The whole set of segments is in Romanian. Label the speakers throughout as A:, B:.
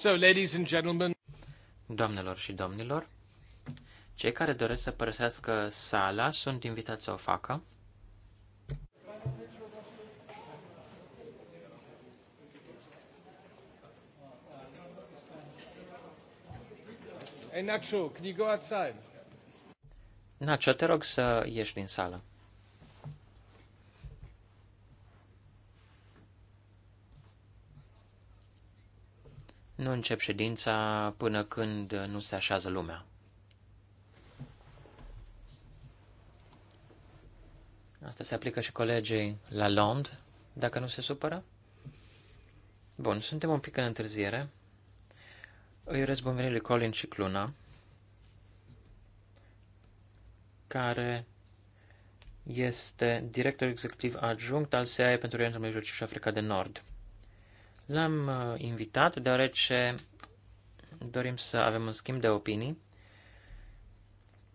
A: So, ladies and gentlemen. Doamnelor și domnilor, cei care doresc să părăsească sala sunt invitați să o facă. Hey, Nacho, can you go outside? Nacho, te rog să ieși din sală. Nu încep ședința până când nu se așează lumea. Asta se aplică și colegii la Lond, dacă nu se supără. Bun, suntem un pic în întârziere. Îi urez bun venit lui Colin și Cluna, care este director executiv adjunct al SEAE pentru Orientul Mijlociu și Africa de Nord. L-am uh, invitat deoarece dorim să avem un schimb de opinii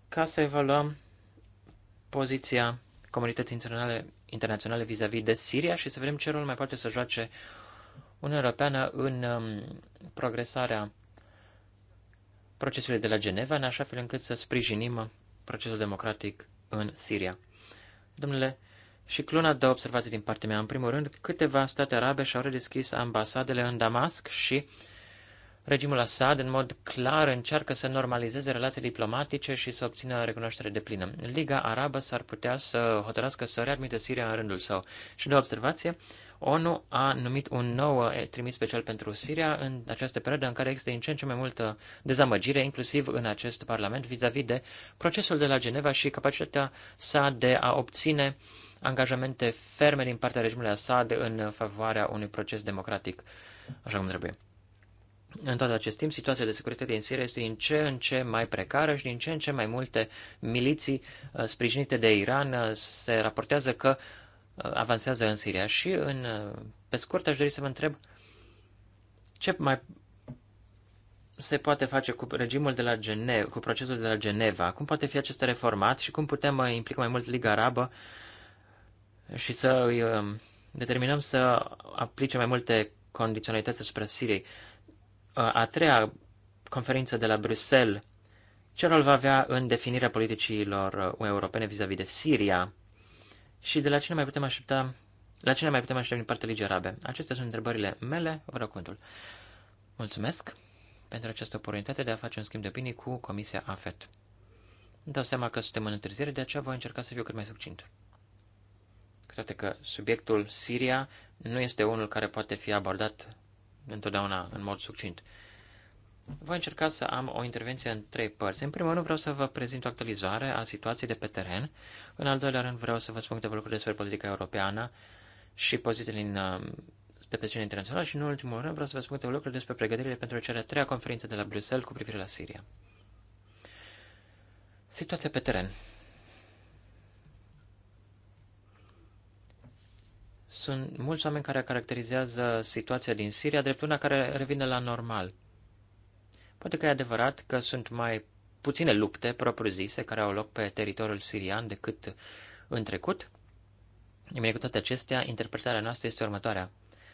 A: ca să evaluăm poziția comunității internaționale, internaționale vis-a-vis -vis de Siria și să vedem ce rol mai poate să joace Uniunea Europeană în um, progresarea procesului de la Geneva, în așa fel încât să sprijinim procesul democratic în Siria. Domnule și clona de observații din partea mea. În primul rând, câteva state arabe și-au redeschis ambasadele în Damasc și regimul Assad, în mod clar, încearcă să normalizeze relații diplomatice și să obțină recunoaștere de plină. Liga Arabă s-ar putea să hotărască să readmite Siria în rândul său. Și de observație, ONU a numit un nou trimis special pentru Siria în această perioadă în care există din ce în ce mai multă dezamăgire, inclusiv în acest Parlament, vis-a-vis -vis de procesul de la Geneva și capacitatea sa de a obține uh, angajamente ferme din partea regimului Assad în favoarea unui proces democratic, așa cum trebuie. În tot acest timp, situația de securitate din Siria este din ce în ce mai precară și din ce în ce mai multe miliții uh, sprijinite de Iran uh, se raportează că uh, avansează în Siria. Și în, pe scurt aș dori să vă întreb ce mai se poate face cu regimul de la Geneva, cu procesul de la Geneva, cum poate fi acesta reformat și cum putem implica mai mult Liga Arabă și să îi um, determinăm să aplice mai multe condiționalități asupra Siriei. Uh, a treia conferință de la Bruxelles, ce rol va avea în definirea politicilor uh, europene vis-a-vis -vis de Siria și de la cine mai putem aștepta la cine mai putem aștepta din partea Ligii Arabe? Acestea sunt întrebările mele, vă rog contul. Mulțumesc pentru această oportunitate de a face un schimb de opinii cu Comisia AFET. Îmi dau seama că suntem în întârziere, de aceea voi încerca să fiu cât mai succint toate că subiectul Siria nu este unul care poate fi abordat întotdeauna în mod succint. Voi încerca să am o intervenție în trei părți. În primul rând vreau să vă prezint o actualizare a situației de pe teren. În al doilea rând vreau să vă spun câteva lucruri despre politica europeană și poziții din, um, de pe internațională și în ultimul rând vreau să vă spun câteva lucruri despre pregătirile pentru cea de-a treia conferință de la Bruxelles cu privire la Siria. Situația pe teren. Sunt mulți oameni care caracterizează situația din Siria drept una care revine la normal. Poate că e adevărat că sunt mai puține lupte propriu-zise care au loc pe teritoriul sirian decât în trecut. În bine, cu toate acestea, interpretarea noastră este următoarea.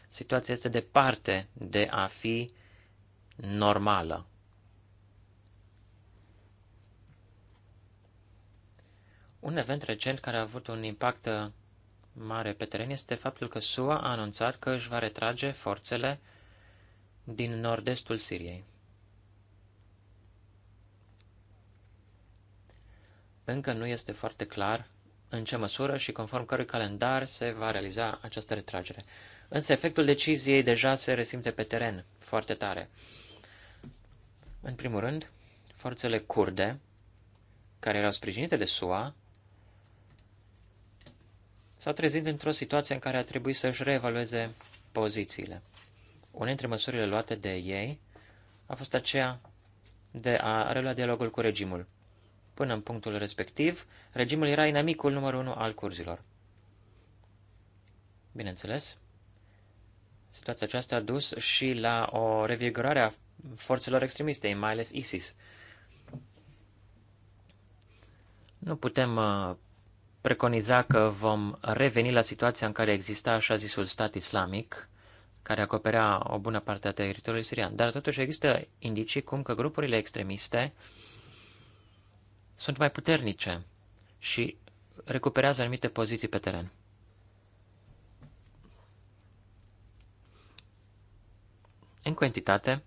A: Situația este departe de a fi normală. Un event recent care a avut un impact mare pe teren este faptul că SUA a anunțat că își va retrage forțele din nord-estul Siriei. Încă nu este foarte clar în ce măsură și conform cărui calendar se va realiza această retragere. Însă efectul deciziei deja se resimte pe teren foarte tare. În primul rând, forțele kurde, care erau sprijinite de SUA, s-au trezit într-o situație în care a trebuit să-și reevalueze pozițiile. Una dintre măsurile luate de ei a fost aceea de a relua dialogul cu regimul. Până în punctul respectiv, regimul era inamicul numărul unu al curzilor. Bineînțeles, situația aceasta a dus și la o revigorare a forțelor extremiste, mai ales ISIS. Nu putem uh, preconiza că vom reveni la situația în care exista așa zisul stat islamic, care acoperea o bună parte a teritoriului sirian. Dar totuși există indicii cum că grupurile extremiste sunt mai puternice și recuperează anumite poziții pe teren. În cantitate,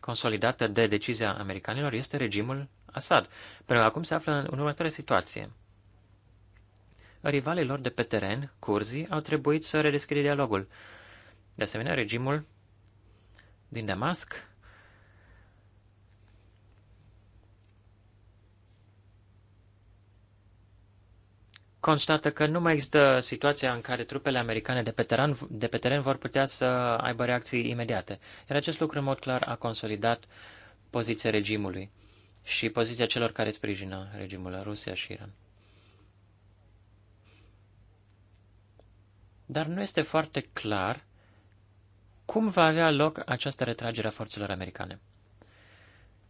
A: consolidată de decizia americanilor, este regimul Assad, pentru că acum se află în următoarea situație – lor de pe teren, curzii, au trebuit să redeschide dialogul. De asemenea, regimul din Damasc constată că nu mai există situația în care trupele americane de pe, teren, de pe teren vor putea să aibă reacții imediate. Iar acest lucru, în mod clar, a consolidat poziția regimului și poziția celor care sprijină regimul Rusia și Iran. dar nu este foarte clar cum va avea loc această retragere a forțelor americane.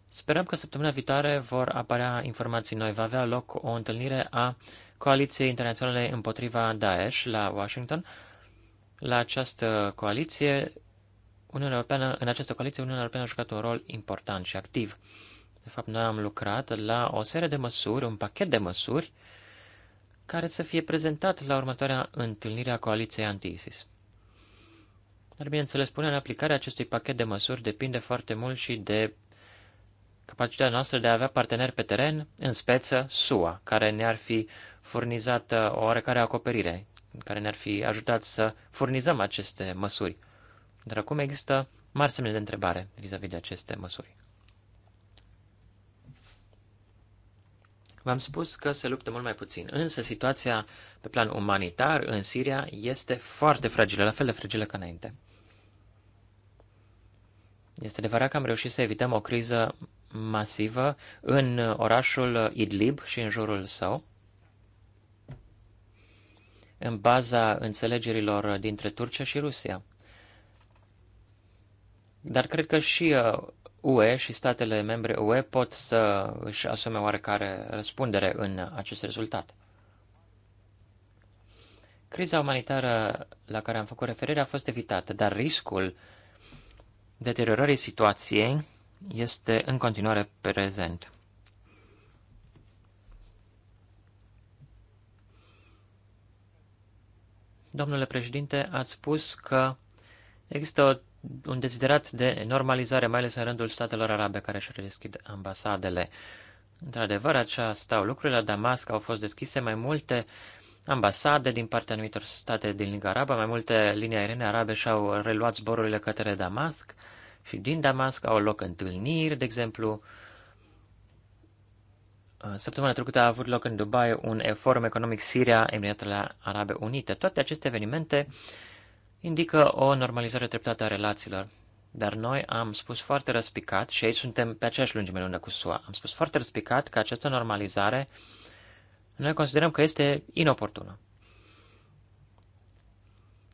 A: Sperăm că săptămâna viitoare vor apărea informații noi. Va avea loc o întâlnire a Coaliției Internaționale împotriva Daesh la Washington. La această coaliție, Uniunea Europeană, în această coaliție, Uniunea Europeană a jucat un rol important și activ. De fapt, noi am lucrat la o serie de măsuri, un pachet de măsuri, care să fie prezentat la următoarea întâlnire a coaliției anti-ISIS. Dar, bineînțeles, punerea în aplicare acestui pachet de măsuri depinde foarte mult și de capacitatea noastră de a avea parteneri pe teren, în speță SUA, care ne-ar fi furnizat uh, o oarecare acoperire, care ne-ar fi ajutat să furnizăm aceste măsuri. Dar acum există mari semne de întrebare vis-a-vis -vis de aceste măsuri. V-am spus că se luptă mult mai puțin, însă situația pe plan umanitar în Siria este foarte fragilă, la fel de fragilă ca înainte. Este adevărat că am reușit să evităm o criză masivă în orașul Idlib și în jurul său, în baza înțelegerilor dintre Turcia și Rusia. Dar cred că și uh, UE și statele membre UE pot să își asume oarecare răspundere în acest rezultat. Criza umanitară la care am făcut referire a fost evitată, dar riscul deteriorării situației este în continuare prezent. Domnule președinte, ați spus că există o un deziderat de normalizare, mai ales în rândul statelor arabe care s-au deschid ambasadele. Într-adevăr, așa stau lucrurile. La Damasc au fost deschise mai multe ambasade din partea anumitor state din Liga Arabă, mai multe linii aeriene arabe și-au reluat zborurile către Damasc și din Damasc au loc întâlniri, de exemplu, Săptămâna trecută a avut loc în Dubai un forum economic Siria, Emiratele Arabe Unite. Toate aceste evenimente uh, indică o normalizare treptată a relațiilor. Dar noi am spus foarte răspicat, și aici suntem pe aceeași lungime lungă cu SUA, am spus foarte răspicat că această normalizare noi considerăm că este inoportună.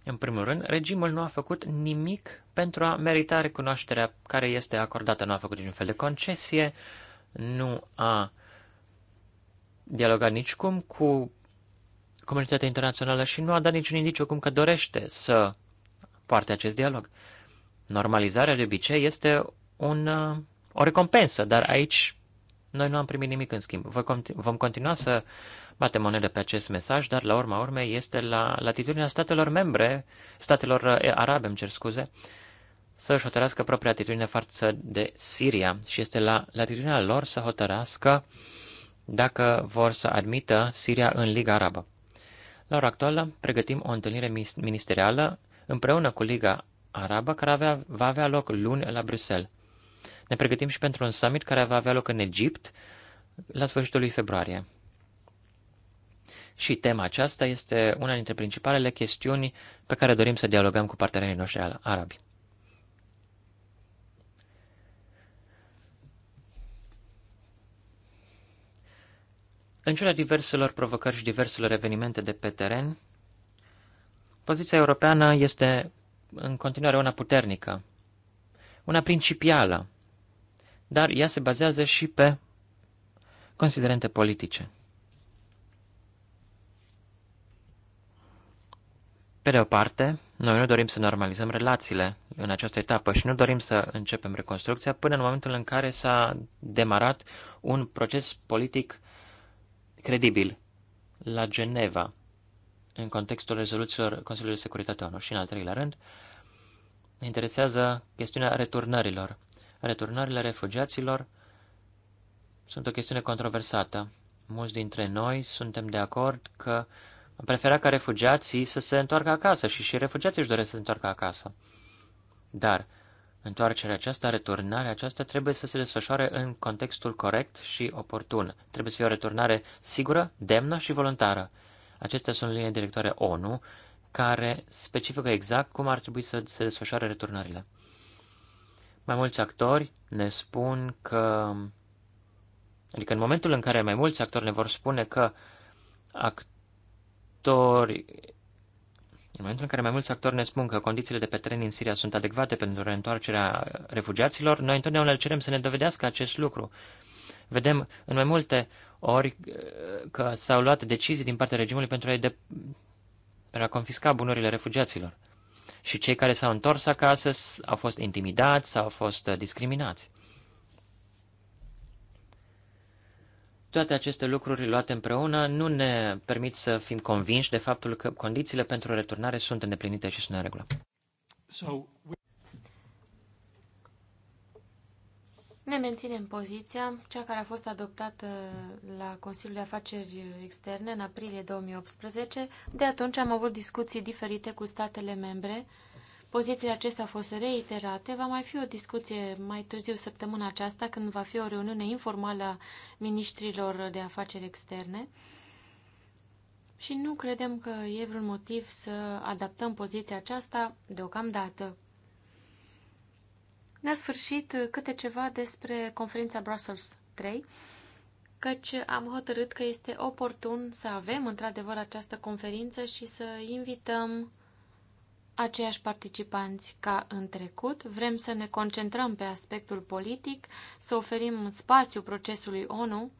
A: În primul rând, regimul nu a făcut nimic pentru a merita recunoașterea care este acordată, nu a făcut niciun fel de concesie, nu a dialogat nicicum cu comunitatea internațională și nu a dat niciun indiciu cum că dorește să poarte acest dialog. Normalizarea de obicei este un, uh, o recompensă, dar aici noi nu am primit nimic în schimb. Vom continua să batem monedă pe acest mesaj, dar la urma urmei este la latitudinea statelor membre, statelor uh, arabe, îmi cer scuze, să-și hotărească propria atitudine față de Siria și este la latitudinea lor să hotărească dacă vor să admită Siria în Liga Arabă. La ora actuală, pregătim o întâlnire ministerială împreună cu Liga Arabă, care avea, va avea loc luni la Bruxelles. Ne pregătim și pentru un summit care va avea loc în Egipt la sfârșitul lui februarie. Și tema aceasta este una dintre principalele chestiuni pe care dorim să dialogăm cu partenerii noștri arabi. În ciuda diverselor provocări și diverselor evenimente de pe teren, poziția europeană este în continuare una puternică, una principială, dar ea se bazează și pe considerente politice. Pe de o parte, noi nu dorim să normalizăm relațiile în această etapă și nu dorim să începem reconstrucția până în momentul în care s-a demarat un proces politic credibil la Geneva, în contextul rezoluțiilor Consiliului de Securitate ONU. Și în al treilea rând, ne interesează chestiunea returnărilor. Returnările refugiaților sunt o chestiune controversată. Mulți dintre noi suntem de acord că am preferat ca refugiații să se întoarcă acasă și și refugiații își doresc să se întoarcă acasă. Dar Întoarcerea aceasta, returnarea aceasta trebuie să se desfășoare în contextul corect și oportun. Trebuie să fie o returnare sigură, demnă și voluntară. Acestea sunt linii directoare ONU care specifică exact cum ar trebui să se desfășoare returnările. Mai mulți actori ne spun că... Adică în momentul în care mai mulți actori ne vor spune că actori în momentul în care mai mulți actori ne spun că condițiile de pe teren în Siria sunt adecvate pentru reîntoarcerea refugiaților, noi întotdeauna le cerem să ne dovedească acest lucru. Vedem în mai multe ori uh, că s-au luat decizii din partea regimului pentru a, de... pentru a confisca bunurile refugiaților. Și cei care s-au întors acasă au fost intimidați sau au fost uh, discriminați. Toate aceste lucruri luate împreună nu ne permit să fim convinși de faptul că condițiile pentru returnare sunt îndeplinite și sunt în regulă.
B: So, Ne menținem poziția, cea care a fost adoptată la Consiliul de Afaceri Externe în aprilie 2018. De atunci am avut discuții diferite cu statele membre Pozițiile acestea au fost reiterate. Va mai fi o discuție mai târziu săptămâna aceasta, când va fi o reuniune informală a ministrilor de afaceri externe. Și nu credem că e vreun motiv să adaptăm poziția aceasta deocamdată. a sfârșit, câte ceva despre conferința Brussels 3, căci am hotărât că este oportun să avem într-adevăr această conferință și să invităm aceiași participanți ca în trecut. Vrem să ne concentrăm pe aspectul politic, să oferim spațiu procesului ONU,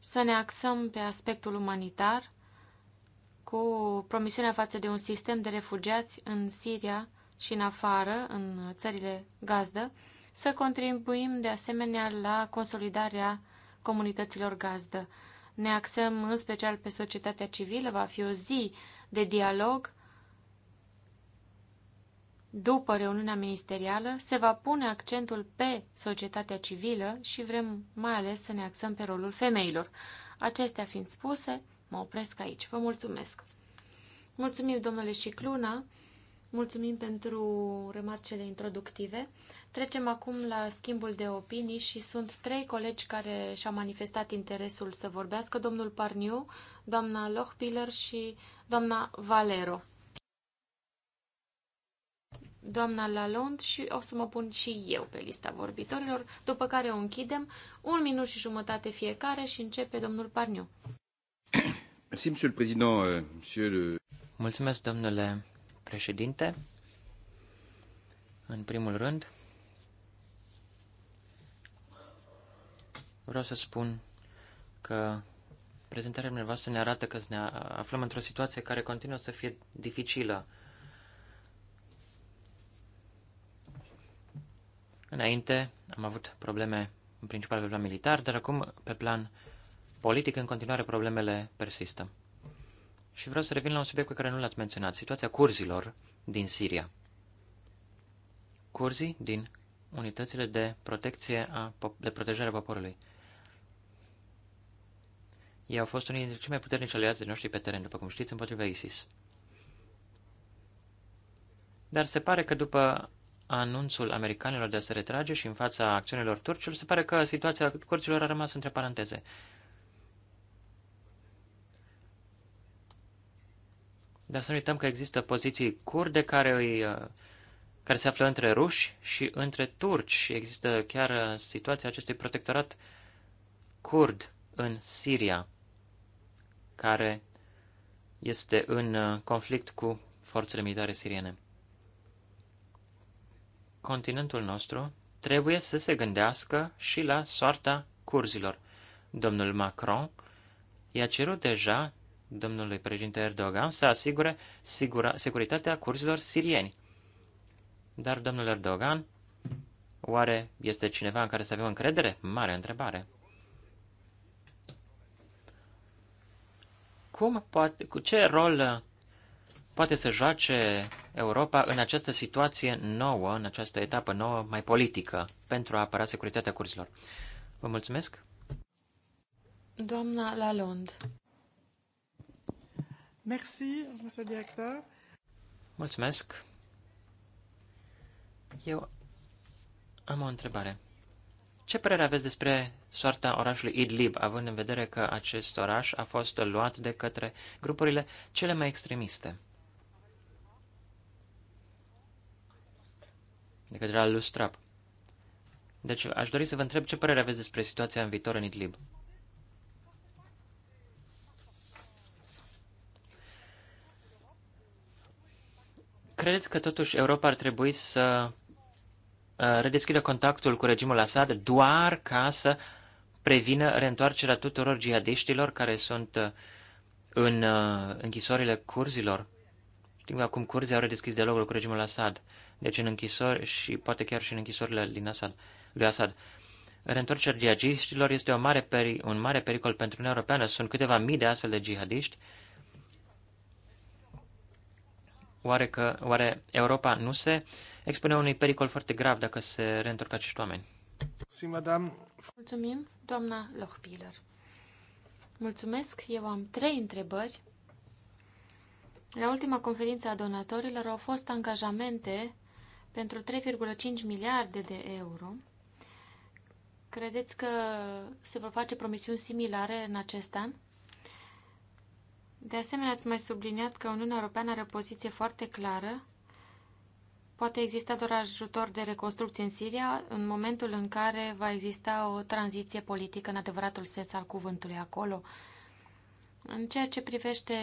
B: să ne axăm pe aspectul umanitar, cu promisiunea față de un sistem de refugiați în Siria și în afară, în țările gazdă, să contribuim de asemenea la consolidarea comunităților gazdă. Ne axăm în special pe societatea civilă, va fi o zi de dialog după reuniunea ministerială, se va pune accentul pe societatea civilă și vrem mai ales să ne axăm pe rolul femeilor. Acestea fiind spuse, mă opresc aici. Vă mulțumesc! Mulțumim, domnule Șicluna! Mulțumim pentru remarcele introductive. Trecem acum la schimbul de opinii și sunt trei colegi care și-au manifestat interesul să vorbească, domnul Parniu, doamna Lochpiller și doamna Valero doamna Lalond și o să mă pun și eu pe lista vorbitorilor, după care o închidem, un minut și jumătate fiecare și începe domnul Parniu.
A: Euh, Mulțumesc, domnule președinte. În primul rând, vreau să spun că prezentarea dumneavoastră ne arată că ne aflăm într-o situație care continuă să fie dificilă Înainte am avut probleme în principal pe plan militar, dar acum pe plan politic în continuare problemele persistă. Și vreau să revin la un subiect pe care nu l-ați menționat, situația curzilor din Siria. Curzii din unitățile de protecție a, de protejare a poporului. Ei au fost unii dintre cei mai puternici aliați de noștri pe teren, după cum știți, împotriva ISIS. Dar se pare că după anunțul americanilor de a se retrage și în fața acțiunilor turcilor, se pare că situația curților a rămas între paranteze. Dar să nu uităm că există poziții curde care, îi, uh, care se află între ruși și între turci și există chiar uh, situația acestui protectorat curd în Siria, care este în uh, conflict cu forțele militare siriene continentul nostru trebuie să se gândească și la soarta curzilor. Domnul Macron i-a cerut deja domnului președinte Erdogan să asigure sigura, securitatea curzilor sirieni. Dar domnul Erdogan, oare este cineva în care să avem încredere? Mare întrebare. Cum poate, cu ce rol poate să joace Europa în această situație nouă, în această etapă nouă, mai politică, pentru a apăra securitatea cursilor. Vă mulțumesc!
B: Doamna Lalond. Merci, monsieur director.
A: Mulțumesc. Eu am o întrebare. Ce părere aveți despre soarta orașului Idlib, având în vedere că acest oraș a fost luat de către grupurile cele mai extremiste? de către al lui Strap. Deci aș dori să vă întreb ce părere aveți despre situația în viitor în Idlib. Credeți că totuși Europa ar trebui să uh, redeschidă contactul cu regimul Assad doar ca să prevină reîntoarcerea tuturor jihadiștilor care sunt uh, în uh, închisorile curzilor? Știm că acum curzii au redeschis dialogul cu regimul Assad deci în închisori și poate chiar și în închisorile din Asad, lui Assad. Reîntorcerea jihadiștilor este o mare peri, un mare pericol pentru Uniunea Europeană. Sunt câteva mii de astfel de jihadiști. Oare, că, oare Europa nu se expune unui pericol foarte grav dacă se reîntorc acești oameni?
B: Mulțumim, doamna Lochpiller. Mulțumesc, eu am trei întrebări. La ultima conferință a donatorilor au fost angajamente pentru 3,5 miliarde de euro. Credeți că se vor face promisiuni similare în acest an? De asemenea, ați mai subliniat că Uniunea Europeană are o poziție foarte clară. Poate exista doar ajutor de reconstrucție în Siria în momentul în care va exista o tranziție politică în adevăratul sens al cuvântului acolo. În ceea ce privește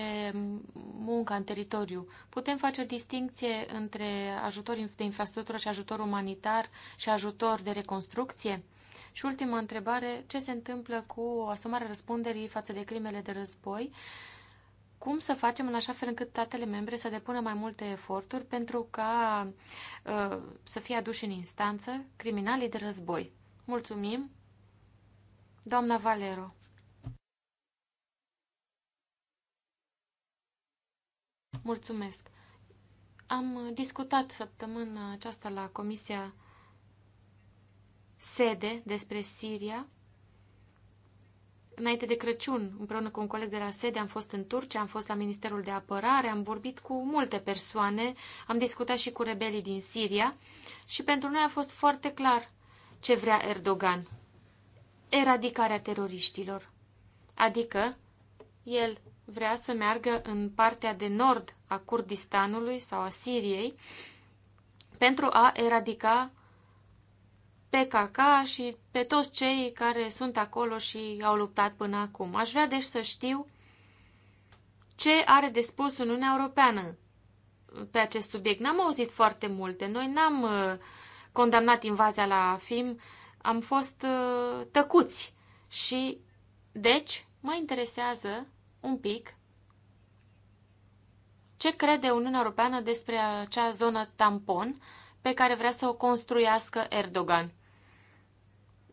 B: munca în teritoriu, putem face o distinție între ajutor de infrastructură și ajutor umanitar și ajutor de reconstrucție? Și ultima întrebare, ce se întâmplă cu asumarea răspunderii față de crimele de război? Cum să facem în așa fel încât statele membre să depună mai multe eforturi pentru ca uh, să fie aduși în instanță criminalii de război? Mulțumim! Doamna Valero Mulțumesc! Am discutat săptămâna aceasta la Comisia Sede despre Siria. Înainte de Crăciun, împreună cu un coleg de la Sede, am fost în Turcia, am fost la Ministerul de Apărare, am vorbit cu multe persoane, am discutat și cu rebelii din Siria și pentru noi a fost foarte clar ce vrea Erdogan. Eradicarea teroriștilor. Adică, el vrea să meargă în partea de nord a Kurdistanului sau a Siriei pentru a eradica PKK și pe toți cei care sunt acolo și au luptat până acum. Aș vrea deci să știu ce are de spus Uniunea Europeană pe acest subiect. N-am auzit foarte multe. Noi n-am uh, condamnat invazia la FIM, am fost uh, tăcuți și deci mă interesează un pic ce crede Uniunea Europeană despre acea zonă tampon pe care vrea să o construiască Erdogan.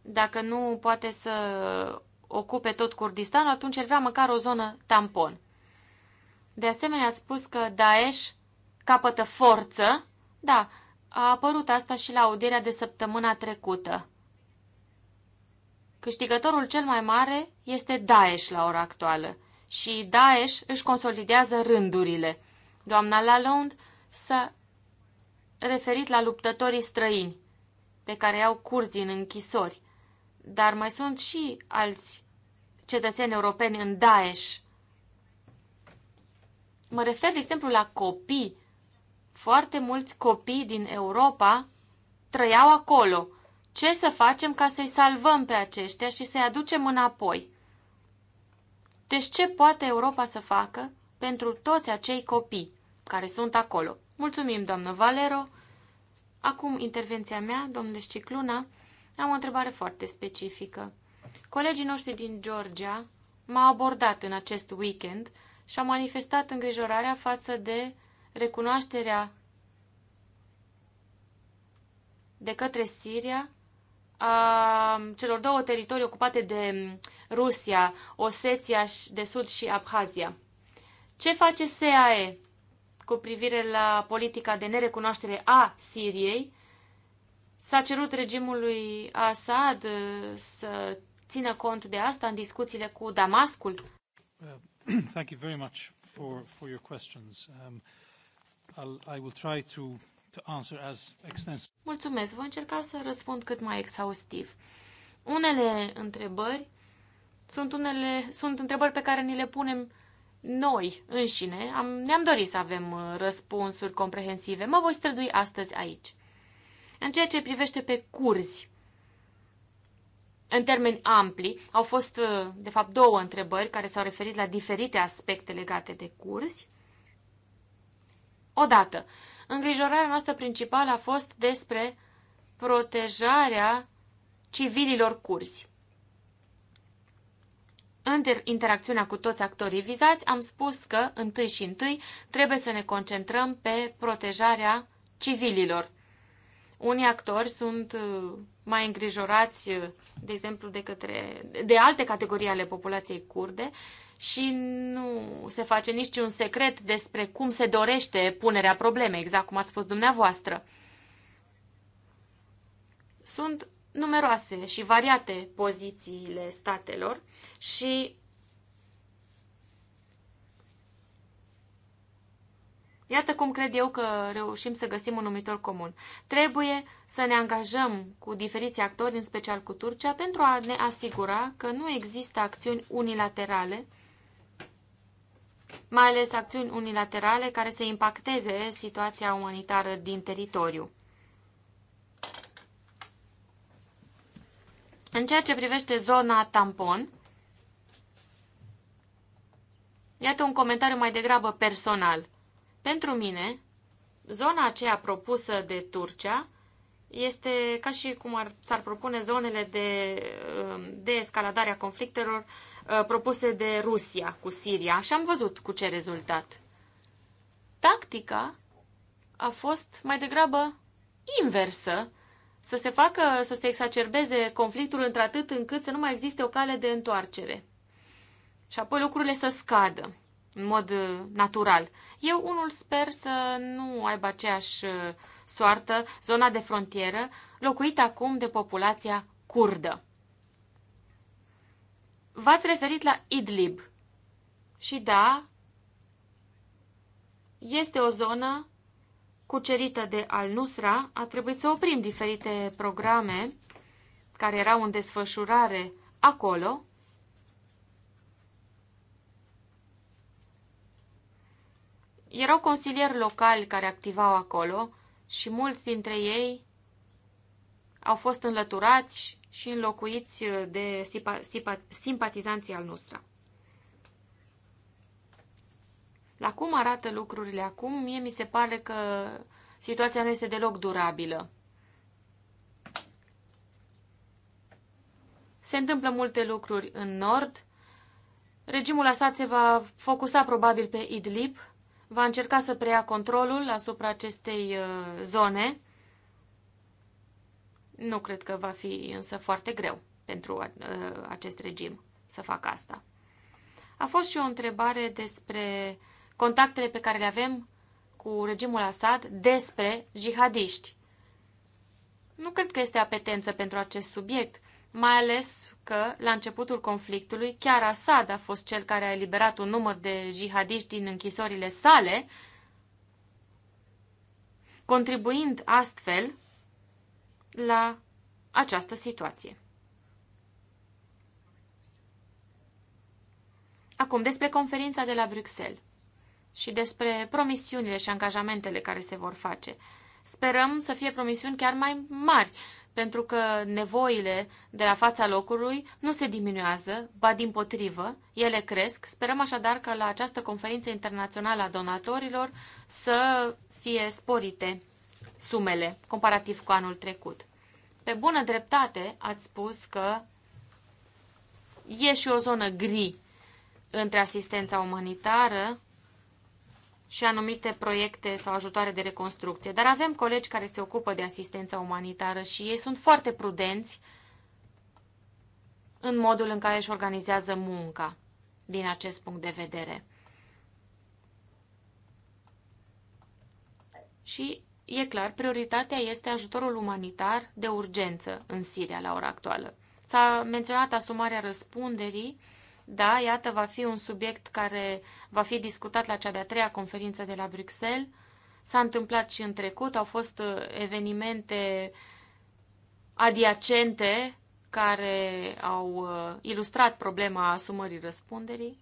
B: Dacă nu poate să ocupe tot Kurdistanul, atunci el vrea măcar o zonă tampon. De asemenea, ați spus că Daesh capătă forță. Da, a apărut asta și la audierea de săptămâna trecută. Câștigătorul cel mai mare este Daesh la ora actuală și Daesh își consolidează rândurile. Doamna Lalonde s-a referit la luptătorii străini pe care au curzi în închisori, dar mai sunt și alți cetățeni europeni în Daesh. Mă refer, de exemplu, la copii. Foarte mulți copii din Europa trăiau acolo. Ce să facem ca să-i salvăm pe aceștia și să-i aducem înapoi? Deci ce poate Europa să facă pentru toți acei copii care sunt acolo? Mulțumim, doamnă Valero. Acum intervenția mea, domnule Cicluna, am o întrebare foarte specifică. Colegii noștri din Georgia m-au abordat în acest weekend și au manifestat îngrijorarea față de recunoașterea de către Siria a celor două teritorii ocupate de Rusia, Osetia de Sud și Abhazia. Ce face SAE cu privire la politica de nerecunoaștere a Siriei? S-a cerut regimului Assad uh, să țină cont de asta în discuțiile cu Damascul? Uh, thank you very much for, for your questions. Um, I'll, I will try to Mulțumesc, voi încerca să răspund cât mai exhaustiv. Unele întrebări sunt, unele, sunt întrebări pe care ni le punem noi înșine. Am, ne-am dorit să avem uh, răspunsuri comprehensive. Mă voi strădui astăzi aici. În ceea ce privește pe curzi, în termeni ampli, au fost, uh, de fapt, două întrebări care s-au referit la diferite aspecte legate de curzi. Odată, Îngrijorarea noastră principală a fost despre protejarea civililor curzi. În interacțiunea cu toți actorii vizați, am spus că, întâi și întâi, trebuie să ne concentrăm pe protejarea civililor. Unii actori sunt uh, mai îngrijorați, uh, de exemplu, de, către, de alte categorii ale populației curde și nu se face niciun secret despre cum se dorește punerea problemei, exact cum ați spus dumneavoastră. Sunt numeroase și variate pozițiile statelor și Iată cum cred eu că reușim să găsim un numitor comun. Trebuie să ne angajăm cu diferiți actori, în special cu Turcia, pentru a ne asigura că nu există acțiuni unilaterale mai ales acțiuni unilaterale care să impacteze situația umanitară din teritoriu. În ceea ce privește zona tampon, iată un comentariu mai degrabă personal. Pentru mine, zona aceea propusă de Turcia este ca și cum ar, s-ar propune zonele de, um, de escaladare a conflictelor Uh, propuse de Rusia cu Siria și am văzut cu ce rezultat. Tactica a fost mai degrabă inversă, să se facă, să se exacerbeze conflictul într-atât încât să nu mai existe o cale de întoarcere. Și apoi lucrurile să scadă în mod uh, natural. Eu unul sper să nu aibă aceeași uh, soartă zona de frontieră, locuită acum de populația kurdă. V-ați referit la Idlib. Și da, este o zonă cucerită de Al-Nusra. A trebuit să oprim diferite programe care erau în desfășurare acolo. Erau consilieri locali care activau acolo și mulți dintre ei au fost înlăturați și înlocuiți de sipa, sipa, simpatizanții al nostru. La cum arată lucrurile acum, mie mi se pare că situația nu este deloc durabilă. Se întâmplă multe lucruri în nord. Regimul Assad se va focusa probabil pe Idlib, va încerca să preia controlul asupra acestei uh, zone nu cred că va fi însă foarte greu pentru uh, acest regim să facă asta. A fost și o întrebare despre contactele pe care le avem cu regimul Assad despre jihadiști. Nu cred că este apetență pentru acest subiect, mai ales că, la începutul conflictului, chiar Assad a fost cel care a eliberat un număr de jihadiști din închisorile sale, contribuind astfel la această situație. Acum, despre conferința de la Bruxelles și despre promisiunile și angajamentele care se vor face. Sperăm să fie promisiuni chiar mai mari, pentru că nevoile de la fața locului nu se diminuează, ba din potrivă, ele cresc. Sperăm așadar că la această conferință internațională a donatorilor să fie sporite sumele comparativ cu anul trecut. Pe bună dreptate ați spus că e și o zonă gri între asistența umanitară și anumite proiecte sau ajutoare de reconstrucție. Dar avem colegi care se ocupă de asistența umanitară și ei sunt foarte prudenți în modul în care își organizează munca din acest punct de vedere. Și E clar, prioritatea este ajutorul umanitar de urgență în Siria la ora actuală. S-a menționat asumarea răspunderii. Da, iată, va fi un subiect care va fi discutat la cea de-a treia conferință de la Bruxelles. S-a întâmplat și în trecut, au fost uh, evenimente adiacente care au uh, ilustrat problema asumării răspunderii.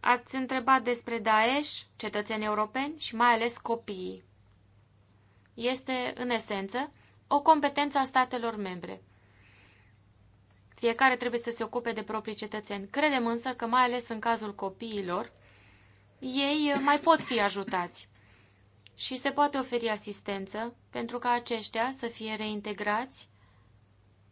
B: Ați întrebat despre Daesh, cetățeni europeni și mai ales copiii. Este, în esență, o competență a statelor membre. Fiecare trebuie să se ocupe de proprii cetățeni. Credem însă că, mai ales în cazul copiilor, ei mai pot fi ajutați și se poate oferi asistență pentru ca aceștia să fie reintegrați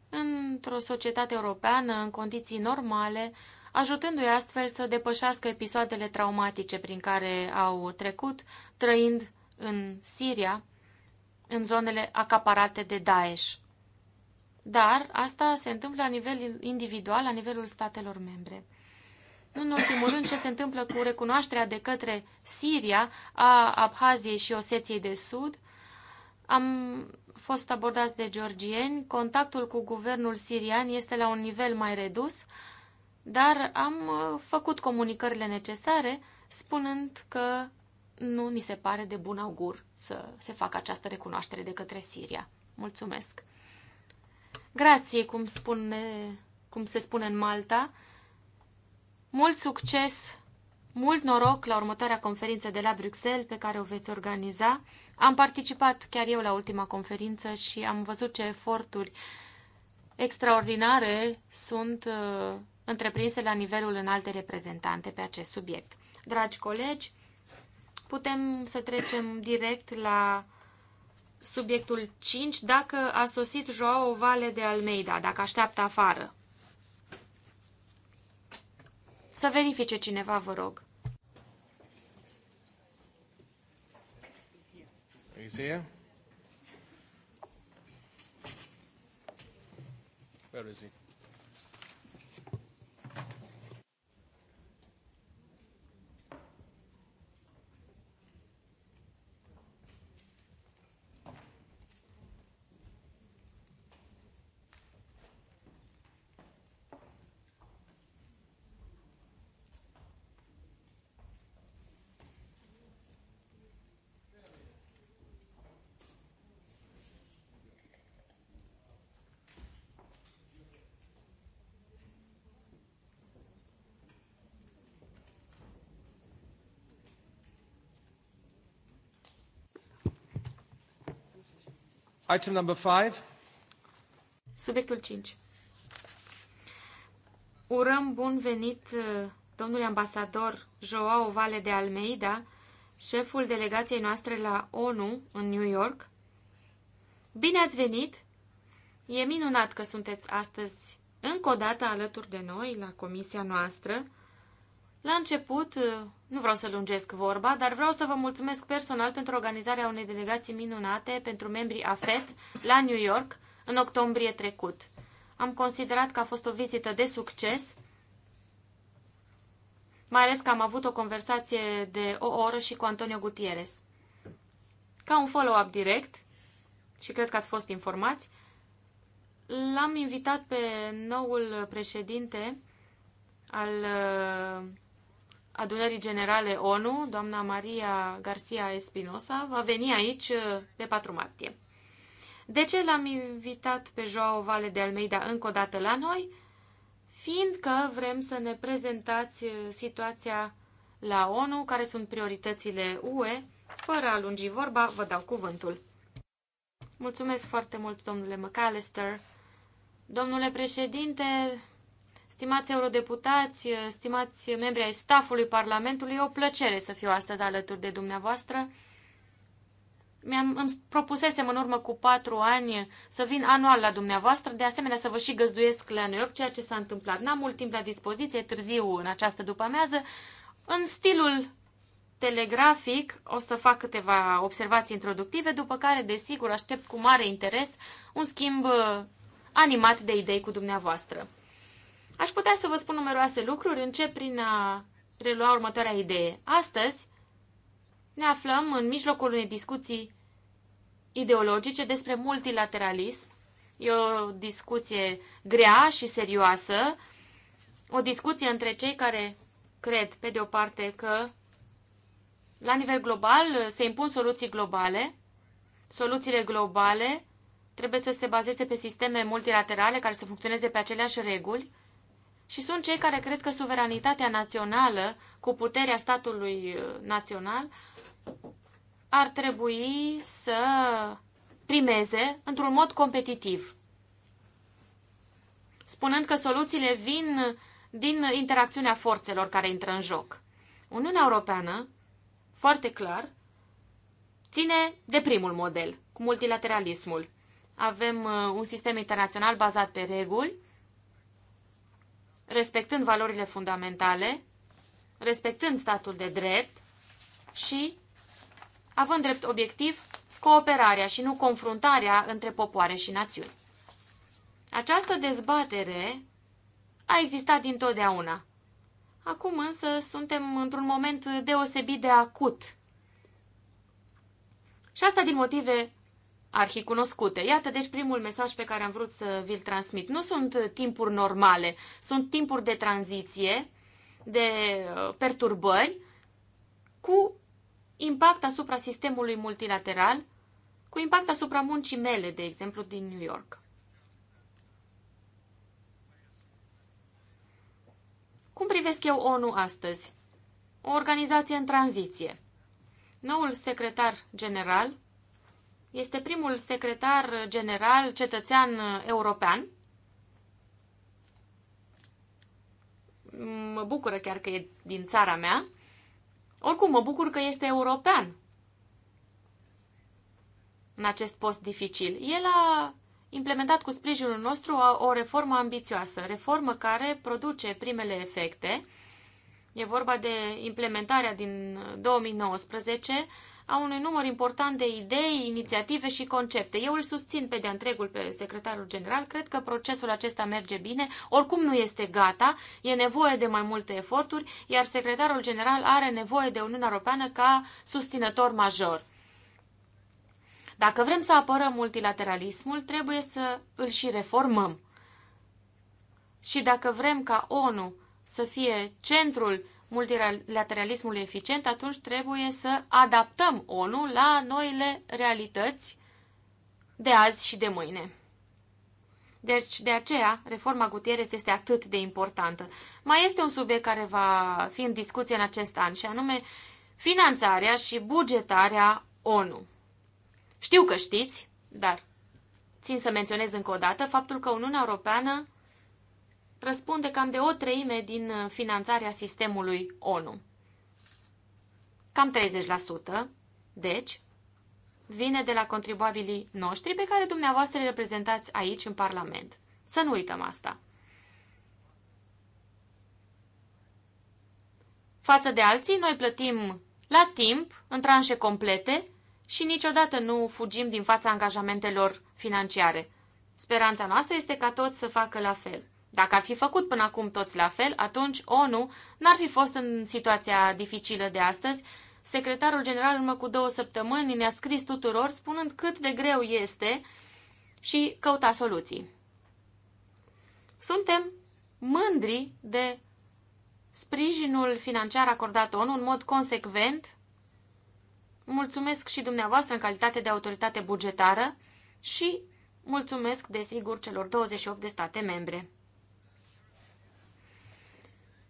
B: într-o societate europeană în condiții normale, ajutându-i astfel să depășească episoadele traumatice prin care au trecut, trăind în Siria, în zonele acaparate de Daesh. Dar asta se întâmplă la nivel individual, la nivelul statelor membre. Nu în ultimul rând, ce se întâmplă cu recunoașterea de către Siria a Abhaziei și Oseției de Sud. Am fost abordați de georgieni, contactul cu guvernul sirian este la un nivel mai redus, dar am uh, făcut comunicările necesare spunând că nu ni se pare de bun augur să se facă această recunoaștere de către Siria. Mulțumesc! Grație, cum, spune, cum se spune în Malta. Mult succes, mult noroc la următoarea conferință de la Bruxelles pe care o veți organiza. Am participat chiar eu la ultima conferință și am văzut ce eforturi extraordinare sunt uh, întreprinse la nivelul înalte reprezentante pe acest subiect. Dragi colegi, putem să trecem direct la subiectul 5, dacă a sosit Joao Vale de Almeida, dacă așteaptă afară. Să verifice cineva, vă rog.
A: Where is he?
B: Item number five. Subiectul 5. Urăm bun venit uh, domnului ambasador Joao Vale de Almeida, șeful delegației noastre la ONU în New York. Bine ați venit! E minunat că sunteți astăzi încă o dată alături de noi la comisia noastră. La început, uh, nu vreau să lungesc vorba, dar vreau să vă mulțumesc personal pentru organizarea unei delegații minunate pentru membrii AFET la New York în octombrie trecut. Am considerat că a fost o vizită de succes, mai ales că am avut o conversație de o oră și cu Antonio Gutierrez. Ca un follow-up direct, și cred că ați fost informați, l-am invitat pe noul președinte al uh, adunării generale ONU, doamna Maria Garcia Espinosa, va veni aici uh, pe 4 martie. De ce l-am invitat pe Joao Vale de Almeida încă o dată la noi? Fiindcă vrem să ne prezentați uh, situația la ONU, care sunt prioritățile UE. Fără a lungi vorba, vă dau cuvântul. Mulțumesc foarte mult, domnule McAllister. Domnule președinte, Stimați eurodeputați, stimați membri ai stafului Parlamentului, e o plăcere să fiu astăzi alături de dumneavoastră. Mi-am, îmi propusesem în urmă cu patru ani să vin anual la dumneavoastră, de asemenea să vă și găzduiesc la New York, ceea ce s-a întâmplat. N-am mult timp la dispoziție, târziu în această după-amiază. În stilul telegrafic o să fac câteva observații introductive, după care, desigur, aștept cu mare interes un schimb uh, animat de idei cu dumneavoastră. Aș putea să vă spun numeroase lucruri, încep prin a relua următoarea idee. Astăzi ne aflăm în mijlocul unei discuții ideologice despre multilateralism. E o discuție grea și serioasă, o discuție între cei care cred, pe de o parte, că la nivel global se impun soluții globale, soluțiile globale trebuie să se bazeze pe sisteme multilaterale care să funcționeze pe aceleași reguli, și sunt cei care cred că suveranitatea națională cu puterea statului uh, național ar trebui să primeze într-un mod competitiv. Spunând că soluțiile vin din interacțiunea forțelor care intră în joc. Uniunea Europeană, foarte clar, ține de primul model, cu multilateralismul. Avem uh, un sistem internațional bazat pe reguli, respectând valorile fundamentale, respectând statul de drept și având drept obiectiv cooperarea și nu confruntarea între popoare și națiuni. Această dezbatere a existat dintotdeauna. Acum însă suntem într-un moment deosebit de acut. Și asta din motive arhicunoscute. Iată deci primul mesaj pe care am vrut să vi-l transmit. Nu sunt timpuri normale, sunt timpuri de tranziție, de uh, perturbări, cu impact asupra sistemului multilateral, cu impact asupra muncii mele, de exemplu, din New York. Cum privesc eu ONU astăzi? O organizație în tranziție. Noul secretar general, este primul secretar general cetățean european. Mă bucură chiar că e din țara mea. Oricum, mă bucur că este european în acest post dificil. El a implementat cu sprijinul nostru o reformă ambițioasă, reformă care produce primele efecte. E vorba de implementarea din 2019 a unui număr important de idei, inițiative și concepte. Eu îl susțin pe de întregul pe secretarul general, cred că procesul acesta merge bine, oricum nu este gata, e nevoie de mai multe eforturi, iar secretarul general are nevoie de Uniunea Europeană ca susținător major. Dacă vrem să apărăm multilateralismul, trebuie să îl și reformăm. Și dacă vrem ca ONU să fie centrul multilateralismul eficient, atunci trebuie să adaptăm ONU la noile realități de azi și de mâine. Deci, de aceea, reforma Gutierrez este atât de importantă. Mai este un subiect care va fi în discuție în acest an, și anume finanțarea și bugetarea ONU. Știu că știți, dar țin să menționez încă o dată faptul că Uniunea Europeană răspunde cam de o treime din uh, finanțarea sistemului ONU. Cam 30%, deci, vine de la contribuabilii noștri pe care dumneavoastră îi reprezentați aici în Parlament. Să nu uităm asta. Față de alții, noi plătim la timp, în tranșe complete și niciodată nu fugim din fața angajamentelor financiare. Speranța noastră este ca toți să facă la fel. Dacă ar fi făcut până acum toți la fel, atunci ONU n-ar fi fost în situația dificilă de astăzi. Secretarul general urmă cu două săptămâni ne-a scris tuturor spunând cât de greu este și căuta soluții. Suntem mândri de sprijinul financiar acordat ONU în mod consecvent. Mulțumesc și dumneavoastră în calitate de autoritate bugetară și mulțumesc, desigur, celor 28 de state membre.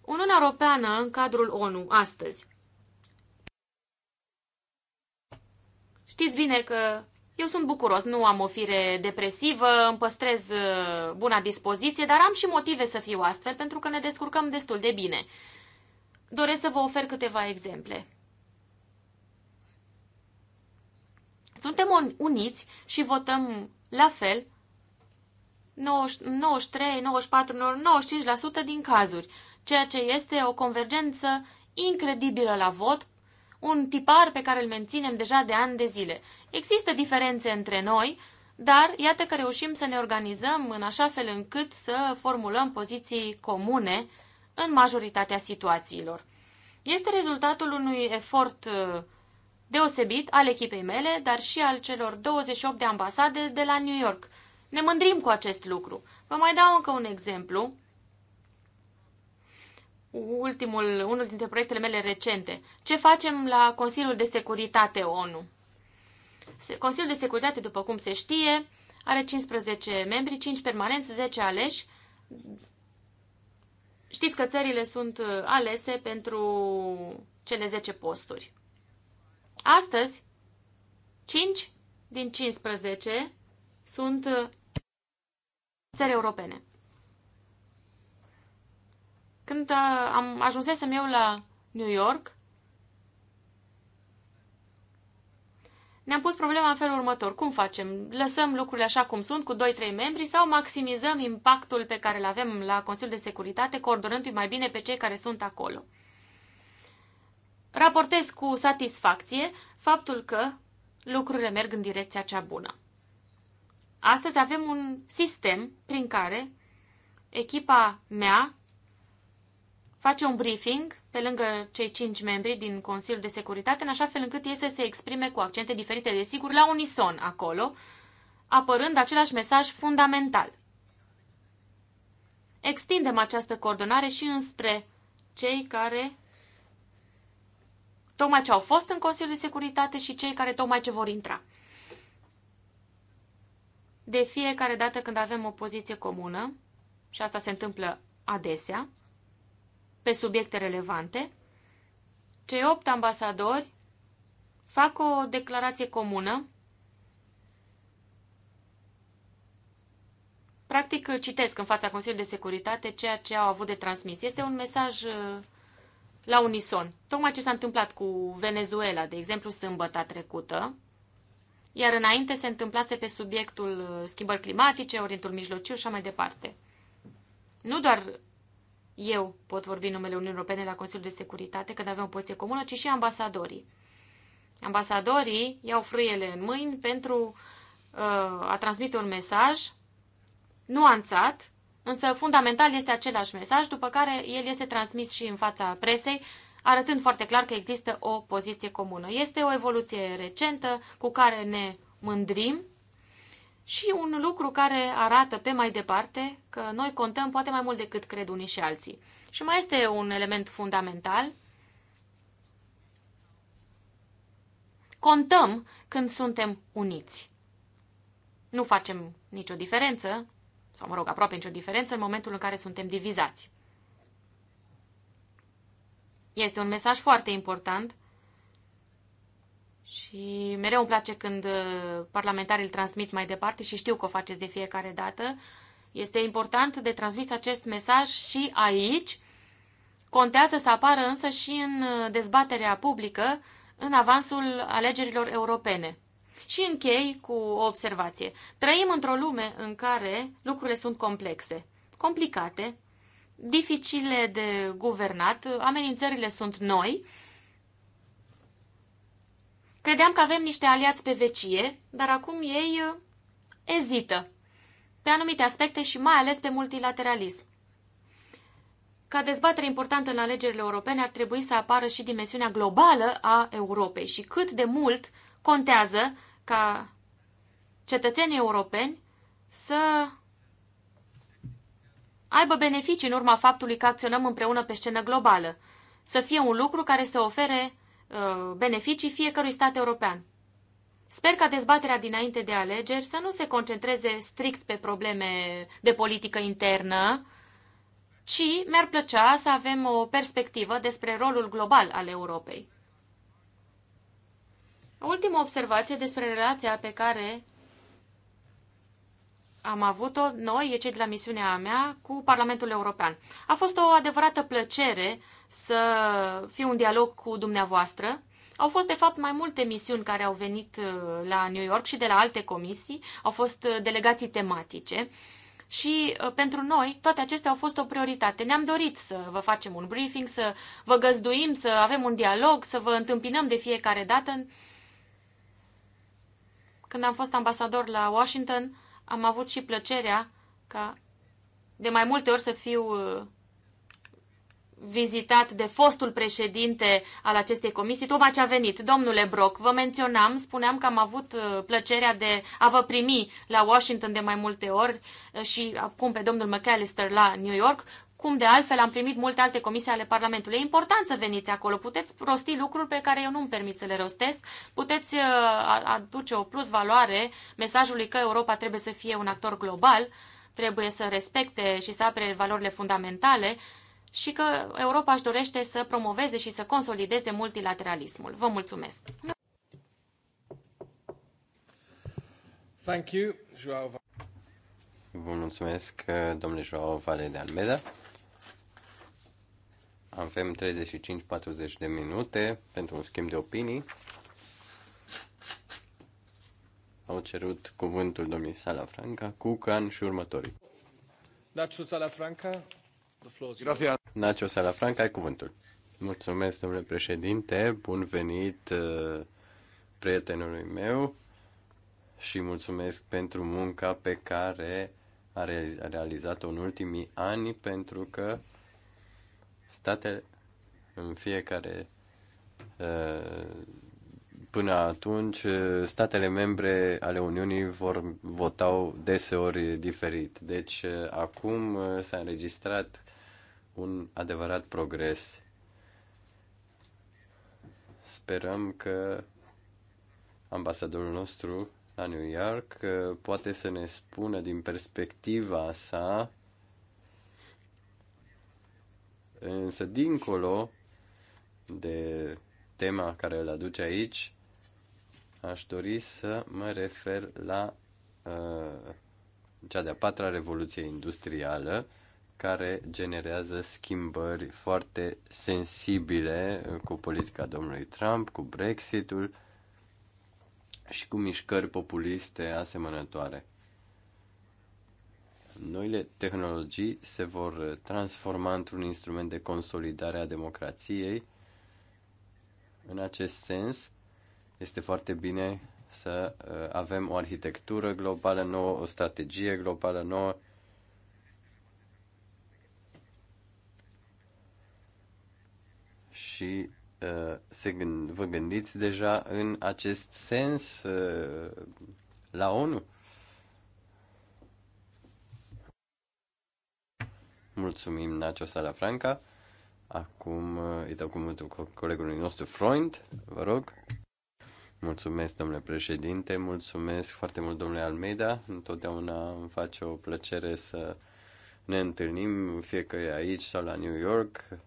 B: Uniunea Europeană în cadrul ONU astăzi. Știți bine că eu sunt bucuros, nu am o fire depresivă, îmi păstrez uh, buna dispoziție, dar am și motive să fiu astfel, pentru că ne descurcăm destul de bine. Doresc să vă ofer câteva exemple. Suntem uniți și votăm la fel 93, 94, 95% din cazuri ceea ce este o convergență incredibilă la vot, un tipar pe care îl menținem deja de ani de zile. Există diferențe între noi, dar iată că reușim să ne organizăm în așa fel încât să formulăm poziții comune în majoritatea situațiilor. Este rezultatul unui efort uh, deosebit al echipei mele, dar și al celor 28 de ambasade de la New York. Ne mândrim cu acest lucru. Vă mai dau încă un exemplu ultimul, unul dintre proiectele mele recente. Ce facem la Consiliul de Securitate ONU? Consiliul de Securitate, după cum se știe, are 15 membri, 5 permanenți, 10 aleși. Știți că țările sunt uh, alese pentru cele 10 posturi. Astăzi, 5 din 15 sunt uh, țări europene. Când uh, am ajunsesem eu la New York, ne-am pus problema în felul următor. Cum facem? Lăsăm lucrurile așa cum sunt, cu 2-3 membri, sau maximizăm impactul pe care îl avem la Consiliul de Securitate, coordonându-i mai bine pe cei care sunt acolo? Raportez cu satisfacție faptul că lucrurile merg în direcția cea bună. Astăzi avem un sistem prin care echipa mea face un briefing pe lângă cei cinci membri din Consiliul de Securitate, în așa fel încât ei să se exprime cu accente diferite, desigur, la unison acolo, apărând același mesaj fundamental. Extindem această coordonare și înspre cei care tocmai ce au fost în Consiliul de Securitate și cei care tocmai ce vor intra. De fiecare dată când avem o poziție comună, și asta se întâmplă adesea, pe subiecte relevante, cei opt ambasadori fac o declarație comună. Practic, citesc în fața Consiliului de Securitate ceea ce au avut de transmis. Este un mesaj uh, la unison. Tocmai ce s-a întâmplat cu Venezuela, de exemplu, sâmbătă trecută, iar înainte se întâmplase pe subiectul uh, schimbări climatice, Orientul Mijlociu și așa mai departe. Nu doar eu pot vorbi în numele Uniunii Europene la Consiliul de Securitate când avem o poziție comună, ci și ambasadorii. Ambasadorii iau frâiele în mâini pentru uh, a transmite un mesaj nuanțat, însă fundamental este același mesaj, după care el este transmis și în fața presei, arătând foarte clar că există o poziție comună. Este o evoluție recentă cu care ne mândrim și un lucru care arată pe mai departe că noi contăm poate mai mult decât cred unii și alții. Și mai este un element fundamental. Contăm când suntem uniți. Nu facem nicio diferență, sau mă rog, aproape nicio diferență în momentul în care suntem divizați. Este un mesaj foarte important și mereu îmi place când uh, parlamentarii îl transmit mai departe și știu că o faceți de fiecare dată. Este important de transmis acest mesaj și aici. Contează să apară însă și în uh, dezbaterea publică în avansul alegerilor europene. Și închei cu o observație. Trăim într-o lume în care lucrurile sunt complexe, complicate, dificile de guvernat, amenințările sunt noi Credeam că avem niște aliați pe vecie, dar acum ei uh, ezită pe anumite aspecte și mai ales pe multilateralism. Ca dezbatere importantă în alegerile europene ar trebui să apară și dimensiunea globală a Europei și cât de mult contează ca cetățenii europeni să aibă beneficii în urma faptului că acționăm împreună pe scenă globală, să fie un lucru care să ofere Uh, beneficii fiecărui stat european. Sper ca dezbaterea dinainte de alegeri să nu se concentreze strict pe probleme de politică internă, ci mi-ar plăcea să avem o perspectivă despre rolul global al Europei. Ultima observație despre relația pe care am avut-o noi, cei de la misiunea mea, cu Parlamentul European. A fost o adevărată plăcere să fie un dialog cu dumneavoastră. Au fost, de fapt, mai multe misiuni care au venit uh, la New York și de la alte comisii, au fost uh, delegații tematice și uh, pentru noi toate acestea au fost o prioritate. Ne-am dorit să vă facem un briefing, să vă găzduim, să avem un dialog, să vă întâmpinăm de fiecare dată. Când am fost ambasador la Washington, am avut și plăcerea ca de mai multe ori să fiu vizitat de fostul președinte al acestei comisii, tocmai ce a venit. Domnule Brock, vă menționam, spuneam că am avut uh, plăcerea de a vă primi la Washington de mai multe ori uh, și acum pe domnul McAllister la New York. Cum de altfel am primit multe alte comisii ale Parlamentului. E important să veniți acolo. Puteți rosti lucruri pe care eu nu-mi permit să le rostesc. Puteți uh, aduce o plus valoare mesajului că Europa trebuie să fie un actor global trebuie să respecte și să apere valorile fundamentale și că Europa își dorește să promoveze și să consolideze multilateralismul. Vă mulțumesc!
C: Thank you, Joao. Vă mulțumesc, domnule Joao Vale de Almeda. Avem 35-40 de minute pentru un schimb de opinii. Au cerut cuvântul domnului Salafranca, Cucan și următorii.
A: Daciu Salafranca,
C: Nacio Salafranca, ai cuvântul. Mulțumesc, domnule președinte, bun venit uh, prietenului meu și mulțumesc pentru munca pe care a realizat-o în ultimii ani, pentru că statele în fiecare uh, până atunci uh, statele membre ale Uniunii vor votau deseori diferit. Deci acum s-a înregistrat un adevărat progres. Sperăm că ambasadorul nostru la New York uh, poate să ne spună din perspectiva sa, însă dincolo de tema care îl aduce aici, aș dori să mă refer la uh, cea de-a patra revoluție industrială, uh, care generează schimbări foarte sensibile uh, cu politica domnului Trump, cu Brexitul și cu mișcări populiste asemănătoare. Noile tehnologii se vor uh, transforma într-un instrument de consolidare a democrației. În acest sens, este foarte bine să uh, avem o arhitectură globală nouă, o strategie globală nouă și uh, se gând, vă gândiți deja în acest sens uh, la ONU? Mulțumim, Nacio Salafranca. Acum uh, îi dau cuvântul colegului nostru, Freund, vă rog. Mulțumesc, domnule președinte, mulțumesc foarte mult, domnule Almeida. Întotdeauna îmi face o plăcere să ne întâlnim, fie că e aici sau la New York.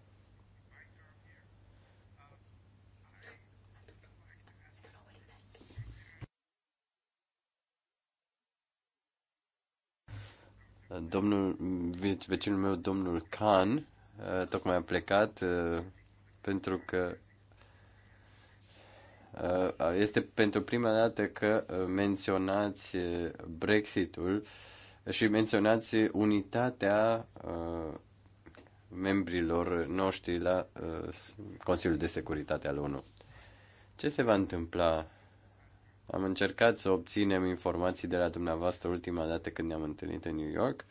C: Domnul, vecinul meu, domnul Khan, uh, tocmai a plecat uh, pentru că uh, este pentru prima dată că menționați Brexitul și menționați unitatea membrilor noștri la Consiliul de Securitate al ONU. Ce se va întâmpla am încercat să obținem informații de la dumneavoastră ultima dată când ne-am întâlnit în New York.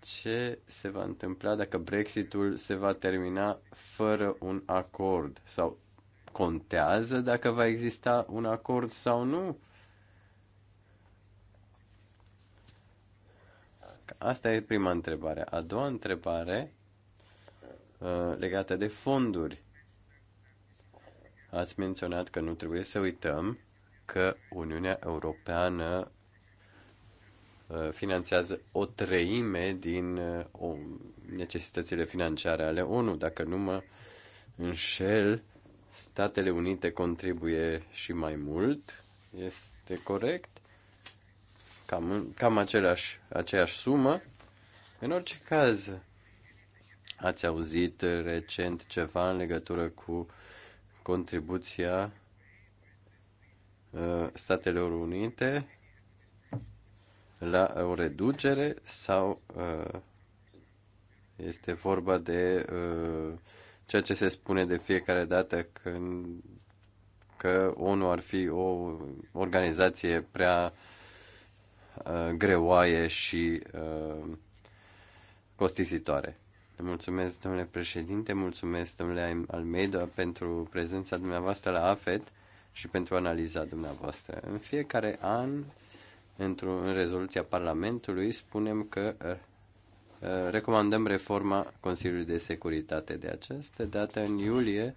C: Ce se va întâmpla dacă Brexitul se va termina fără un acord? Sau contează dacă va exista un acord sau nu? Asta e prima întrebare. A doua întrebare uh, legată de fonduri ați menționat că nu trebuie să uităm că Uniunea Europeană uh, finanțează o treime din uh, necesitățile financiare ale ONU. Dacă nu mă înșel, Statele Unite contribuie și mai mult. Este corect? Cam, cam aceleași, aceeași sumă. În orice caz, ați auzit recent ceva în legătură cu uh, contribuția uh, Statelor Unite la o reducere sau uh, este vorba de uh, ceea ce se spune de fiecare dată când că ONU ar fi o organizație prea greoaie și costisitoare. Mulțumesc, domnule președinte, mulțumesc, domnule Almeida, pentru prezența dumneavoastră la AFET și pentru analiza dumneavoastră. În fiecare an, într-o în a Parlamentului, spunem că uh, recomandăm reforma Consiliului de Securitate. De această dată, în iulie,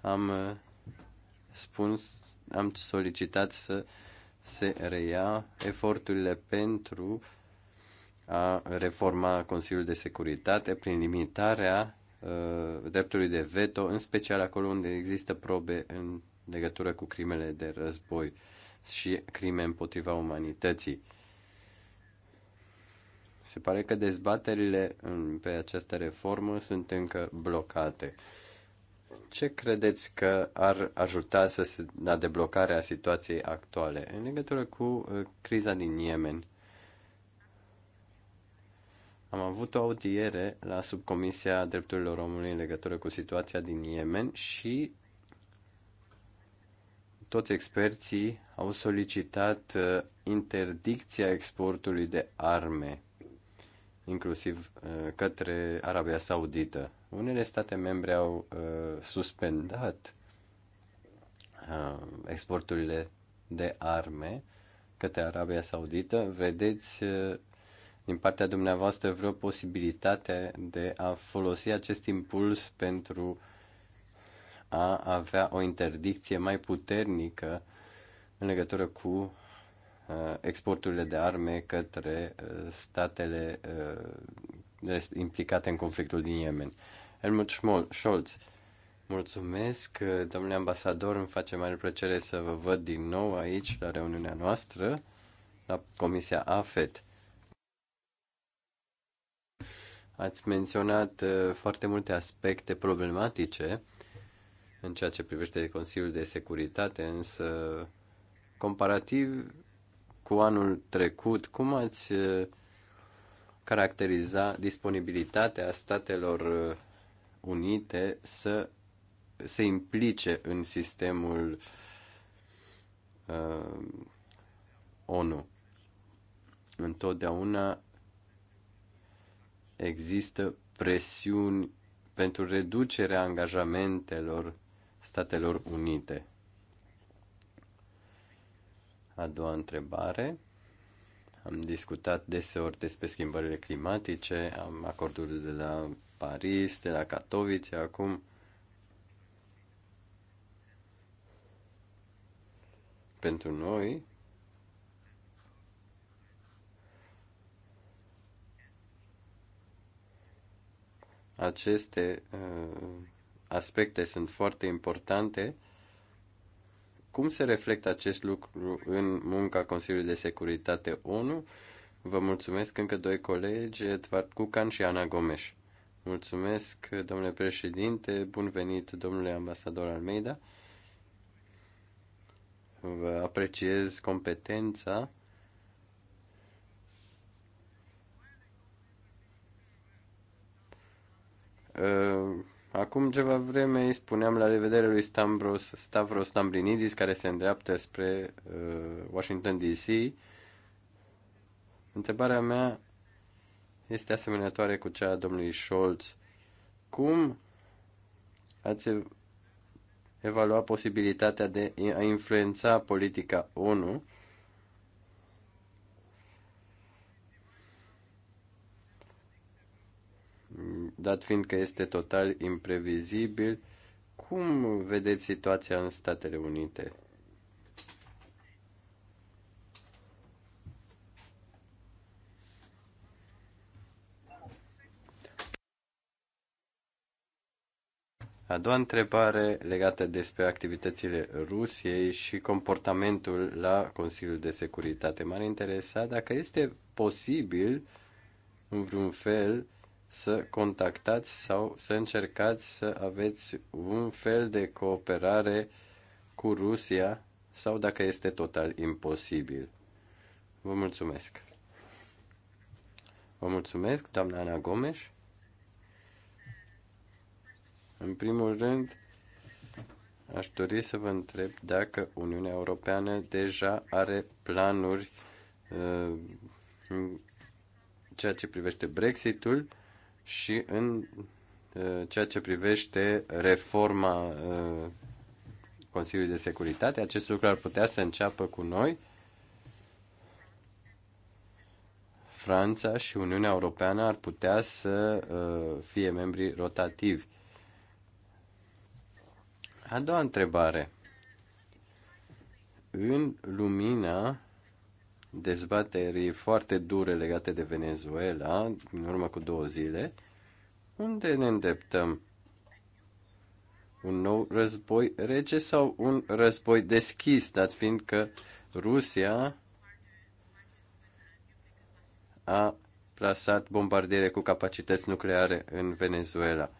C: am uh, spus, am solicitat să se reia eforturile pentru uh, a reforma Consiliului de Securitate prin limitarea uh, dreptului de veto, în special acolo unde există probe în legătură cu crimele de război și crime împotriva umanității. Se pare că dezbaterile pe această reformă sunt încă blocate. Ce credeți că ar ajuta să se, la deblocarea situației actuale în legătură cu uh, criza din Yemen? Am avut o audiere la subcomisia drepturilor omului în legătură cu situația din Yemen și toți experții au solicitat uh, interdicția exportului de arme, inclusiv uh, către Arabia Saudită. Unele state membre au uh, suspendat exporturile de arme către Arabia Saudită. Vedeți din partea dumneavoastră vreo posibilitate de a folosi acest impuls pentru a avea o interdicție mai puternică în legătură cu uh, exporturile de arme către uh, statele uh, implicate în conflictul din Yemen. Helmut Scholz, mulțumesc, domnule ambasador, îmi face mare plăcere să vă văd din nou aici la reuniunea noastră, la Comisia AFET. Ați menționat uh, foarte multe aspecte problematice în ceea ce privește Consiliul de Securitate, însă comparativ cu anul trecut, cum ați uh, caracteriza disponibilitatea Statelor uh, Unite să se implice în sistemul uh, ONU. Întotdeauna există presiuni pentru reducerea angajamentelor Statelor Unite. A doua întrebare. Am discutat deseori despre schimbările climatice, am acordul de la Paris, de la Katowice, acum pentru noi Aceste uh, aspecte sunt foarte importante. Cum se reflectă acest lucru în munca Consiliului de Securitate ONU? Vă mulțumesc încă doi colegi, Edvard Cucan și Ana Gomes. Mulțumesc, domnule președinte, bun venit, domnule ambasador Almeida. Vă apreciez competența Uh, acum ceva vreme îi spuneam la revedere lui Stavros, Stavros Stambrinidis, care se îndreaptă spre uh, Washington DC. Întrebarea mea este asemănătoare cu cea a domnului Scholz. Cum ați evalua posibilitatea de a influența politica ONU dat fiindcă este total imprevizibil. Cum vedeți situația în Statele Unite? A doua întrebare legată despre activitățile Rusiei și comportamentul la Consiliul de Securitate. M-ar interesa dacă este posibil, în vreun fel, să contactați sau să încercați să aveți un fel de cooperare cu Rusia sau dacă este total imposibil. Vă mulțumesc. Vă mulțumesc, doamna Ana Gomes. În primul rând, aș dori să vă întreb dacă Uniunea Europeană deja are planuri uh, în ceea ce privește Brexitul și în uh, ceea ce privește reforma uh, Consiliului de Securitate. Acest lucru ar putea să înceapă cu noi, Franța și Uniunea Europeană ar putea să uh, fie membri rotativi. A doua întrebare. În lumina dezbaterii foarte dure legate de Venezuela, în urmă cu două zile, unde ne îndeptăm? Un nou război rece sau un război deschis, dat fiind că Rusia a plasat bombardiere cu capacități nucleare în Venezuela.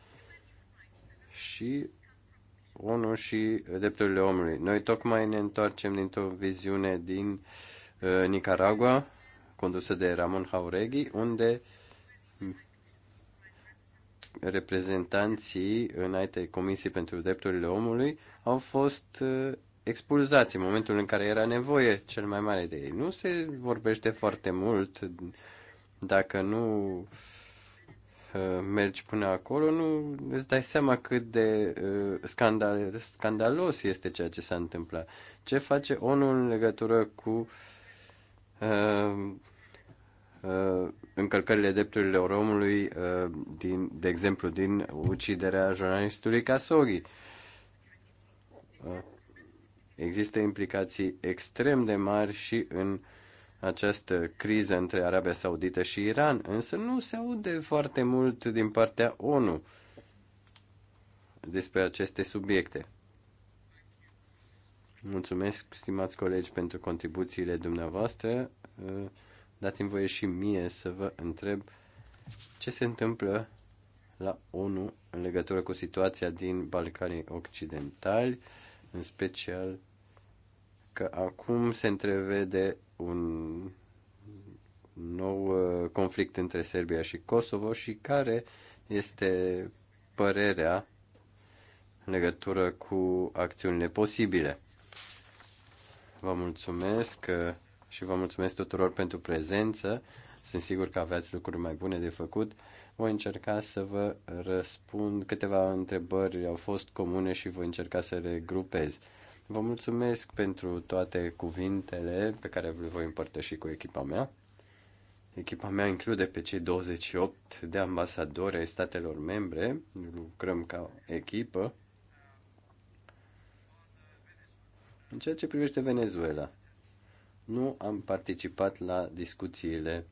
C: Și unul și drepturile omului. Noi tocmai ne întoarcem dintr-o viziune din uh, Uh, Nicaragua, condusă de Ramon Jauregui, unde reprezentanții în comisii pentru drepturile omului au fost uh, expulzați în momentul în care era nevoie cel mai mare de ei. Nu se vorbește foarte mult dacă nu uh, mergi până acolo, nu îți dai seama cât de scandal, scandalos este ceea ce s-a întâmplat. Ce face ONU în legătură cu uh, Ehm, ehm, încălcările drepturilor omului, ehm, din, de exemplu, din uciderea jurnalistului Casoghi. Există implicații extrem de mari și în această criză între Arabia Saudită și Iran, însă nu se aude foarte mult din partea ONU despre aceste subiecte. Mulțumesc, stimați colegi, pentru contribuțiile dumneavoastră. Uh, dați-mi voie și mie să vă întreb ce se întâmplă la ONU în legătură cu situația din Balcanii Occidentali, în special că acum se întrevede un nou uh, conflict între Serbia și Kosovo și care este părerea în legătură cu acțiunile posibile. Vă mulțumesc uh, și vă mulțumesc tuturor pentru prezență. Sunt sigur că aveți lucruri mai bune de făcut. Voi încerca să vă răspund. Câteva întrebări au fost comune și voi încerca să le grupez. Vă mulțumesc pentru toate cuvintele pe care le voi împărtăși cu echipa mea. Echipa mea include pe cei 28 de ambasadori ai statelor membre. Lucrăm ca echipă În ceea ce privește Venezuela, nu am participat la discuțiile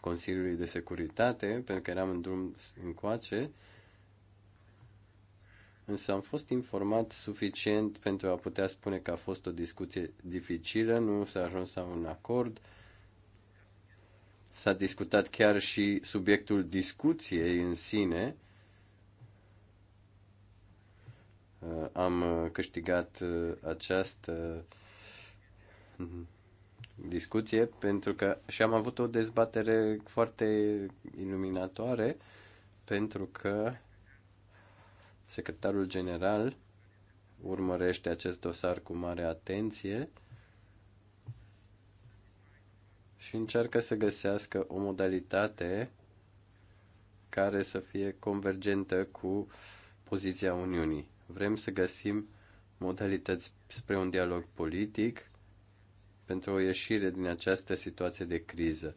C: Consiliului de Securitate, pentru că eram în drum încoace, însă am fost informat suficient pentru a putea spune că a fost o discuție dificilă, nu s-a ajuns la un acord. S-a discutat chiar și subiectul discuției în sine, Uh, am uh, câștigat uh, această discuție pentru că și am avut o dezbatere foarte iluminatoare pentru că secretarul general urmărește acest dosar cu mare atenție și încearcă să găsească o modalitate care să fie convergentă cu poziția Uniunii. Vrem să găsim modalități spre un dialog politic pentru o ieșire din această situație de criză.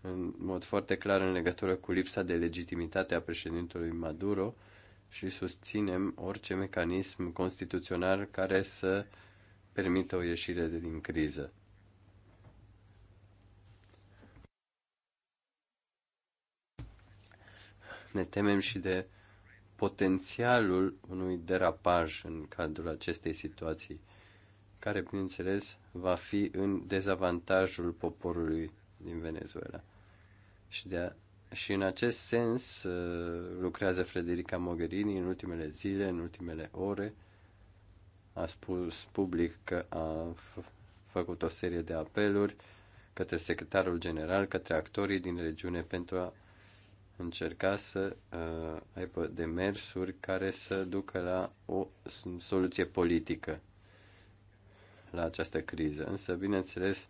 C: În mod foarte clar în legătură cu lipsa de legitimitate a președintelui Maduro și susținem orice mecanism constituțional care să permită o ieșire din criză. Ne temem și de potențialul unui derapaj în cadrul acestei situații, care, bineînțeles, va fi în dezavantajul poporului din Venezuela. Și, de a, și în acest sens uh, lucrează Frederica Mogherini în ultimele zile, în ultimele ore. A spus public că a făcut o serie de apeluri către secretarul general, către actorii din regiune pentru a încerca să uh, aibă demersuri care să ducă la o soluție politică la această criză. Însă, bineînțeles,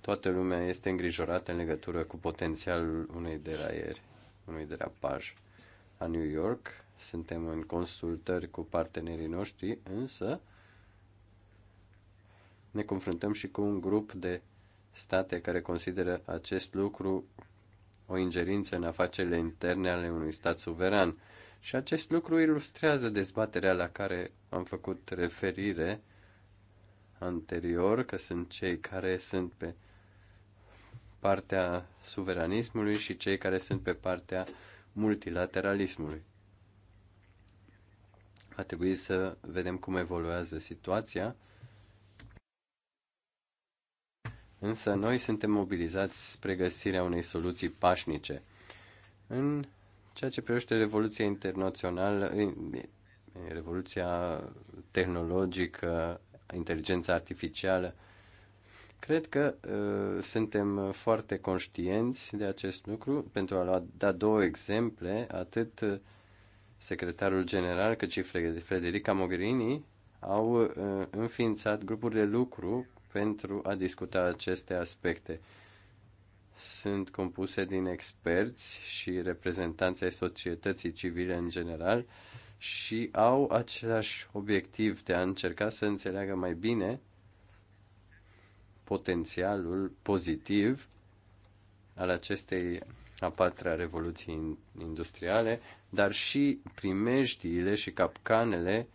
C: toată lumea este îngrijorată în legătură cu potențialul unei deraieri, unui derapaj. La New York suntem în consultări cu partenerii noștri, însă ne confruntăm și cu un grup de state care consideră acest lucru o ingerință în afacerile interne ale unui stat suveran. Și acest lucru ilustrează dezbaterea la care am făcut referire anterior, că sunt cei care sunt pe partea suveranismului și cei care sunt pe partea multilateralismului. A trebuit să vedem cum evoluează situația Însă noi suntem mobilizați spre găsirea unei soluții pașnice. În ceea ce privește revoluția internațională, revoluția tehnologică, inteligența artificială, cred că uh, suntem foarte conștienți de acest lucru. Pentru a lua, da două exemple, atât uh, secretarul general cât și Frederica Mogherini au uh, înființat grupuri de lucru pentru a discuta aceste aspecte. Sunt compuse din experți și reprezentanți ai societății civile în general și au același obiectiv de a încerca să înțeleagă mai bine potențialul pozitiv al acestei a patra revoluții industriale, dar și primejdiile și capcanele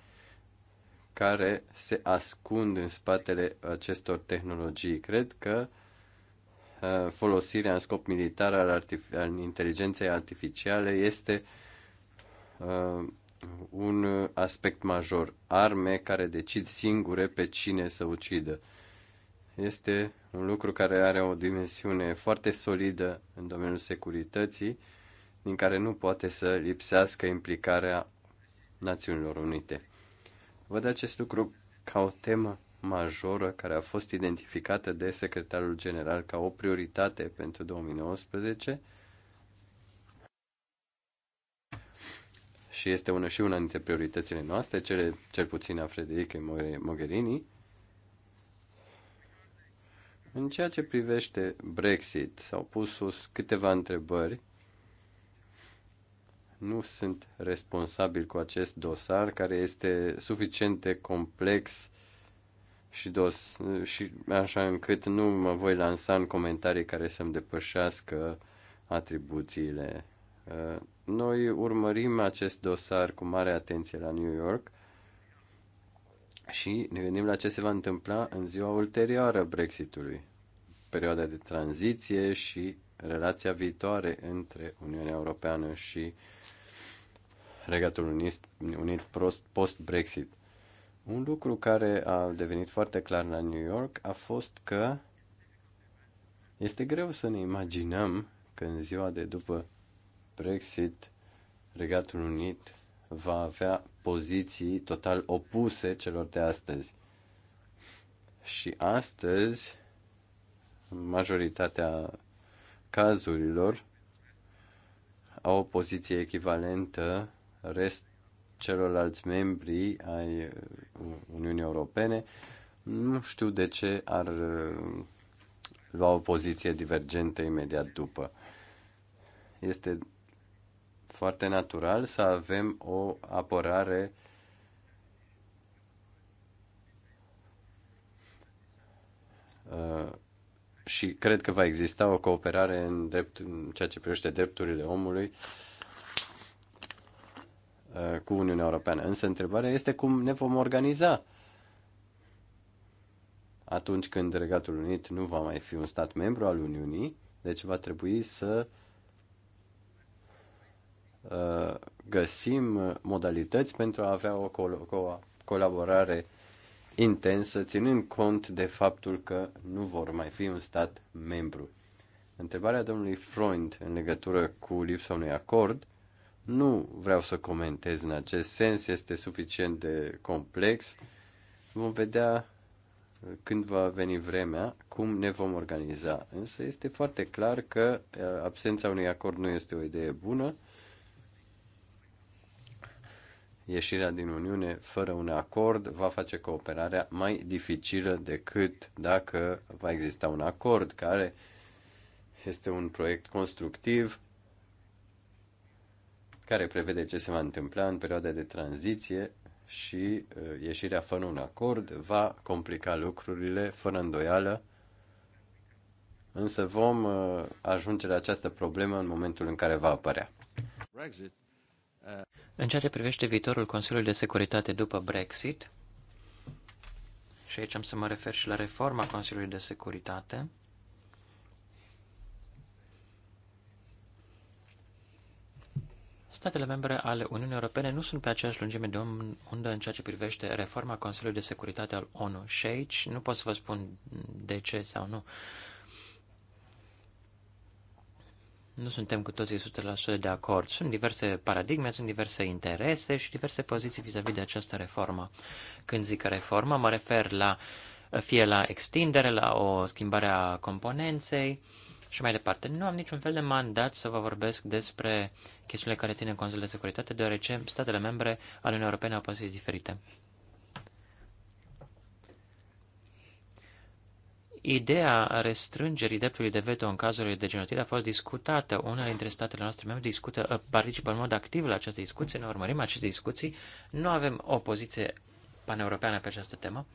C: care se ascund în spatele acestor tehnologii. Cred că uh, folosirea în scop militar al, artific- al inteligenței artificiale este uh, un aspect major. Arme care decid singure pe cine să ucidă. Este un lucru care are o dimensiune foarte solidă în domeniul securității, din care nu poate să lipsească implicarea Națiunilor Unite. Văd acest lucru ca o temă majoră care a fost identificată de secretarul general ca o prioritate pentru 2019 și este una și una dintre prioritățile noastre, cele, cel puțin a Frederica Mogherini. În ceea ce privește Brexit, s-au pus sus câteva întrebări nu sunt responsabil cu acest dosar care este suficient de complex și, dos, și așa încât nu mă voi lansa în comentarii care să-mi depășească atribuțiile. Uh, noi urmărim acest dosar cu mare atenție la New York și ne gândim la ce se va întâmpla în ziua ulterioară Brexitului, perioada de tranziție și relația viitoare între Uniunea Europeană și uh, Regatul Unit, Unit post-Brexit. Un lucru care a devenit foarte clar la New York a fost că este greu să ne imaginăm că în ziua de după Brexit, Regatul Unit va avea poziții total opuse celor de astăzi. Și astăzi, în majoritatea cazurilor, au o poziție echivalentă rest celorlalți membri ai uh, Uniunii Europene, nu știu de ce ar uh, lua o poziție divergentă imediat după. Este foarte natural să avem o apărare uh, și cred că va exista o cooperare în, drept, în ceea ce privește drepturile omului Uh, cu Uniunea Europeană. Însă întrebarea este cum ne vom organiza atunci când Regatul Unit nu va mai fi un stat membru al Uniunii, deci va trebui să uh, găsim modalități pentru a avea o colaborare intensă, ținând cont de faptul că nu vor mai fi un stat membru. Întrebarea domnului Freund în legătură cu lipsa unui acord nu vreau să comentez în acest sens, este suficient de complex. Vom vedea când va veni vremea, cum ne vom organiza. Însă este foarte clar că absența unui acord nu este o idee bună. Ieșirea din Uniune fără un acord va face cooperarea mai dificilă decât dacă va exista un acord care este un proiect constructiv care prevede ce se va întâmpla în perioada de tranziție și uh, ieșirea fără un acord va complica lucrurile fără îndoială, însă vom uh, ajunge la această problemă în momentul în care va apărea. Brexit. Uh,
A: în ceea ce privește viitorul Consiliului de Securitate după Brexit, și aici am să mă refer și la reforma Consiliului de Securitate, Statele membre ale Uniunii Europene nu sunt pe aceeași lungime de undă în ceea ce privește reforma Consiliului de Securitate al ONU și aici nu pot să vă spun de ce sau nu. Nu suntem cu toții 100% de acord. Sunt diverse paradigme, sunt diverse interese și diverse poziții vis-a-vis -vis de această reformă. Când zic reformă, mă refer la fie la extindere, la o schimbare a componenței, și mai departe. Nu am niciun fel de mandat să vă vorbesc despre chestiunile care țin Consiliul de Securitate, deoarece statele membre ale Uniunii Europene au poziții diferite. Ideea restrângerii dreptului de veto în cazurile de genocid a fost discutată. Unele dintre statele noastre membre discută, uh, participă în mod activ la această discuție, ne urmărim aceste discuții, nu avem o poziție paneuropeană pe această temă.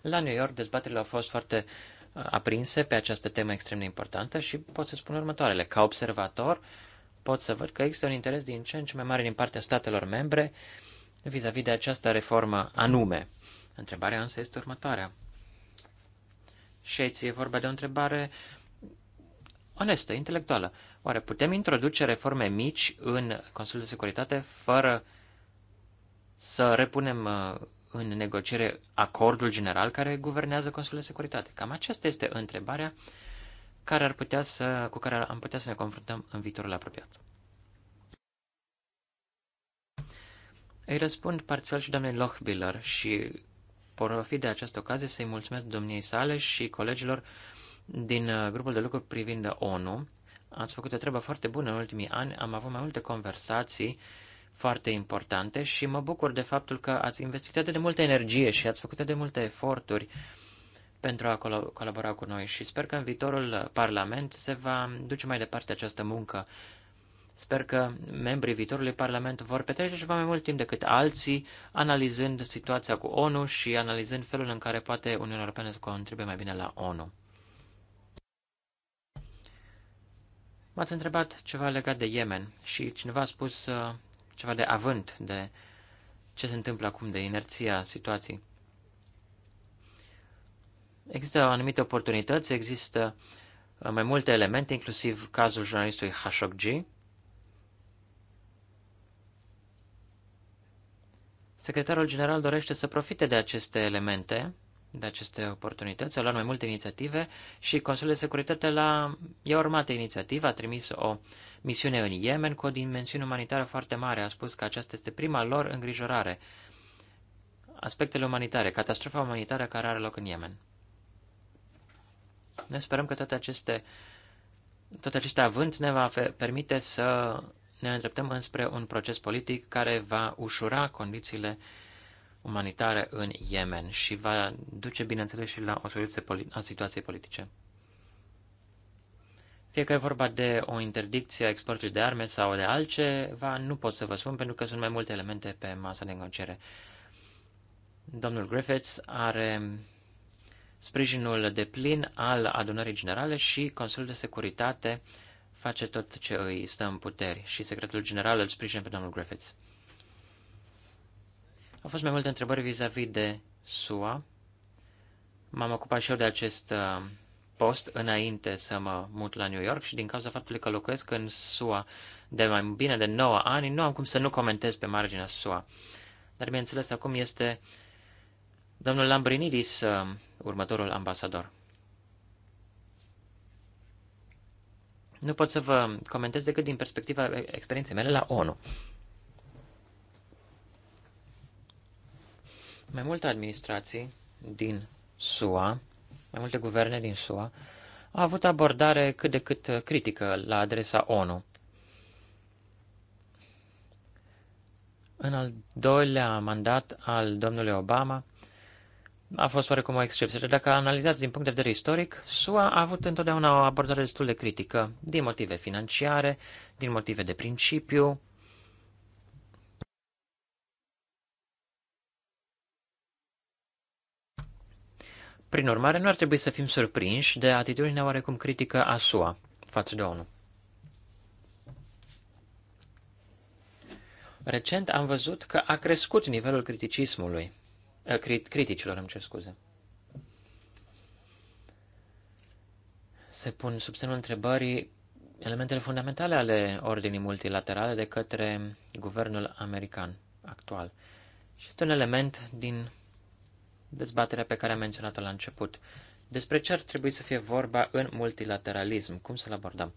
A: La New York, dezbaterile au fost foarte uh, aprinse pe această temă extrem de importantă și pot să spun următoarele. Ca observator pot să văd că există un interes din ce în ce mai mare din partea statelor membre vis-a-vis -vis de această reformă anume. Întrebarea însă este următoarea. Și aici e vorba de o întrebare onestă, intelectuală. Oare putem introduce reforme mici în Consiliul de Securitate fără să repunem uh, în negociere acordul general care guvernează Consiliul de Securitate? Cam aceasta este întrebarea care ar putea să, cu care am putea să ne confruntăm în viitorul apropiat. Îi răspund parțial și doamnei Lochbiller și profit de această ocazie să-i mulțumesc domniei sale și colegilor din uh, grupul de lucru privind ONU. Ați făcut o treabă foarte bună în ultimii ani, am avut mai multe conversații uh, foarte importante și mă bucur de faptul că ați investit atât de multă energie și ați făcut atât de multe eforturi pentru a colabora cu noi și sper că în viitorul Parlament se va duce mai departe această muncă. Sper că membrii viitorului Parlament vor petrece ceva mai mult timp decât alții, analizând situația cu ONU și analizând felul în care poate Uniunea Europeană să contribuie mai bine la ONU. M-ați întrebat ceva legat de Yemen și cineva a spus uh, ceva de avânt, de ce se întâmplă acum, de inerția situației. Există anumite oportunități, există uh, mai multe elemente, inclusiv cazul jurnalistului Khashoggi. Secretarul general dorește să profite de aceste elemente, de aceste oportunități, a luat mai multe inițiative și Consiliul de Securitate la, i-a urmat inițiativa, a trimis o uh, misiune în Yemen cu o dimensiune umanitară foarte mare. A spus că aceasta este prima lor îngrijorare. Aspectele umanitare, catastrofa umanitară care are loc în Yemen. Noi sperăm că toate aceste, tot acest avânt ne va permite să ne îndreptăm înspre un proces politic care va ușura condițiile umanitare în Yemen și va duce, bineînțeles, și la o soluție a situației politice. Fie că e vorba de o interdicție a exportului de arme sau de altceva, nu pot să vă spun pentru că sunt mai multe elemente pe masa de negociere. Domnul Griffiths are sprijinul de plin al adunării generale și Consiliul de Securitate face tot ce îi stă în puteri și secretul general îl sprijină pe domnul Griffiths. Au fost mai multe întrebări vis-a-vis -vis de SUA. M-am ocupat și eu de acest uh, post înainte să mă mut la New York și din cauza faptului că locuiesc în SUA de mai bine de 9 ani, nu am cum să nu comentez pe marginea SUA. Dar bineînțeles acum este domnul Lambrinidis, uh, următorul ambasador. Nu pot să vă comentez decât din perspectiva experienței mele la ONU. Mai multe administrații din SUA mai multe guverne din SUA, a avut abordare cât de cât uh, critică la adresa ONU. În al doilea mandat al domnului Obama a fost oarecum o excepție. Dacă analizați din punct de vedere istoric, SUA a avut întotdeauna o abordare destul de critică, din motive financiare, din motive de principiu, Prin urmare, nu ar trebui să fim surprinși de atitudinea oarecum critică a SUA față de ONU. Recent am văzut că a crescut nivelul criticismului, eh, criticilor, îmi cer scuze. Se pun sub semnul întrebării elementele fundamentale ale ordinii multilaterale de către guvernul american actual. Și este un element din dezbaterea pe care am menționat-o la început. Despre ce ar trebui să fie vorba în multilateralism, cum să-l abordăm.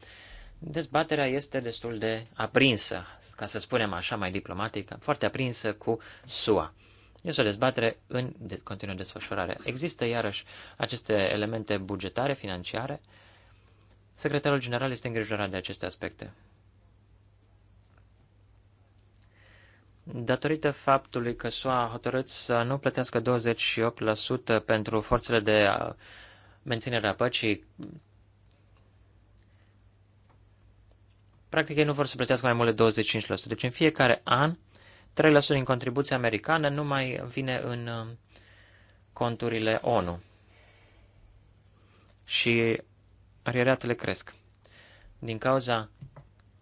A: Dezbaterea este destul de aprinsă, ca să spunem așa mai diplomatică, foarte aprinsă cu SUA. Este o dezbatere în continuă desfășurare. Există iarăși aceste elemente bugetare, financiare. Secretarul general este îngrijorat de aceste aspecte. Datorită faptului că SUA a hotărât să nu plătească 28% pentru forțele de menținere a păcii, practic ei nu vor să plătească mai mult de 25%. Deci în fiecare an, 3% din contribuția americană nu mai vine în um, conturile ONU. Și arieratele cresc. Din cauza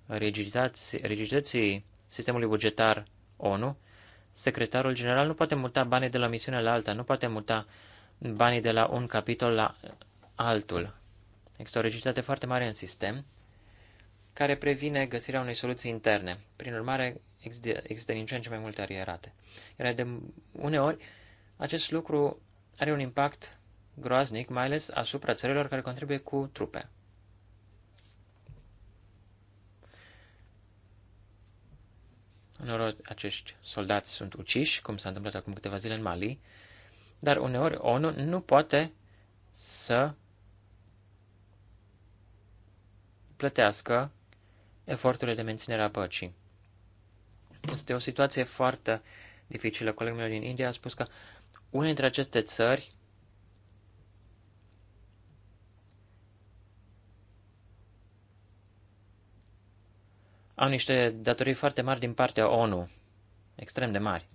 A: rigidității, rigidității sistemului bugetar ONU, secretarul general nu poate muta banii de la misiune la alta, nu poate muta banii de la un capitol la altul. Există o rigiditate foarte mare în sistem care previne găsirea unei soluții interne. Prin urmare, există, există din ce în ce mai multe arierate. Iar de uneori, acest lucru are un impact groaznic, mai ales asupra țărilor care contribuie cu trupe. Uneori acești soldați sunt uciși, cum s-a întâmplat acum câteva zile în Mali, dar uneori ONU nu poate să plătească eforturile de menținere a păcii. Este o situație foarte dificilă. Colegul meu din India a spus că unele dintre aceste țări au niște datorii foarte mari din partea ONU, extrem de mari.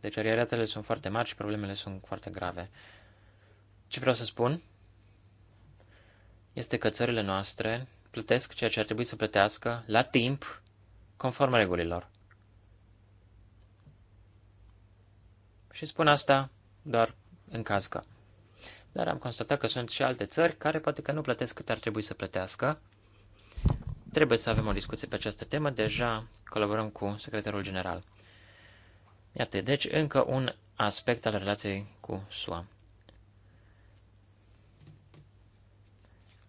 A: Deci arieratele sunt foarte mari și problemele sunt foarte grave. Ce vreau să spun este că țările noastre plătesc ceea ce ar trebui să plătească la timp, conform regulilor. Și spun asta doar în caz că. Dar am constatat că sunt și alte țări care poate că nu plătesc cât ar trebui să plătească Trebuie să avem o discuție pe această temă, deja colaborăm cu secretarul general. Iată, deci, încă un aspect al relației cu SUA.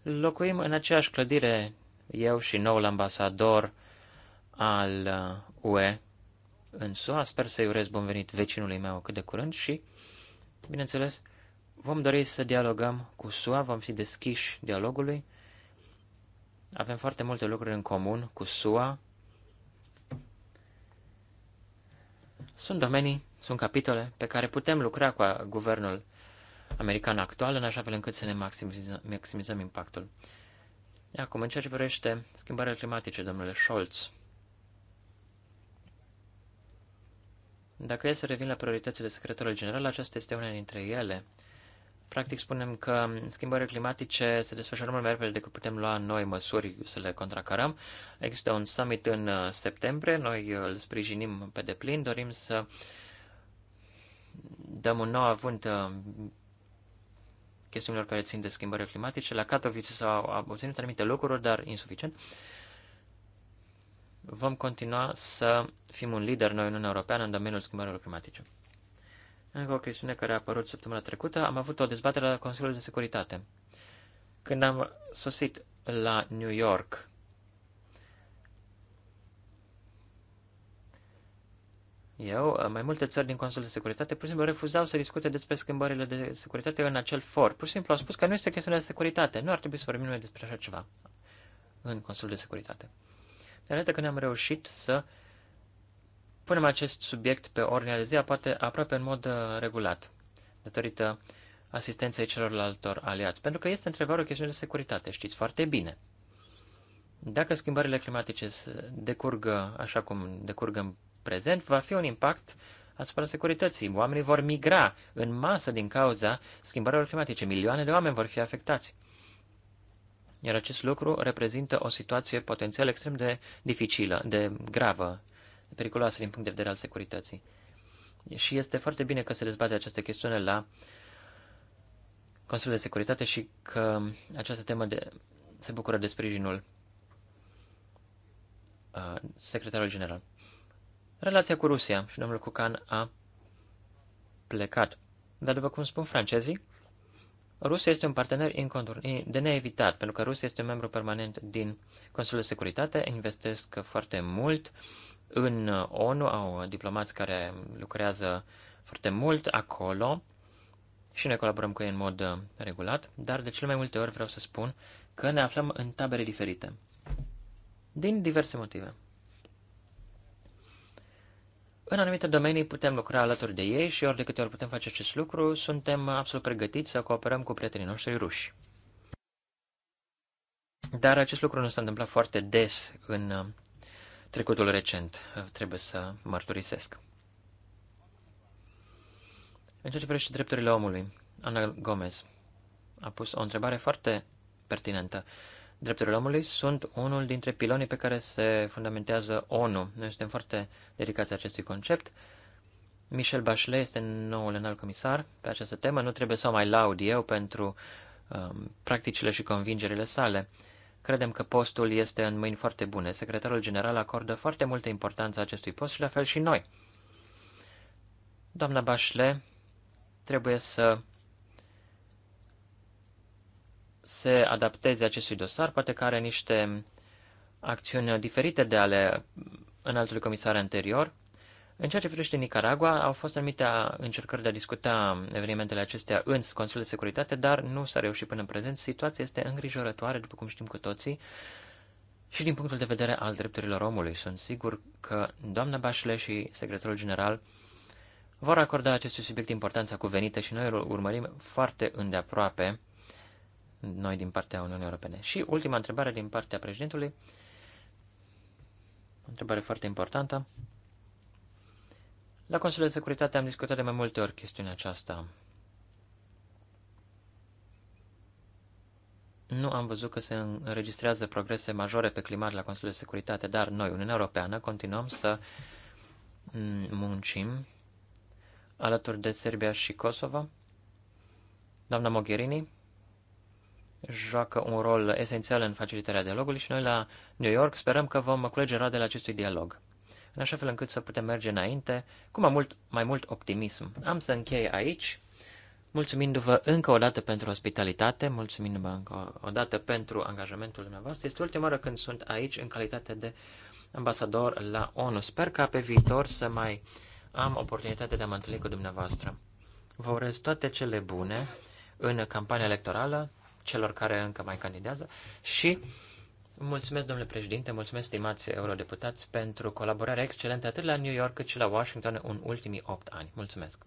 A: Locuim în aceeași clădire, eu și noul ambasador al UE uh, în SUA. Sper să-i urez bun venit vecinului meu cât de curând și, bineînțeles, vom dori să dialogăm cu SUA, vom fi deschiși dialogului. Avem foarte multe lucruri în comun cu SUA. Sunt domenii, sunt capitole pe care putem lucra cu guvernul american actual în așa fel încât să ne maximizăm, maximizăm impactul. Acum, în ceea ce privește schimbările climatice, domnule Scholz, dacă e să revin la prioritățile secretarului general, aceasta este una dintre ele. Practic spunem că schimbările climatice se desfășoară mult mai repede decât putem lua noi măsuri să le contracarăm. Există un summit în uh, septembrie, noi uh, îl sprijinim pe deplin, dorim să dăm un nou avânt uh, chestiunilor care țin de schimbările climatice. La Katowice s-au obținut anumite lucruri, dar insuficient. Vom continua să fim un lider noi în Uniunea Europeană în domeniul schimbărilor climatice. Încă o chestiune care a apărut săptămâna trecută, am avut o dezbatere la Consiliul de Securitate. Când am sosit la New York, eu, mai multe țări din Consiliul de Securitate, pur și simplu refuzau să discute despre schimbările de securitate în acel for. Pur și simplu au spus că nu este chestiune de securitate, nu ar trebui să vorbim noi despre așa ceva în Consiliul de Securitate. Dar iată că ne-am reușit să uh, Punem acest subiect pe ordinea de zi aparte, aproape în mod uh, regulat, datorită asistenței celorlaltor aliați, pentru că este întrebare o chestiune de securitate, știți foarte bine. Dacă schimbările climatice decurgă așa cum decurg în prezent, va fi un impact asupra securității. Oamenii vor migra în masă din cauza schimbărilor climatice. Milioane de oameni vor fi afectați. Iar acest lucru reprezintă o situație potențial extrem de dificilă, de gravă periculoasă din punct de vedere al securității. Și este foarte bine că se dezbate această chestiune la Consiliul de Securitate și că această temă de, se bucură de sprijinul uh, secretarului general. Relația cu Rusia și domnul Cucan a plecat. Dar după cum spun francezii, Rusia este un partener de neevitat, pentru că Rusia este un membru permanent din Consiliul de Securitate, investesc foarte mult uh, în uh, ONU au diplomați care lucrează foarte mult acolo și ne colaborăm cu ei în mod uh, regulat, dar de cele mai multe ori vreau să spun că ne aflăm în tabere diferite. Din diverse motive. În anumite domenii putem lucra alături de ei și ori de câte ori putem face acest lucru, suntem absolut pregătiți să cooperăm cu prietenii noștri ruși. Dar acest lucru nu s-a întâmplat foarte des în uh, trecutul recent, uh, trebuie să mărturisesc. În ceea ce privește drepturile omului, Ana Gomez a pus o întrebare foarte pertinentă. Drepturile omului sunt unul dintre pilonii pe care se fundamentează ONU. Noi suntem foarte dedicați acestui concept. Michel Bachelet este noul înalt comisar pe această temă. Nu trebuie să o mai laud eu pentru um, practicile și convingerile sale. Credem că postul este în mâini foarte bune. Secretarul general acordă foarte multă importanță acestui post și la fel și noi. Doamna Bașle trebuie să se adapteze acestui dosar, poate că are niște acțiuni diferite de ale înaltului comisar anterior. În ceea ce privește Nicaragua, au fost anumite încercări de a discuta evenimentele acestea în Consiliul de Securitate, dar nu s-a reușit până în prezent. Situația este îngrijorătoare, după cum știm cu toții, și din punctul de vedere al drepturilor omului. Sunt sigur că doamna Bașle și secretarul general vor acorda acestui subiect importanța cuvenită și noi îl urmărim foarte îndeaproape noi din partea Uniunii Europene. Și ultima întrebare din partea președintului, o întrebare foarte importantă. La Consiliul de Securitate am discutat de mai multe ori chestiunea aceasta. Nu am văzut că se înregistrează progrese majore pe climat la Consiliul de Securitate, dar noi, Uniunea Europeană, continuăm să muncim alături de Serbia și Kosovo. Doamna Mogherini joacă un rol esențial în facilitarea dialogului și noi la New York sperăm că vom culege roadele acestui dialog în așa fel încât să putem merge înainte cu mai mult, mai mult optimism. Am să închei aici, mulțumindu-vă încă o dată pentru ospitalitate, mulțumindu-vă încă o dată pentru angajamentul dumneavoastră. Este ultima oară când sunt aici în calitate de ambasador la ONU. Sper ca pe viitor să mai am oportunitatea de a mă întâlni cu dumneavoastră. Vă urez toate cele bune în campania electorală, celor care încă mai candidează și Mulțumesc, domnule președinte, mulțumesc, stimați eurodeputați, pentru colaborarea excelentă atât la New York cât și la Washington în ultimii opt ani. Mulțumesc!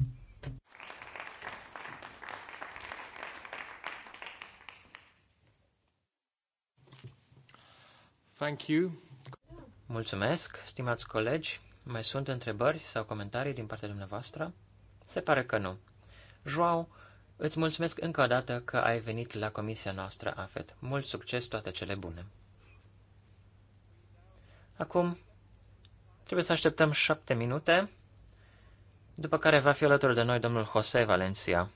A: Thank you. Mulțumesc, stimați colegi. Mai sunt întrebări sau comentarii din partea dumneavoastră? Se pare că nu. Joao, îți mulțumesc încă o dată că ai venit la comisia noastră AFET. Mult succes, toate cele bune! Acum trebuie să așteptăm șapte minute, după care va fi alături de noi domnul Jose Valencia.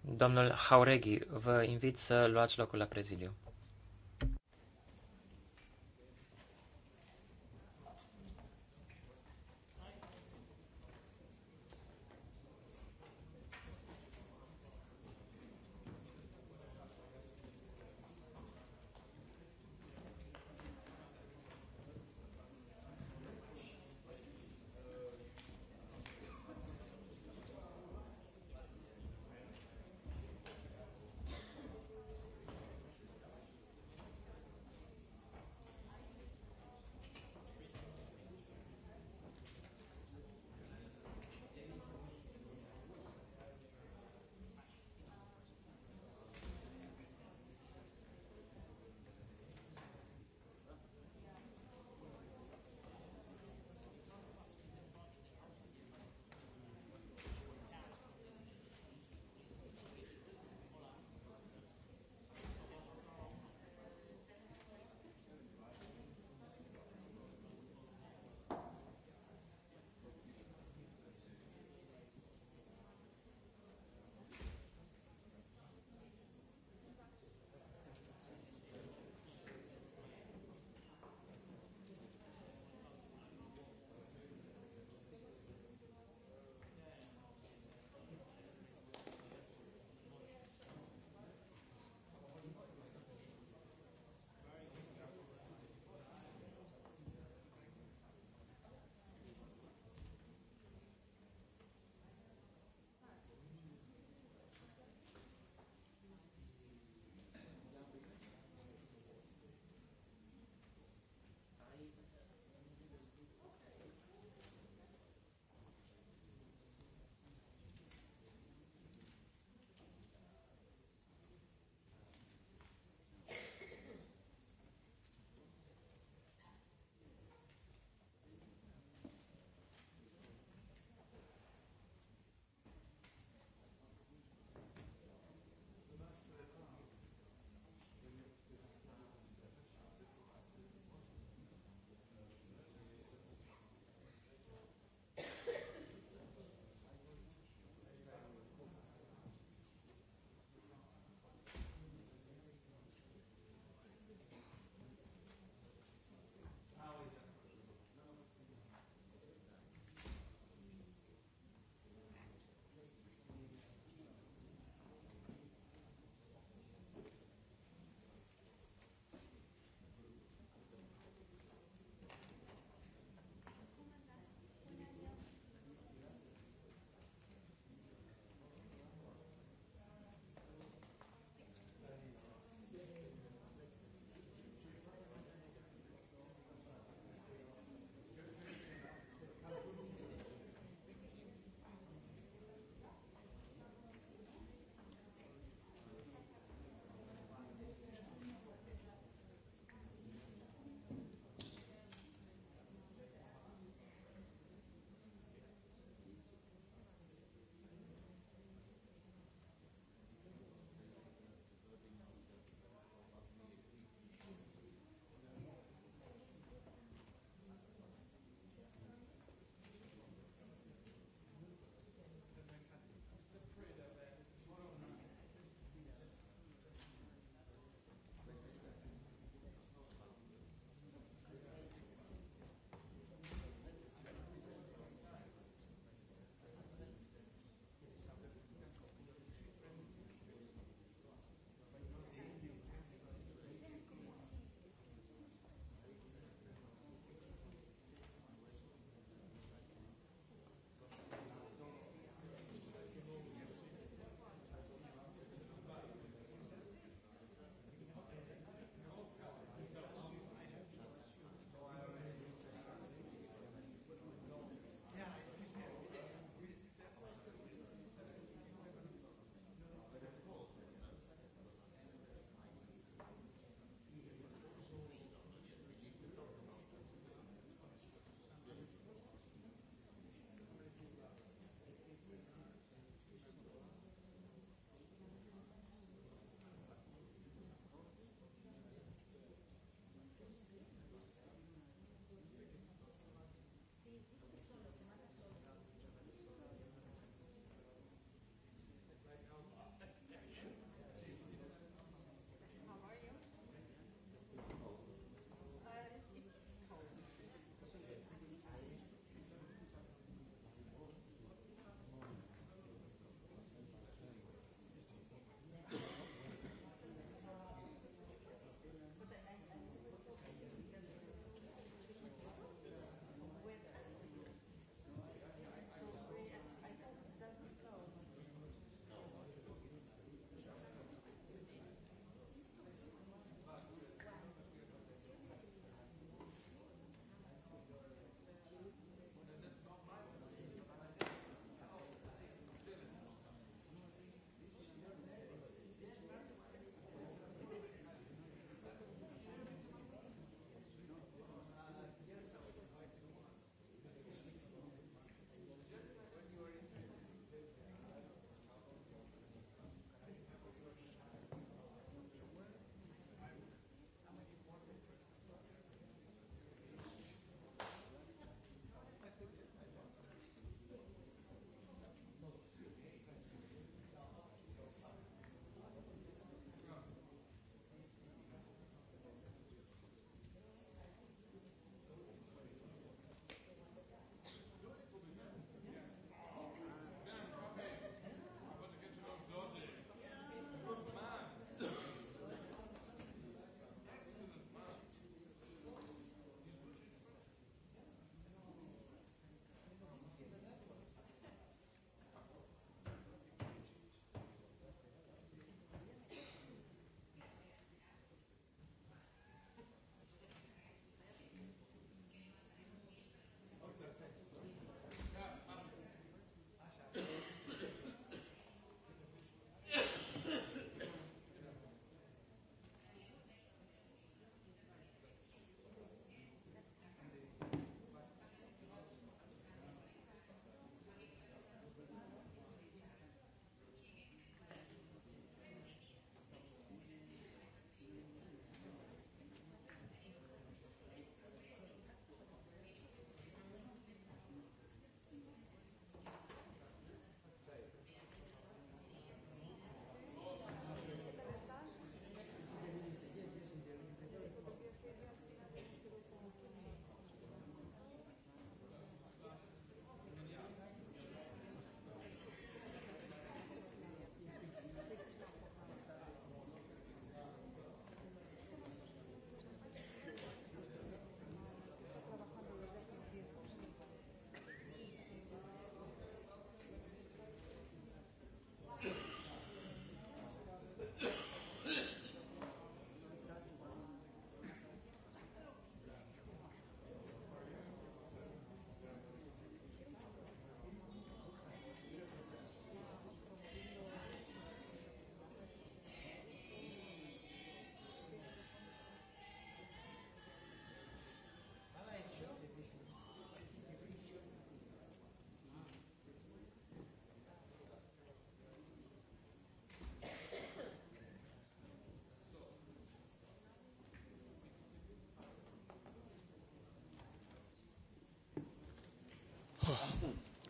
A: Domnul Hauregi, vă invit să luați locul la prezidiu.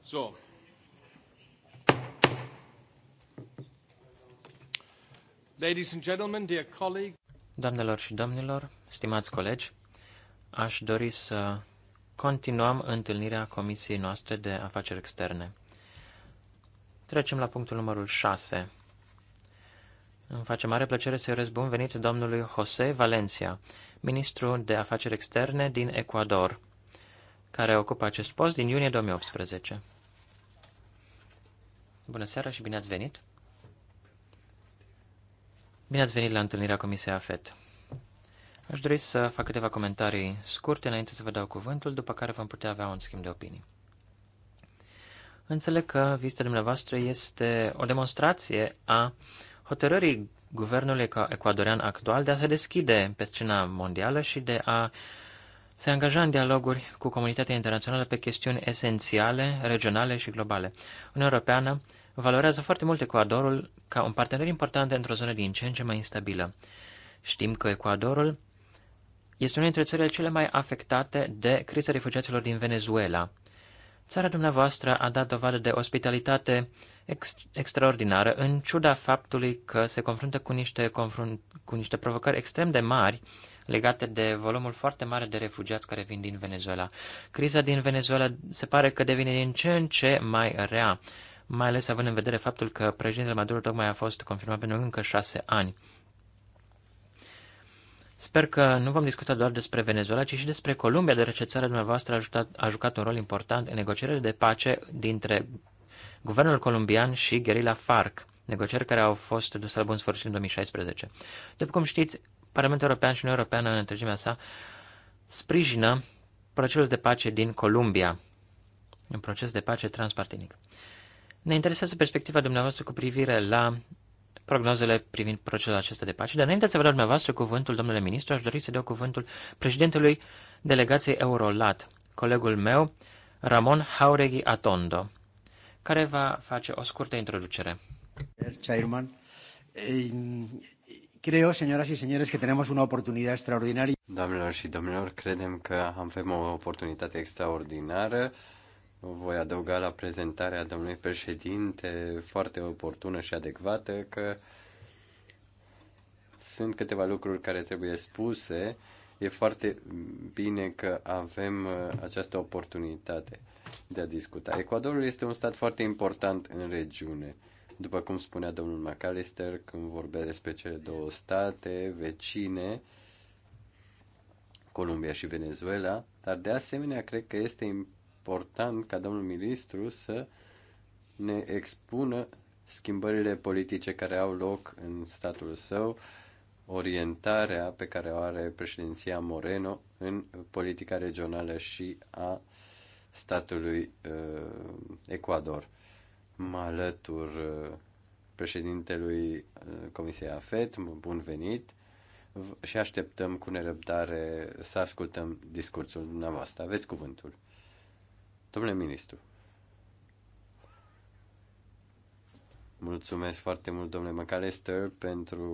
C: So. Ladies and gentlemen, dear colleagues.
A: Doamnelor și domnilor, stimați colegi, aș dori să continuăm întâlnirea Comisiei noastre de afaceri externe. Trecem la punctul numărul 6. Îmi face mare plăcere să-i urez bun venit domnului José Valencia, ministru de afaceri externe din Ecuador care ocupă acest post din iunie 2018. Bună seara și bine ați venit! Bine ați venit la întâlnirea Comisiei AFET. Aș dori să fac câteva comentarii scurte înainte să vă dau cuvântul, după care vom putea avea un schimb de opinii. Înțeleg că vizita dumneavoastră este o demonstrație a hotărârii guvernului ecuadorian actual de a se deschide pe scena mondială și de a uh, se angaja în dialoguri cu comunitatea internațională pe chestiuni esențiale, regionale și globale. Uniunea Europeană valorează foarte mult Ecuadorul ca un partener important într-o zonă din ce în ce mai instabilă. Știm că Ecuadorul este una dintre țările cele mai afectate de criza refugiaților din Venezuela. Țara dumneavoastră a dat dovadă de ospitalitate ex- extraordinară, în ciuda faptului că se confruntă cu niște, confrunt, cu niște provocări extrem de mari legate de volumul foarte mare de refugiați care vin din Venezuela. Criza din Venezuela se pare că devine din ce în ce mai rea, mai ales având în vedere faptul că președintele Maduro tocmai a fost confirmat pentru încă șase ani. Sper că nu vom discuta doar despre Venezuela, ci și despre Columbia, deoarece țara dumneavoastră a, jucat, a jucat un rol important în negocierile de pace dintre guvernul colombian și gherila FARC, negocieri care au fost duse la bun sfârșit în 2016. După cum știți, Parlamentul European și Uniunea Europeană, în întregimea sa, sprijină procesul de pace din Columbia, un proces de pace transpartinic. Ne interesează perspectiva dumneavoastră cu privire la prognozele privind procesul acesta de pace, dar înainte să vă dau dumneavoastră cuvântul, domnule ministru, aș dori să dau cuvântul președintelui delegației Eurolat, colegul meu, Ramon Jauregui Atondo, care va face o scurtă introducere. Chairman, Creo, señoras y señores, que tenemos una oportunidad extraordinaria.
C: Doamnelor și domnilor, credem că avem o oportunitate extraordinară. O voi adăuga la prezentarea domnului președinte, foarte oportună și adecvată, că sunt câteva lucruri care trebuie spuse. E foarte bine că avem uh, această oportunitate de a discuta. Ecuadorul este un stat foarte important în regiune după cum spunea domnul McAllister, când vorbea despre cele două state vecine, Columbia și Venezuela, dar de asemenea cred că este important ca domnul ministru să ne expună schimbările politice care au loc în statul său, orientarea pe care o are președinția Moreno în politica regională și a statului uh, Ecuador mă alătur uh, președintelui uh, Comisiei AFET, bun venit și așteptăm cu nerăbdare să ascultăm discursul dumneavoastră. Aveți cuvântul. Domnule ministru. Mulțumesc foarte mult, domnule McAllister, pentru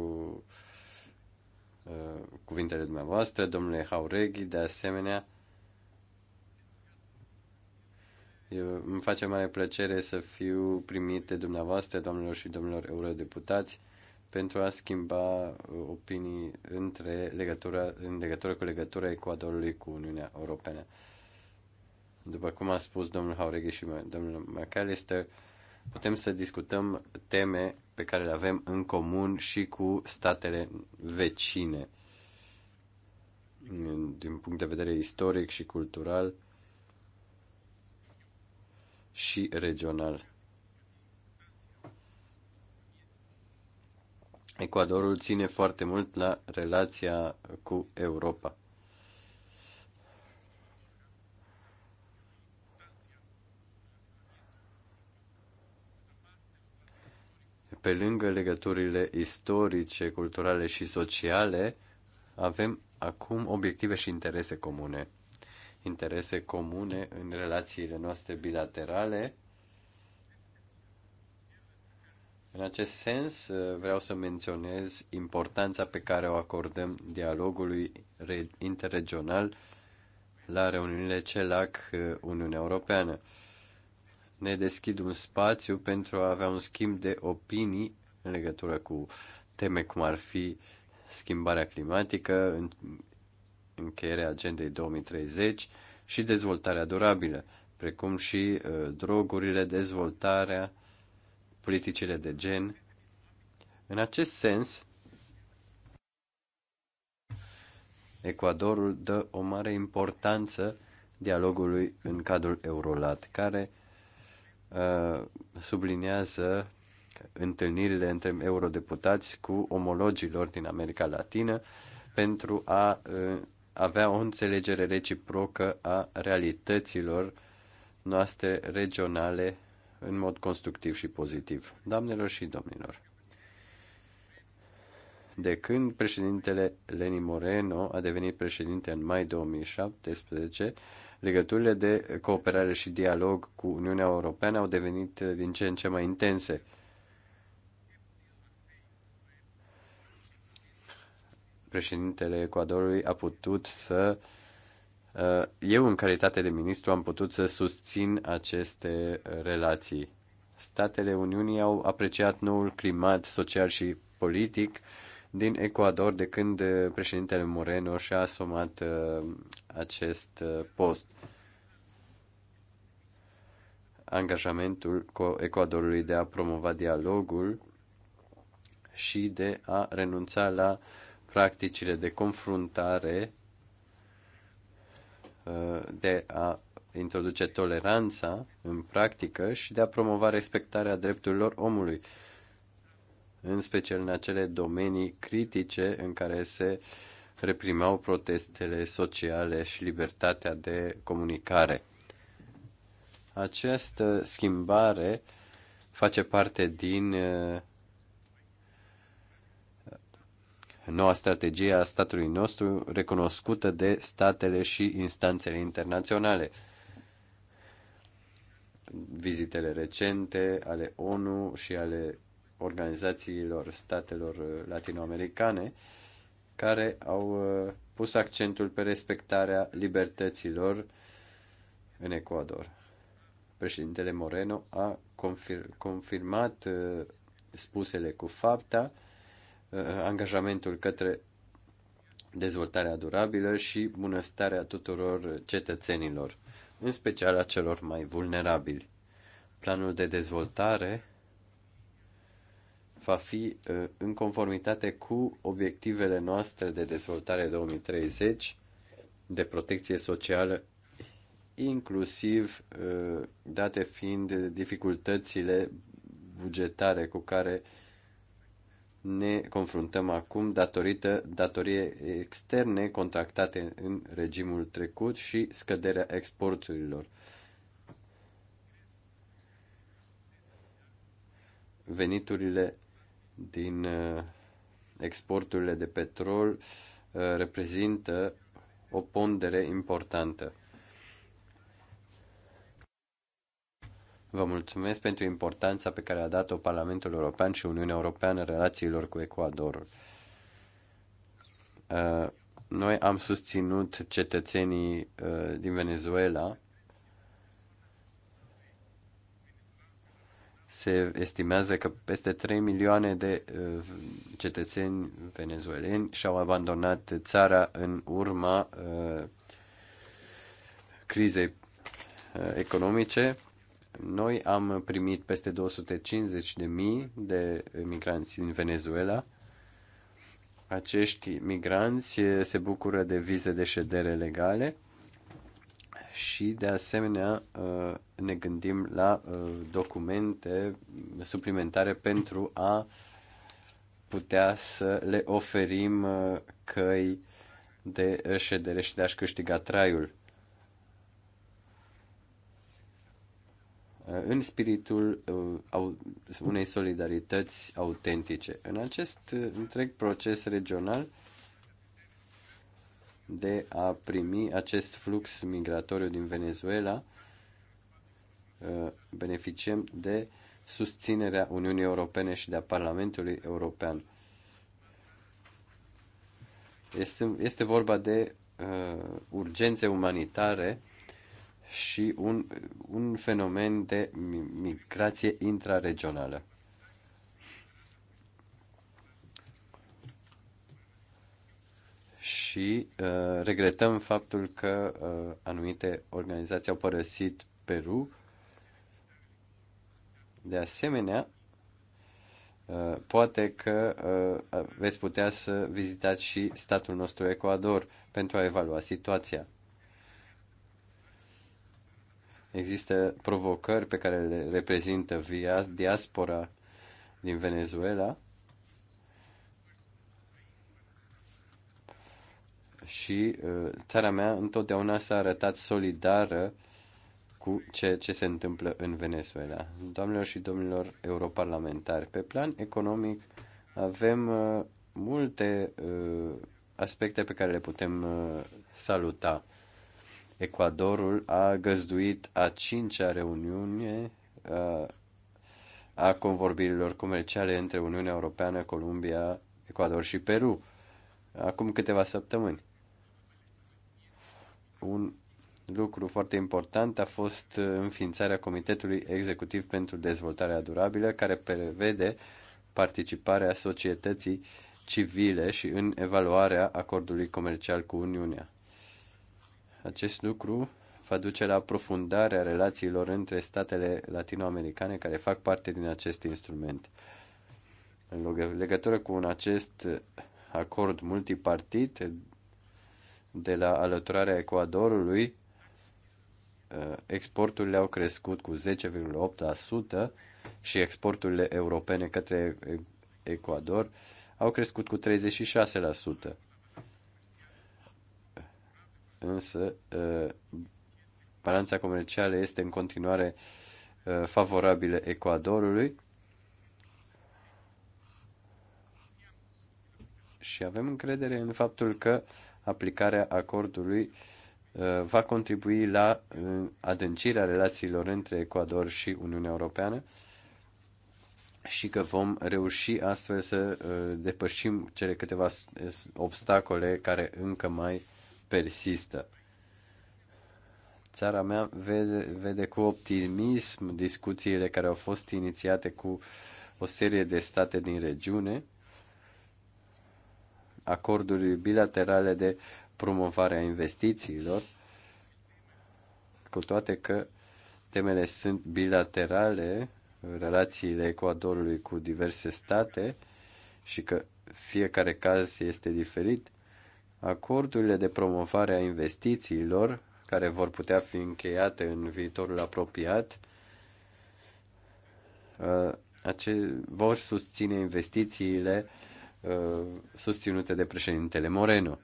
C: uh, cuvintele dumneavoastră, domnule Haureghi, de asemenea Eu, îmi face mare plăcere să fiu primit de dumneavoastră, doamnelor și domnilor eurodeputați, pentru a schimba uh, opinii între legătura, în legătură cu legătura Ecuadorului cu Uniunea Europeană. După cum a spus domnul Haureghi și domnul McAllister, putem să discutăm teme pe care le avem în comun și cu statele vecine din punct de vedere istoric și cultural și regional. Ecuadorul ține foarte mult la relația cu Europa. Pe lângă legăturile istorice, culturale și sociale, avem acum obiective și interese comune interese comune în relațiile noastre bilaterale. În acest sens, vreau să menționez importanța pe care o acordăm dialogului interregional la reuniunile CELAC Uniunea Europeană. Ne deschid un spațiu pentru a avea un schimb de opinii în legătură cu teme cum ar fi schimbarea climatică, încheierea agendei 2030 și dezvoltarea durabilă, precum și uh, drogurile, dezvoltarea, politicile de gen. În acest sens, Ecuadorul dă o mare importanță dialogului în cadrul Eurolat, care uh, sublinează întâlnirile între eurodeputați cu omologilor din America Latină pentru a uh, avea o înțelegere reciprocă a realităților noastre regionale în mod constructiv și pozitiv. Doamnelor și domnilor, de când președintele Leni Moreno a devenit președinte în mai 2017, legăturile de cooperare și dialog cu Uniunea Europeană au devenit din ce în ce mai intense. președintele Ecuadorului a putut să uh, eu, în calitate de ministru, am putut să susțin aceste relații. Statele Uniunii au apreciat noul climat social și politic din Ecuador de când uh, președintele Moreno și-a asumat uh, acest post. Angajamentul Ecuadorului de a promova dialogul și de a renunța la uh, practicile de confruntare, uh, de a introduce toleranța în practică și de a promova respectarea drepturilor omului, în special în acele domenii critice în care se reprimau protestele sociale și libertatea de comunicare. Această schimbare face parte din uh, noua strategie a statului nostru recunoscută de statele și instanțele internaționale. Vizitele recente ale ONU și ale organizațiilor statelor latinoamericane care au uh, pus accentul pe respectarea libertăților în Ecuador. Președintele Moreno a confir- confirmat uh, spusele cu fapta Uh, angajamentul către dezvoltarea durabilă și bunăstarea tuturor cetățenilor, în special a celor mai vulnerabili. Planul de dezvoltare va fi uh, în conformitate cu obiectivele noastre de dezvoltare 2030, de protecție socială, inclusiv uh, date fiind dificultățile bugetare cu care uh, ne confruntăm acum datorită datoriei externe contractate în regimul trecut și scăderea exporturilor. Veniturile din uh, exporturile de petrol uh, reprezintă o pondere importantă. Vă mulțumesc pentru importanța pe care a dat-o Parlamentul European și Uniunea Europeană în relațiilor cu Ecuadorul. Uh, noi am susținut cetățenii uh, din Venezuela. Se estimează că peste 3 milioane de uh, cetățeni venezueleni și-au abandonat țara în urma crizei economice noi am primit peste 250 de mii de migranți în Venezuela. Acești migranți eh, se bucură de vize de ședere legale și de asemenea eh, ne gândim la eh, documente suplimentare pentru a putea să le oferim căi de ședere și de a-și câștiga traiul. Uh, în spiritul uh, unei solidarități autentice. În acest uh, întreg proces regional de a primi acest flux migratoriu din Venezuela, beneficiem de susținerea Uniunii Europene și de a Parlamentului European. Este, este vorba de uh, urgențe umanitare uh, și un, un fenomen de migrație intraregională. Și uh, regretăm faptul că uh, anumite organizații au părăsit Peru. De asemenea, uh, poate că uh, veți putea să vizitați și statul nostru Ecuador pentru a evalua situația. Există provocări pe care le reprezintă via diaspora din Venezuela și ă, țara mea întotdeauna s-a arătat solidară cu ce, ce se întâmplă în Venezuela. Doamnelor și domnilor europarlamentari, pe plan economic avem ă, multe ă, aspecte pe care le putem saluta. Ecuadorul a găzduit a cincea reuniune a convorbirilor comerciale între Uniunea Europeană, Columbia, Ecuador și Peru, acum câteva săptămâni. Un lucru foarte important a fost înființarea Comitetului Executiv pentru Dezvoltarea Durabilă, care prevede participarea societății civile și în evaluarea acordului comercial cu Uniunea. Acest lucru va duce la aprofundarea relațiilor între statele latinoamericane care fac parte din acest instrument. În legătură cu un acest acord multipartit de la alăturarea Ecuadorului, exporturile au crescut cu 10,8% și exporturile europene către Ecuador au crescut cu 36% însă balanța comercială este în continuare favorabilă Ecuadorului și avem încredere în faptul că aplicarea acordului va contribui la adâncirea relațiilor între Ecuador și Uniunea Europeană și că vom reuși astfel să depășim cele câteva obstacole care încă mai persistă. Țara mea vede, vede cu optimism discuțiile care au fost inițiate cu o serie de state din regiune, acorduri bilaterale de promovare a investițiilor, cu toate că temele sunt bilaterale, relațiile Ecuadorului cu diverse state și că fiecare caz este diferit, Acordurile de promovare a investițiilor, care vor putea fi încheiate în viitorul apropiat, uh, ace- vor susține investițiile uh, susținute de președintele Moreno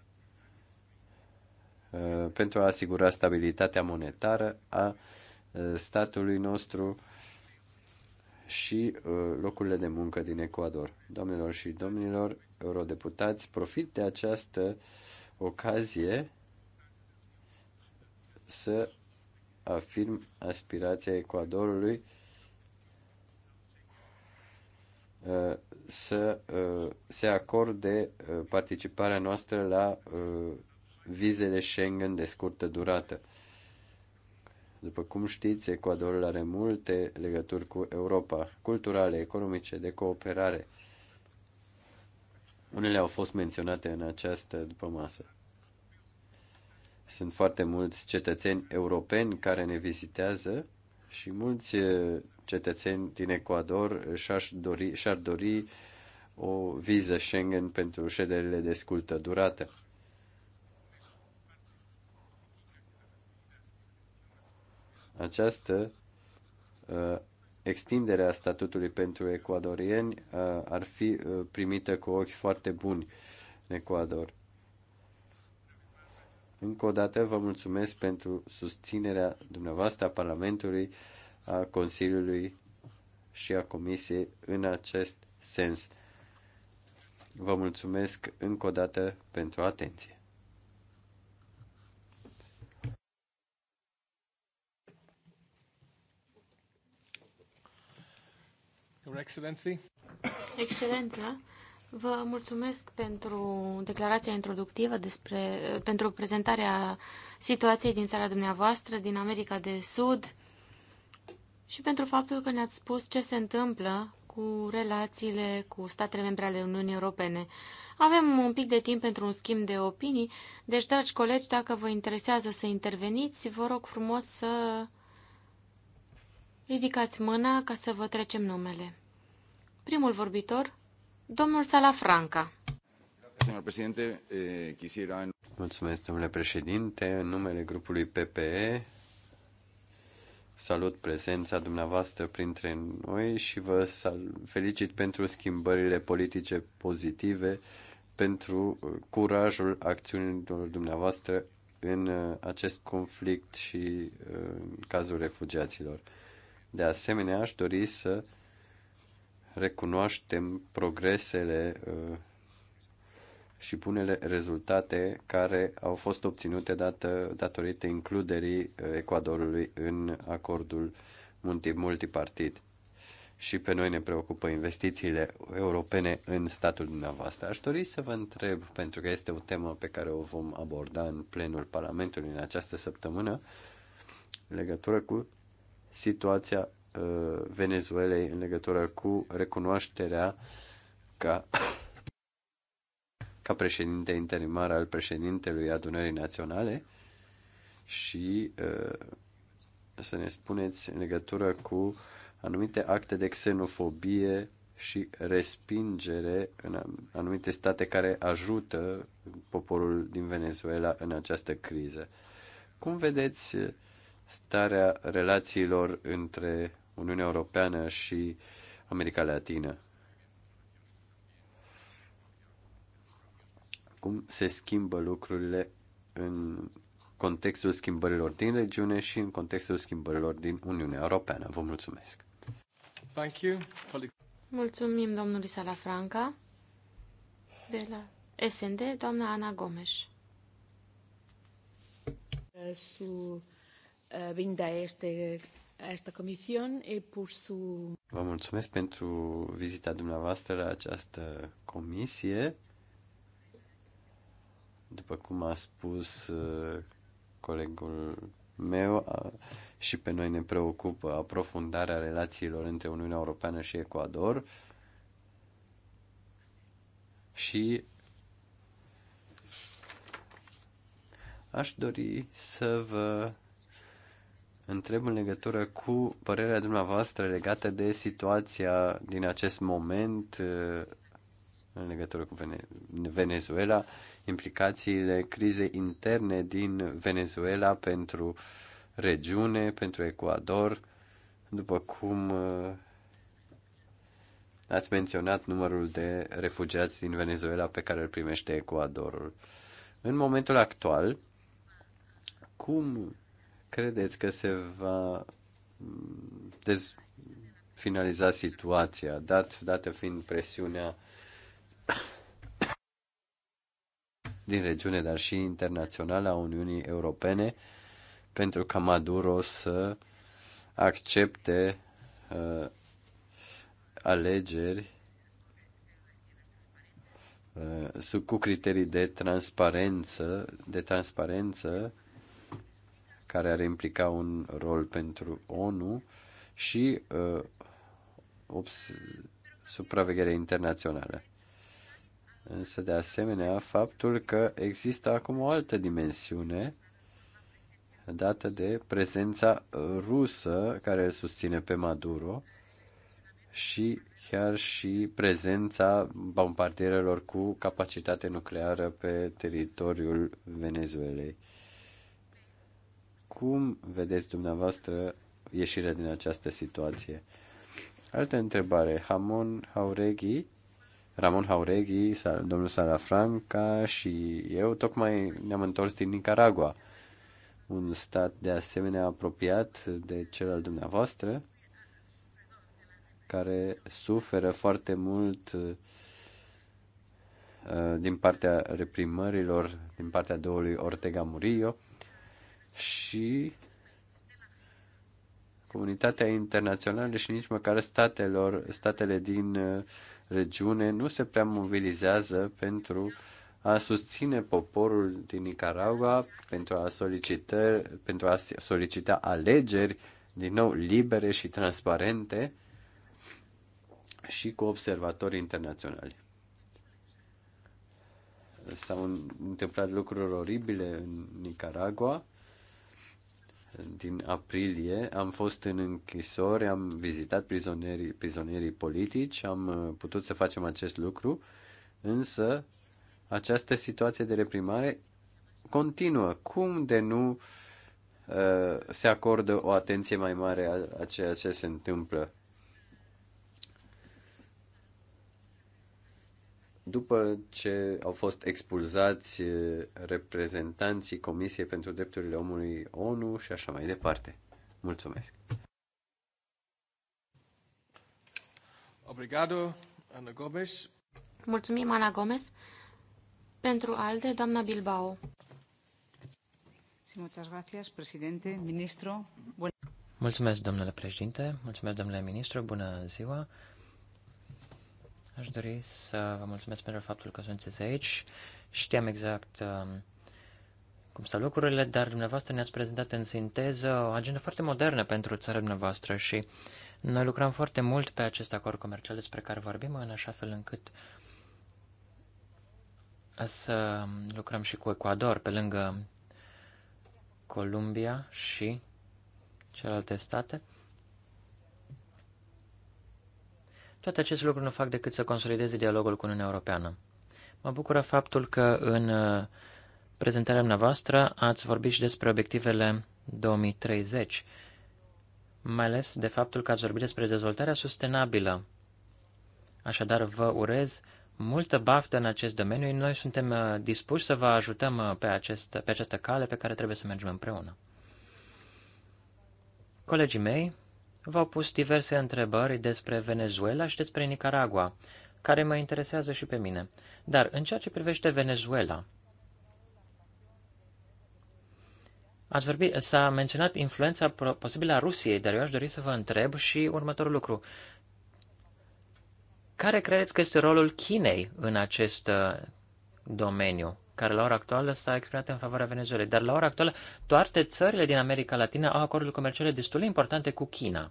C: uh, pentru a asigura stabilitatea monetară a statului nostru și locurile de muncă din Ecuador. Domnilor și domnilor eurodeputați, profit de această uh, ocazie să afirm aspirația Ecuadorului uh, să uh, se acorde uh, participarea noastră la vizele Schengen de scurtă durată. După cum știți, Ecuadorul are multe legături cu Europa, culturale, economice, de cooperare – unele au fost menționate în această după masă. Sunt foarte mulți cetățeni europeni care ne vizitează și mulți cetățeni din Ecuador și-ar dori, și dori o viză Schengen pentru șederile de scultă durată. Această extinderea statutului pentru ecuadorieni uh, ar fi uh, primită cu ochi foarte buni în Ecuador. Încă o dată vă mulțumesc pentru susținerea dumneavoastră a Parlamentului, a Consiliului și a Comisiei în acest sens. Vă mulțumesc încă o dată pentru atenție.
A: Your Excellency.
B: Excelență, vă mulțumesc pentru declarația introductivă despre, pentru prezentarea situației din țara dumneavoastră, din America de Sud și pentru faptul că ne-ați spus ce se întâmplă cu relațiile cu statele membre ale Uniunii Europene. Avem un pic de timp pentru un schimb de opinii, deci, dragi colegi, dacă vă interesează să interveniți, vă rog frumos să ridicați mâna ca să vă trecem numele. Primul vorbitor, domnul Salafranca.
C: Eh, Mulțumesc, domnule președinte. În numele grupului PPE salut prezența dumneavoastră printre noi și vă felicit pentru schimbările politice pozitive, pentru eh, curajul acțiunilor dumneavoastră în eh, acest conflict și în cazul refugiaților. De asemenea, aș dori să recunoaștem progresele uh, și punele rezultate care au fost obținute dată, datorită includerii uh, Ecuadorului în acordul multipartit. Și pe noi ne preocupă investițiile europene în statul dumneavoastră. Aș dori să vă întreb, pentru că este o temă pe care o vom aborda în plenul Parlamentului în această săptămână, legătură cu situația Uh, Venezuelei în legătură cu recunoașterea ca, ca președinte interimar al președintelui adunării naționale și uh, să ne spuneți în legătură cu anumite acte de xenofobie și respingere în anumite state care ajută poporul din Venezuela în această criză. Cum vedeți starea relațiilor între Uniunea Europeană și America Latină. Cum se schimbă lucrurile în contextul schimbărilor din regiune și în contextul schimbărilor din Uniunea Europeană. Vă mulțumesc! Thank you. Mulțumim
B: domnului Salafranca de la SND, doamna Ana Gomes. Su eh, vinda este Eh,
C: vă mulțumesc pentru vizita dumneavoastră la această comisie. După cum a spus uh, colegul meu, și pe noi ne preocupă aprofundarea relațiilor între Uniunea Europeană și Ecuador și aș dori să vă întreb în legătură cu părerea dumneavoastră legată de situația din acest moment uh, în legătură cu Venezuela, implicațiile crizei interne din Venezuela pentru regiune, pentru Ecuador, după cum uh, ați menționat numărul de refugiați din Venezuela pe care îl primește Ecuadorul. În momentul actual, cum credeți că se va mm, dez- finaliza situația, dat, dată fiind presiunea din regiune, dar și internațională a Uniunii Europene, pentru ca Maduro să accepte uh, alegeri uh, sub, cu criterii de transparență, de transparență care ar implica un rol pentru ONU și uh, ups, supraveghere internațională. Însă, de asemenea, faptul că există acum o altă dimensiune dată de prezența rusă care îl susține pe Maduro și chiar și prezența bombardierelor cu capacitate nucleară pe teritoriul Venezuelei. Cum vedeți dumneavoastră ieșirea din această situație? Altă întrebare. Hamon Haureghi, Ramon Haureghi, domnul Salafranca și eu tocmai ne-am întors din Nicaragua, un stat de asemenea apropiat de cel al dumneavoastră, care suferă foarte mult uh, din partea reprimărilor din partea doului Ortega Murillo și comunitatea internațională și nici măcar statelor, statele din uh, regiune nu se prea mobilizează pentru a susține poporul din Nicaragua pentru a solicita, pentru a solicita alegeri din nou libere și transparente și cu observatori internaționali. S-au întâmplat lucruri oribile în Nicaragua din aprilie am fost în închisori, am vizitat prizonierii, prizonierii politici, am uh, putut să facem acest lucru, însă această situație de reprimare continuă. Cum de nu uh, se acordă o atenție mai mare a, a ceea ce se întâmplă? După ce au fost expulzați eh, reprezentanții Comisiei pentru Drepturile Omului ONU și așa mai departe. Mulțumesc. Obrigado, Ana Gomes.
B: Mulțumim, Ana Gomes. Pentru alte, doamna Bilbao.
A: Mulțumesc, domnule președinte. Mulțumesc, domnule ministru. Bună ziua. Aș dori să vă mulțumesc pentru faptul că sunteți aici. Știam exact um, cum stau lucrurile, dar dumneavoastră ne-ați prezentat în sinteză o agendă foarte modernă pentru țara dumneavoastră și noi lucrăm foarte mult pe acest acord comercial despre care vorbim, în așa fel încât să lucrăm și cu Ecuador, pe lângă Columbia și celelalte state. Toate aceste lucruri nu fac decât să consolideze dialogul cu Uniunea Europeană. Mă bucură faptul că în uh, prezentarea noastră ați vorbit și despre obiectivele 2030, mai ales de faptul că ați vorbit despre dezvoltarea sustenabilă. Așadar, vă urez multă baftă în acest domeniu. Noi suntem uh, dispuși să vă ajutăm uh, pe, acest, pe această cale pe care trebuie să mergem împreună. Colegii mei V-au pus diverse întrebări despre Venezuela și despre Nicaragua, care mă interesează și pe mine. Dar în ceea ce privește Venezuela, ați vorbit, s-a menționat influența posibilă a Rusiei, dar eu aș dori să vă întreb și următorul lucru. Care credeți că este rolul Chinei în acest uh, domeniu? care la ora actuală s-a exprimat în favoarea Venezuelei. Dar la ora actuală toate țările din America Latină au acorduri comerciale destul de importante cu China.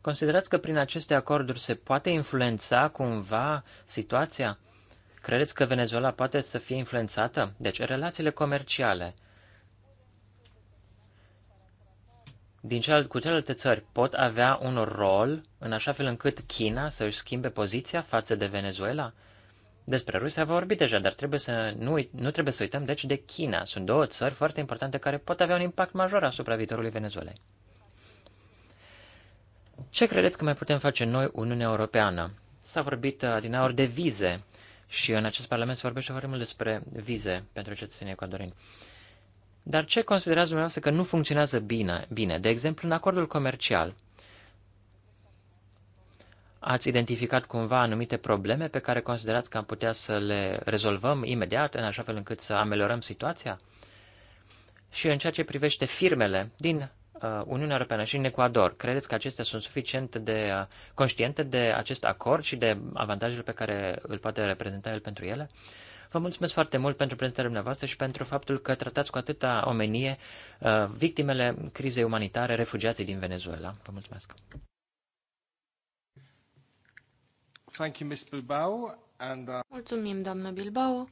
A: Considerați că prin aceste acorduri se poate influența cumva situația? Credeți că Venezuela poate să fie influențată? Deci, relațiile comerciale din celălalt, cu celelalte țări pot avea un rol în așa fel încât China să își schimbe poziția față de Venezuela? Despre Rusia v-a vorbit deja, dar trebuie să nu, nu trebuie să uităm deci de China. Sunt două țări foarte importante care pot avea un impact major asupra viitorului Venezuelei. Ce credeți că mai putem face noi, Uniunea Europeană? S-a vorbit uh, din aur de vize și în acest parlament se vorbește foarte mult despre vize pentru cetățenii ecuadorini. Dar ce considerați dumneavoastră că nu funcționează bine? bine? De exemplu, în acordul comercial Ați identificat cumva anumite probleme pe care considerați că am putea să le rezolvăm imediat, în așa fel încât să ameliorăm situația? Și în ceea ce privește firmele din uh, Uniunea Europeană și în Ecuador, credeți că acestea sunt suficient de uh, conștiente de acest acord și de avantajele pe care îl poate reprezenta el pentru ele? Vă mulțumesc foarte mult pentru prezentarea dumneavoastră și pentru faptul că tratați cu atâta omenie uh, victimele crizei umanitare, refugiații din Venezuela. Vă mulțumesc!
B: Thank you, Ms. Bilbao. And, uh... Mulțumim, doamnă Bilbao.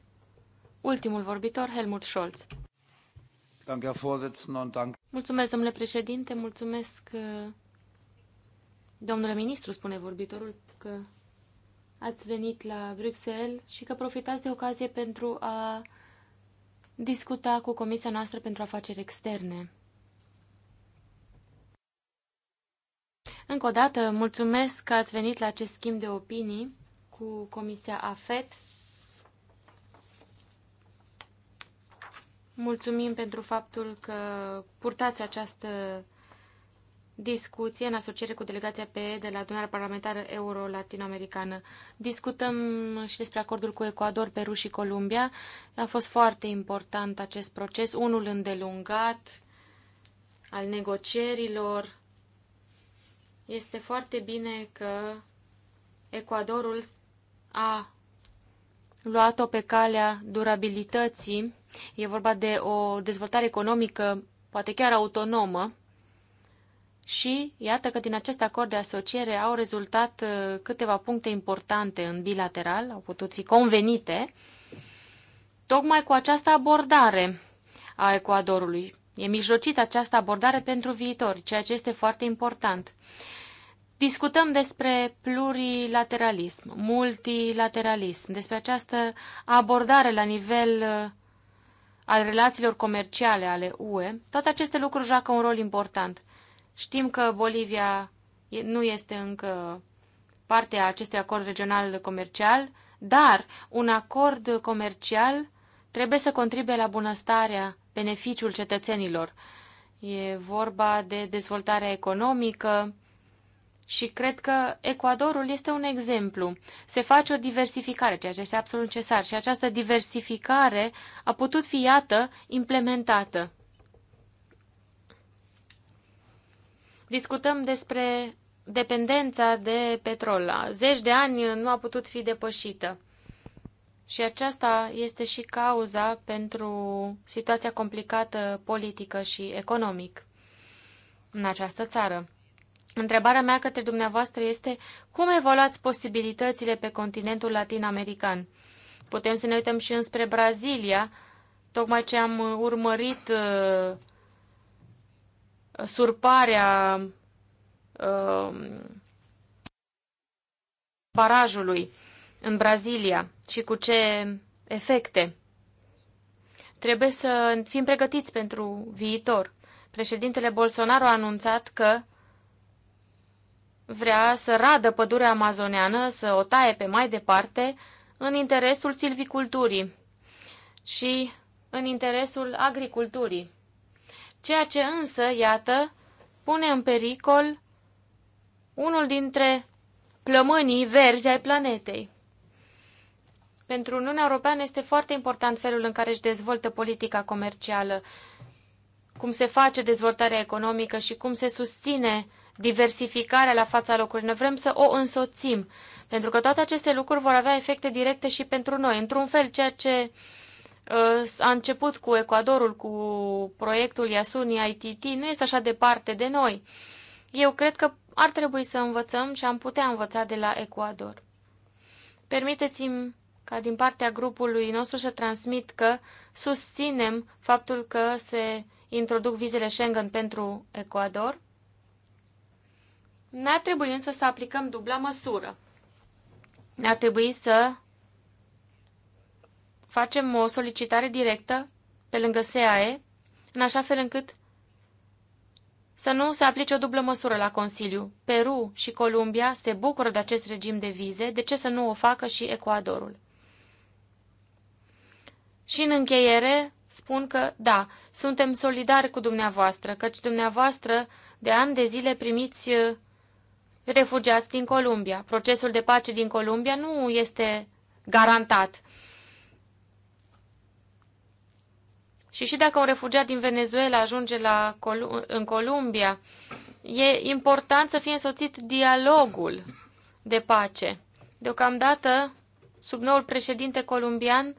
B: Ultimul vorbitor, Helmut Scholz. Mulțumesc, domnule președinte, mulțumesc, uh, domnule ministru, spune vorbitorul, că ați venit la Bruxelles și că profitați de ocazie pentru a discuta cu Comisia noastră pentru afaceri externe. Încă o dată, mulțumesc că ați venit la acest schimb de opinii cu Comisia AFET. Mulțumim pentru faptul că purtați această discuție în asociere cu delegația PE de la adunarea parlamentară euro-latinoamericană. Discutăm și despre acordul cu Ecuador, Peru și Columbia. A fost foarte important acest proces, unul îndelungat al negocierilor este foarte bine că Ecuadorul a luat-o pe calea durabilității. E vorba de o dezvoltare economică, poate chiar autonomă. Și iată că din acest acord de asociere au rezultat uh, câteva puncte importante în bilateral, au putut fi convenite, tocmai cu această abordare a Ecuadorului. E mijlocit această abordare pentru viitor, ceea ce este foarte important. Discutăm despre plurilateralism, multilateralism, despre această abordare la nivel uh, al relațiilor comerciale ale UE. Toate aceste lucruri joacă un rol important. Știm că Bolivia nu este încă parte a acestui acord regional comercial, dar un acord comercial trebuie să contribuie la bunăstarea, beneficiul cetățenilor. E vorba de dezvoltarea economică, și cred că Ecuadorul este un exemplu. Se face o diversificare, ceea ce este absolut necesar. Și această diversificare a putut fi, iată, implementată. Discutăm despre dependența de petrol. Zeci de ani nu a putut fi depășită. Și aceasta este și cauza pentru situația complicată politică și economic în această țară. Întrebarea mea către dumneavoastră este cum evaluați posibilitățile pe continentul latin-american? Putem să ne uităm și înspre Brazilia, tocmai ce am urmărit uh, surparea uh, barajului în Brazilia și cu ce efecte. Trebuie să fim pregătiți pentru viitor. Președintele Bolsonaro a anunțat că vrea să radă pădurea amazoneană, să o taie pe mai departe, în interesul silviculturii și în interesul agriculturii. Ceea ce însă, iată, pune în pericol unul dintre plămânii verzi ai planetei. Pentru Uniunea Europeană este foarte important felul în care își dezvoltă politica comercială, cum se face dezvoltarea economică și cum se susține diversificarea la fața locului. Noi vrem să o însoțim, pentru că toate aceste lucruri vor avea efecte directe și pentru noi. Într-un fel, ceea ce uh, a început cu Ecuadorul, cu proiectul Yasuni ITT, nu este așa departe de noi. Eu cred că ar trebui să învățăm și am putea învăța de la Ecuador. Permiteți-mi ca din partea grupului nostru să transmit că susținem faptul că se introduc vizele Schengen pentru Ecuador N-ar trebui însă să aplicăm dubla măsură. N-ar trebui să facem o solicitare directă pe lângă SAE, în așa fel încât să nu se aplice o dublă măsură la Consiliu. Peru și Columbia se bucură de acest regim de vize, de ce să nu o facă și Ecuadorul? Și în încheiere spun că, da, suntem solidari cu dumneavoastră, căci dumneavoastră de ani de zile primiți refugiați din Columbia. Procesul de pace din Columbia nu este garantat. Și și dacă un refugiat din Venezuela ajunge la Colu- în Columbia, e important să fie însoțit dialogul de pace. Deocamdată, sub noul președinte columbian,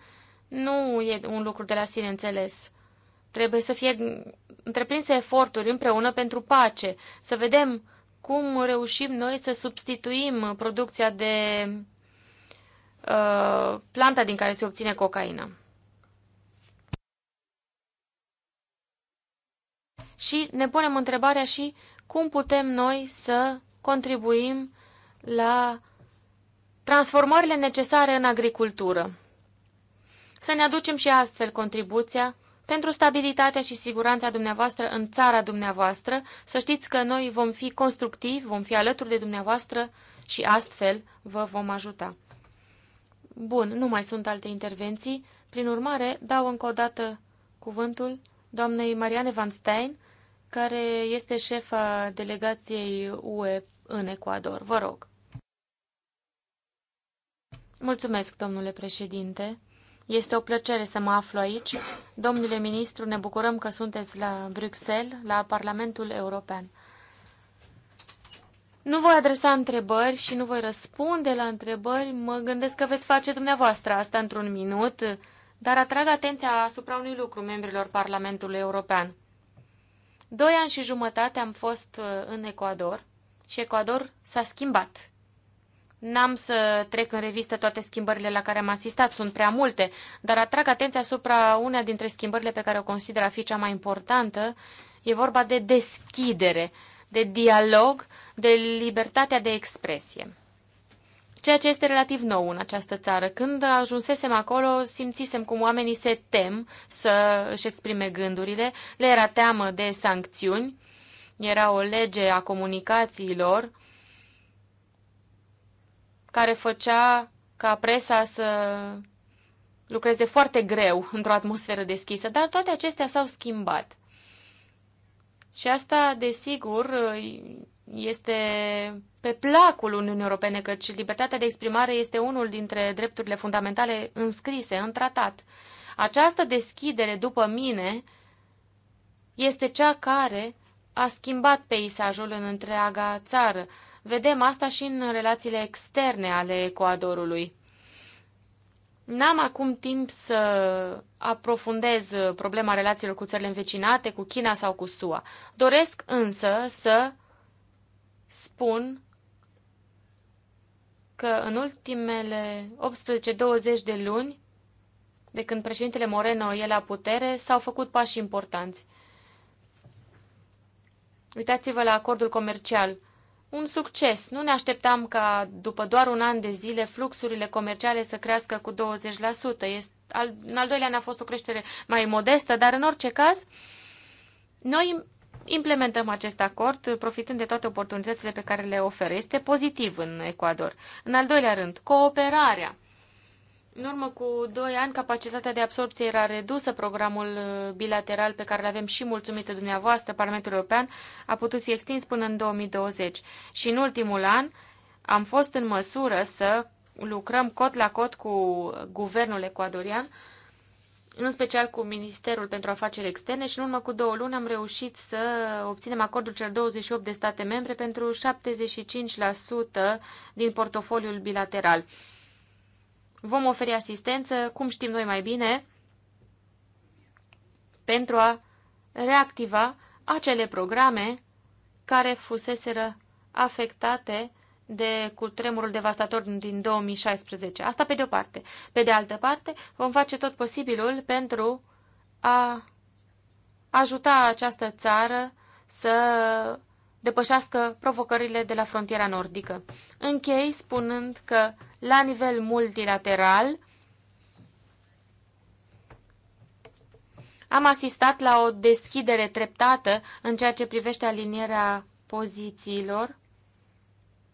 B: nu e un lucru de la sine înțeles. Trebuie să fie întreprinse eforturi împreună pentru pace, să vedem cum reușim noi să substituim producția de uh, planta din care se obține cocaina. Și ne punem întrebarea și cum putem noi să contribuim la transformările necesare în agricultură. Să ne aducem și astfel contribuția pentru stabilitatea și siguranța dumneavoastră în țara dumneavoastră. Să știți că noi vom fi constructivi, vom fi alături de dumneavoastră și astfel vă vom ajuta. Bun, nu mai sunt alte intervenții. Prin urmare, dau încă o dată cuvântul doamnei Mariane Van Stein, care este șefa delegației UE în Ecuador. Vă rog. Mulțumesc, domnule președinte. Este o plăcere să mă aflu aici. Domnule ministru, ne bucurăm că sunteți la Bruxelles, la Parlamentul European. Nu voi adresa întrebări și nu voi răspunde la întrebări. Mă gândesc că veți face dumneavoastră asta într-un minut, dar atrag atenția asupra unui lucru membrilor Parlamentului European. Doi ani și jumătate am fost uh, în Ecuador și Ecuador s-a schimbat. N-am să trec în revistă toate schimbările la care am asistat, sunt prea multe, dar atrag atenția asupra una dintre schimbările pe care o consider a fi cea mai importantă. E vorba de deschidere, de dialog, de libertatea de expresie. Ceea ce este relativ nou în această țară. Când ajunsesem acolo, simțisem cum oamenii se tem să își exprime gândurile, le era teamă de sancțiuni, era o lege a comunicațiilor, care făcea ca presa să lucreze foarte greu într-o atmosferă deschisă, dar toate acestea s-au schimbat. Și asta, desigur, este pe placul Uniunii Europene, căci libertatea de exprimare este unul dintre drepturile fundamentale înscrise în tratat. Această deschidere, după mine, este cea care a schimbat peisajul în întreaga țară. Vedem asta și în relațiile externe ale Ecuadorului. N-am acum timp să aprofundez problema relațiilor cu țările învecinate, cu China sau cu SUA. Doresc însă să spun că în ultimele 18-20 de luni, de când președintele Moreno e la putere, s-au făcut pași importanți. Uitați-vă la acordul comercial un succes. Nu ne așteptam ca după doar un an de zile fluxurile comerciale să crească cu 20%. Este, al, în al doilea an a fost o creștere mai modestă, dar în orice caz, noi implementăm acest acord profitând de toate oportunitățile pe care le oferă. Este pozitiv în Ecuador. În al doilea rând, cooperarea. În urmă cu doi ani, capacitatea de absorpție era redusă. Programul uh, bilateral pe care îl avem și mulțumită dumneavoastră, Parlamentul European, a putut fi extins până în 2020. Și în ultimul an am fost în măsură să lucrăm cot la cot cu guvernul ecuadorian, în special cu Ministerul pentru Afaceri Externe și în urmă cu două luni am reușit să obținem acordul celor 28 de state membre pentru 75% din portofoliul bilateral. Vom oferi asistență, cum știm noi mai bine, pentru a reactiva acele programe care fuseseră afectate de cutremurul devastator din 2016. Asta pe de o parte. Pe de altă parte, vom face tot posibilul pentru a ajuta această țară să depășească provocările de la frontiera nordică. Închei spunând că, la nivel multilateral, am asistat la o deschidere treptată în ceea ce privește alinierea pozițiilor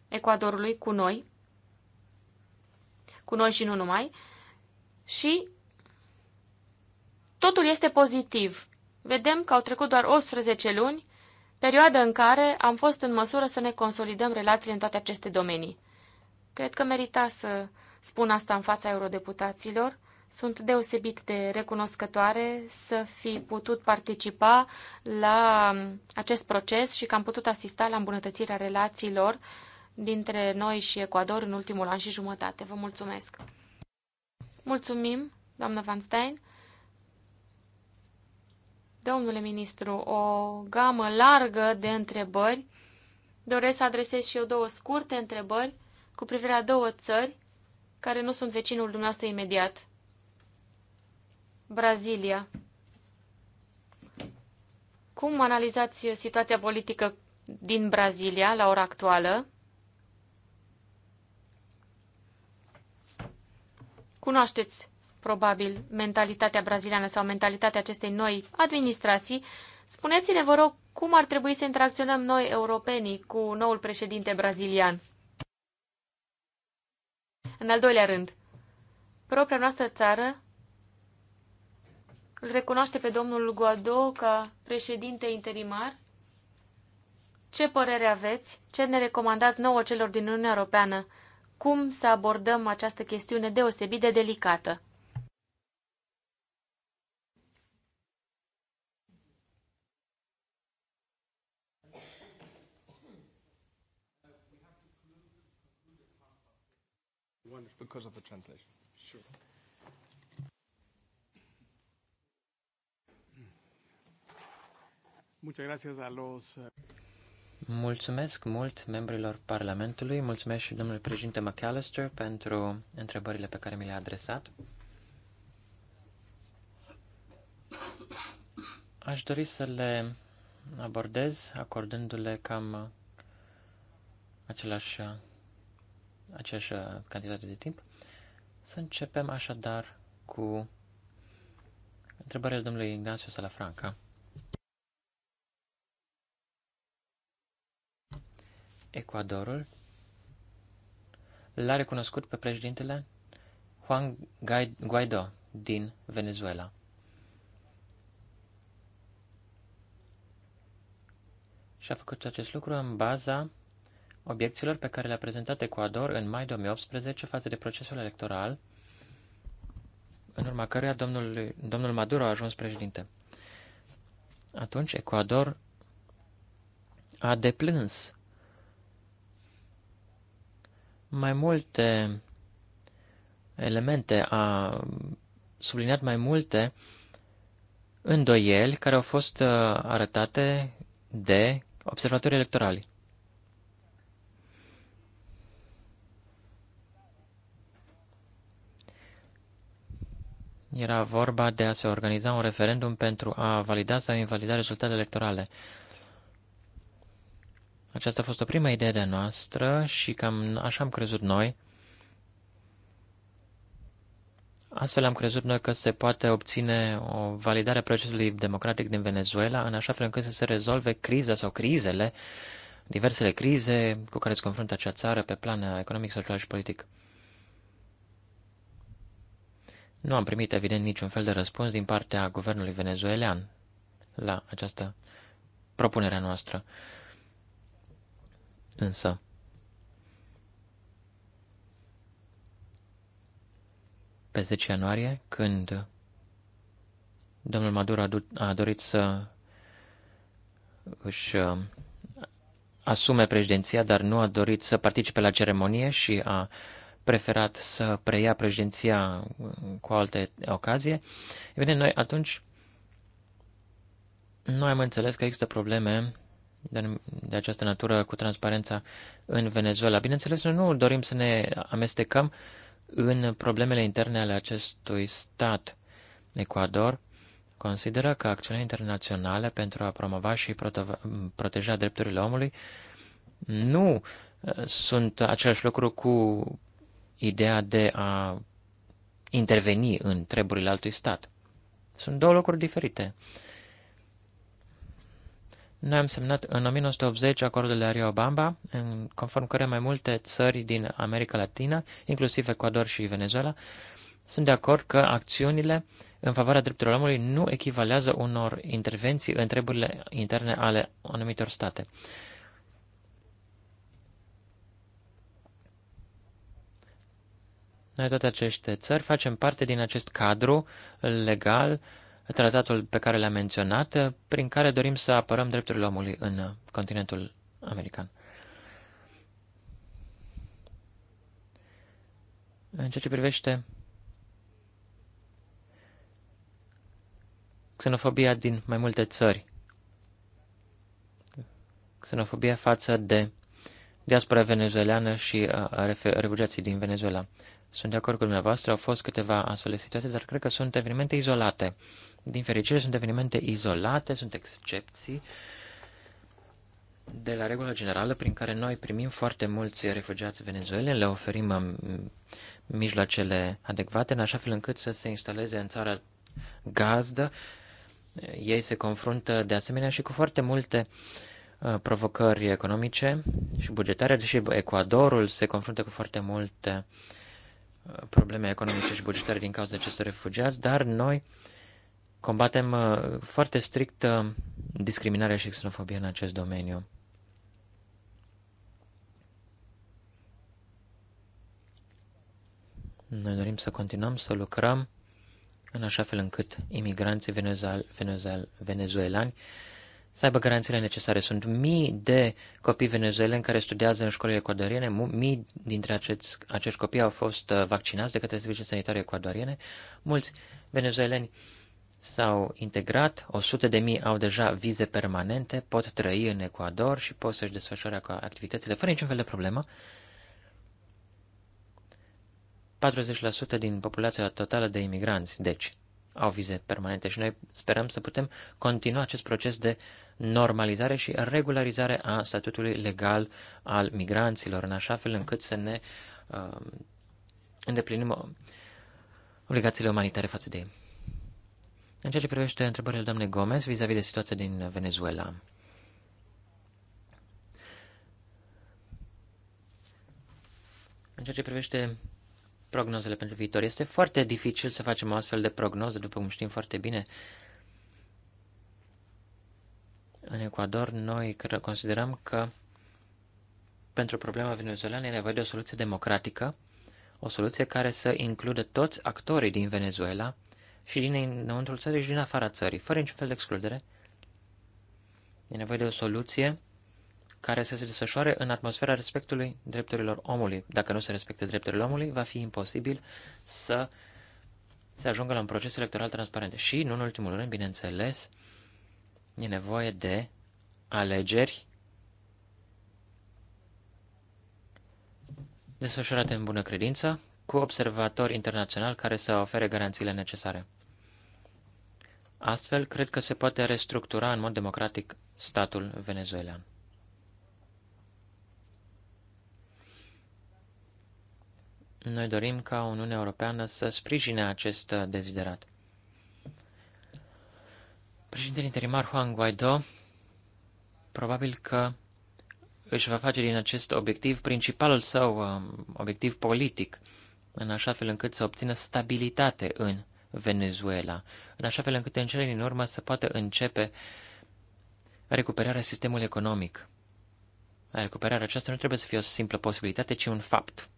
B: Ecuadorului cu noi, cu noi și nu numai, și totul este pozitiv. Vedem că au trecut doar 18 luni perioadă în care am fost în măsură să ne consolidăm relațiile în toate aceste domenii. Cred că merita să spun asta în fața eurodeputaților. Sunt deosebit de recunoscătoare să fi putut participa la acest proces și că am putut asista la îmbunătățirea relațiilor dintre noi și Ecuador în ultimul an și jumătate. Vă mulțumesc! Mulțumim, doamnă Van Stein. Domnule ministru, o gamă largă de întrebări. Doresc să adresez și eu două scurte întrebări cu privire la două țări care nu sunt vecinul dumneavoastră imediat. Brazilia. Cum analizați situația politică din Brazilia la ora actuală? Cunoașteți probabil, mentalitatea braziliană sau mentalitatea acestei noi administrații. Spuneți-ne, vă rog, cum ar trebui să interacționăm noi, europenii, cu noul președinte brazilian? În al doilea rând, propria noastră țară îl recunoaște pe domnul Guado ca președinte interimar? Ce părere aveți? Ce ne recomandați nouă celor din Uniunea Europeană? Cum să abordăm această chestiune deosebit de delicată?
C: Wonderful. Because of the translation. Sure. Hmm. Muchas
A: gracias a los... Uh, mulțumesc mult membrilor Parlamentului, mulțumesc și domnului președinte McAllister pentru întrebările pe care mi le-a adresat. Aș dori să le abordez acordându-le cam același aceeași uh, cantitate de timp. Să începem așadar cu întrebarea domnului Ignacio Salafranca. Ecuadorul l-a recunoscut pe președintele Juan Guaido din Venezuela. Și a făcut acest lucru în baza obiecțiilor pe care le-a prezentat Ecuador în mai 2018 față de procesul electoral, în urma căruia domnul, domnul Maduro a ajuns președinte. Atunci Ecuador a deplâns mai multe elemente, a subliniat mai multe îndoieli care au fost uh, arătate de observatorii electorali. Era vorba de a se organiza un referendum pentru a valida sau invalida rezultatele electorale. Aceasta a fost o prima idee de noastră și cam așa am crezut noi. Astfel am crezut noi că se poate obține o validare a procesului democratic din Venezuela, în așa fel încât să se rezolve criza sau crizele, diversele crize cu care se confruntă acea țară pe plan economic, social și politic. Nu am primit, evident, niciun fel de răspuns din partea guvernului venezuelan la această propunere noastră. Însă, pe 10 ianuarie, când domnul Maduro a dorit să își uh, asume președinția, dar nu a dorit să participe la ceremonie și a uh, preferat să preia președinția cu alte ocazie, evident, noi atunci noi am înțeles că există probleme de, de această natură cu transparența în Venezuela. Bineînțeles, noi nu dorim să ne amestecăm în problemele interne ale acestui stat. Ecuador consideră că acțiunile internaționale pentru a promova și proteja drepturile omului nu uh, sunt același lucru cu ideea de a interveni în treburile altui stat. Sunt două lucruri diferite. Noi am semnat în 1980 acordul de la Rio Bamba, în conform care mai multe țări din America Latină, inclusiv Ecuador și Venezuela, sunt de acord că acțiunile în favoarea drepturilor omului nu echivalează unor intervenții în treburile interne ale anumitor state. Noi, toate aceste țări, facem parte din acest cadru legal, tratatul pe care l-am menționat, prin care dorim să apărăm drepturile omului în continentul american. În ceea ce privește xenofobia din mai multe țări, xenofobia față de diaspora venezuelană și uh, refugiații din Venezuela. Sunt de acord cu dumneavoastră, au fost câteva astfel de situații, dar cred că sunt evenimente izolate. Din fericire, sunt evenimente izolate, sunt excepții de la regula generală prin care noi primim foarte mulți refugiați venezueleni, le oferim um, mijloacele adecvate în așa fel încât să se instaleze în țara gazdă. Ei se confruntă de asemenea și cu foarte multe uh, provocări economice și bugetare, deși Ecuadorul se confruntă cu foarte multe uh, probleme economice și bugetare din cauza acestor refugiați, dar noi combatem uh, foarte strict uh, discriminarea și xenofobia în acest domeniu. Noi dorim să continuăm să lucrăm în așa fel încât imigranții venezuelani să aibă garanțiile necesare. Sunt mii de copii venezueleni care studiază în școlile ecuadoriene, mii dintre acești, acești copii au fost uh, vaccinați de către servicii sanitare ecuadoriene, mulți venezueleni s-au integrat, 100 de mii au deja vize permanente, pot trăi în Ecuador și pot să-și desfășoare activitățile fără niciun fel de problemă. 40% din populația totală de imigranți, deci, au vize permanente și noi sperăm să putem continua acest proces de normalizare și regularizare a statutului legal al migranților, în așa fel încât să ne uh, îndeplinim obligațiile umanitare față de ei. În ceea ce privește întrebările doamnei Gomez vis-a-vis de situația din Venezuela, În ceea ce privește prognozele pentru viitor, este foarte dificil să facem o astfel de prognoză, după cum știm foarte bine. Uh, în Ecuador, noi considerăm că pentru problema venezuelană e nevoie de o soluție democratică, o soluție care să includă toți actorii din Venezuela și înăuntru țării și din afara țării, fără niciun fel de excludere. E nevoie de o soluție care să se desfășoare în atmosfera respectului drepturilor omului. Dacă nu se respectă drepturile omului, va fi imposibil să se ajungă la un proces electoral transparent. Și, nu în ultimul rând, bineînțeles, uh, E nevoie de alegeri desfășurate în bună credință, cu observatori internaționali care să ofere garanțiile necesare. Astfel, cred că se poate restructura în mod democratic statul venezuelan. Noi dorim ca Uniunea Europeană să sprijine acest deziderat. Președintele interimar Juan Guaido probabil că își va face din acest obiectiv principalul său um, obiectiv politic, în așa fel încât să obțină stabilitate în Venezuela, în așa fel încât în cele din urmă să poată începe recuperarea sistemului economic. Recuperarea aceasta nu trebuie să fie o simplă posibilitate, ci un fapt.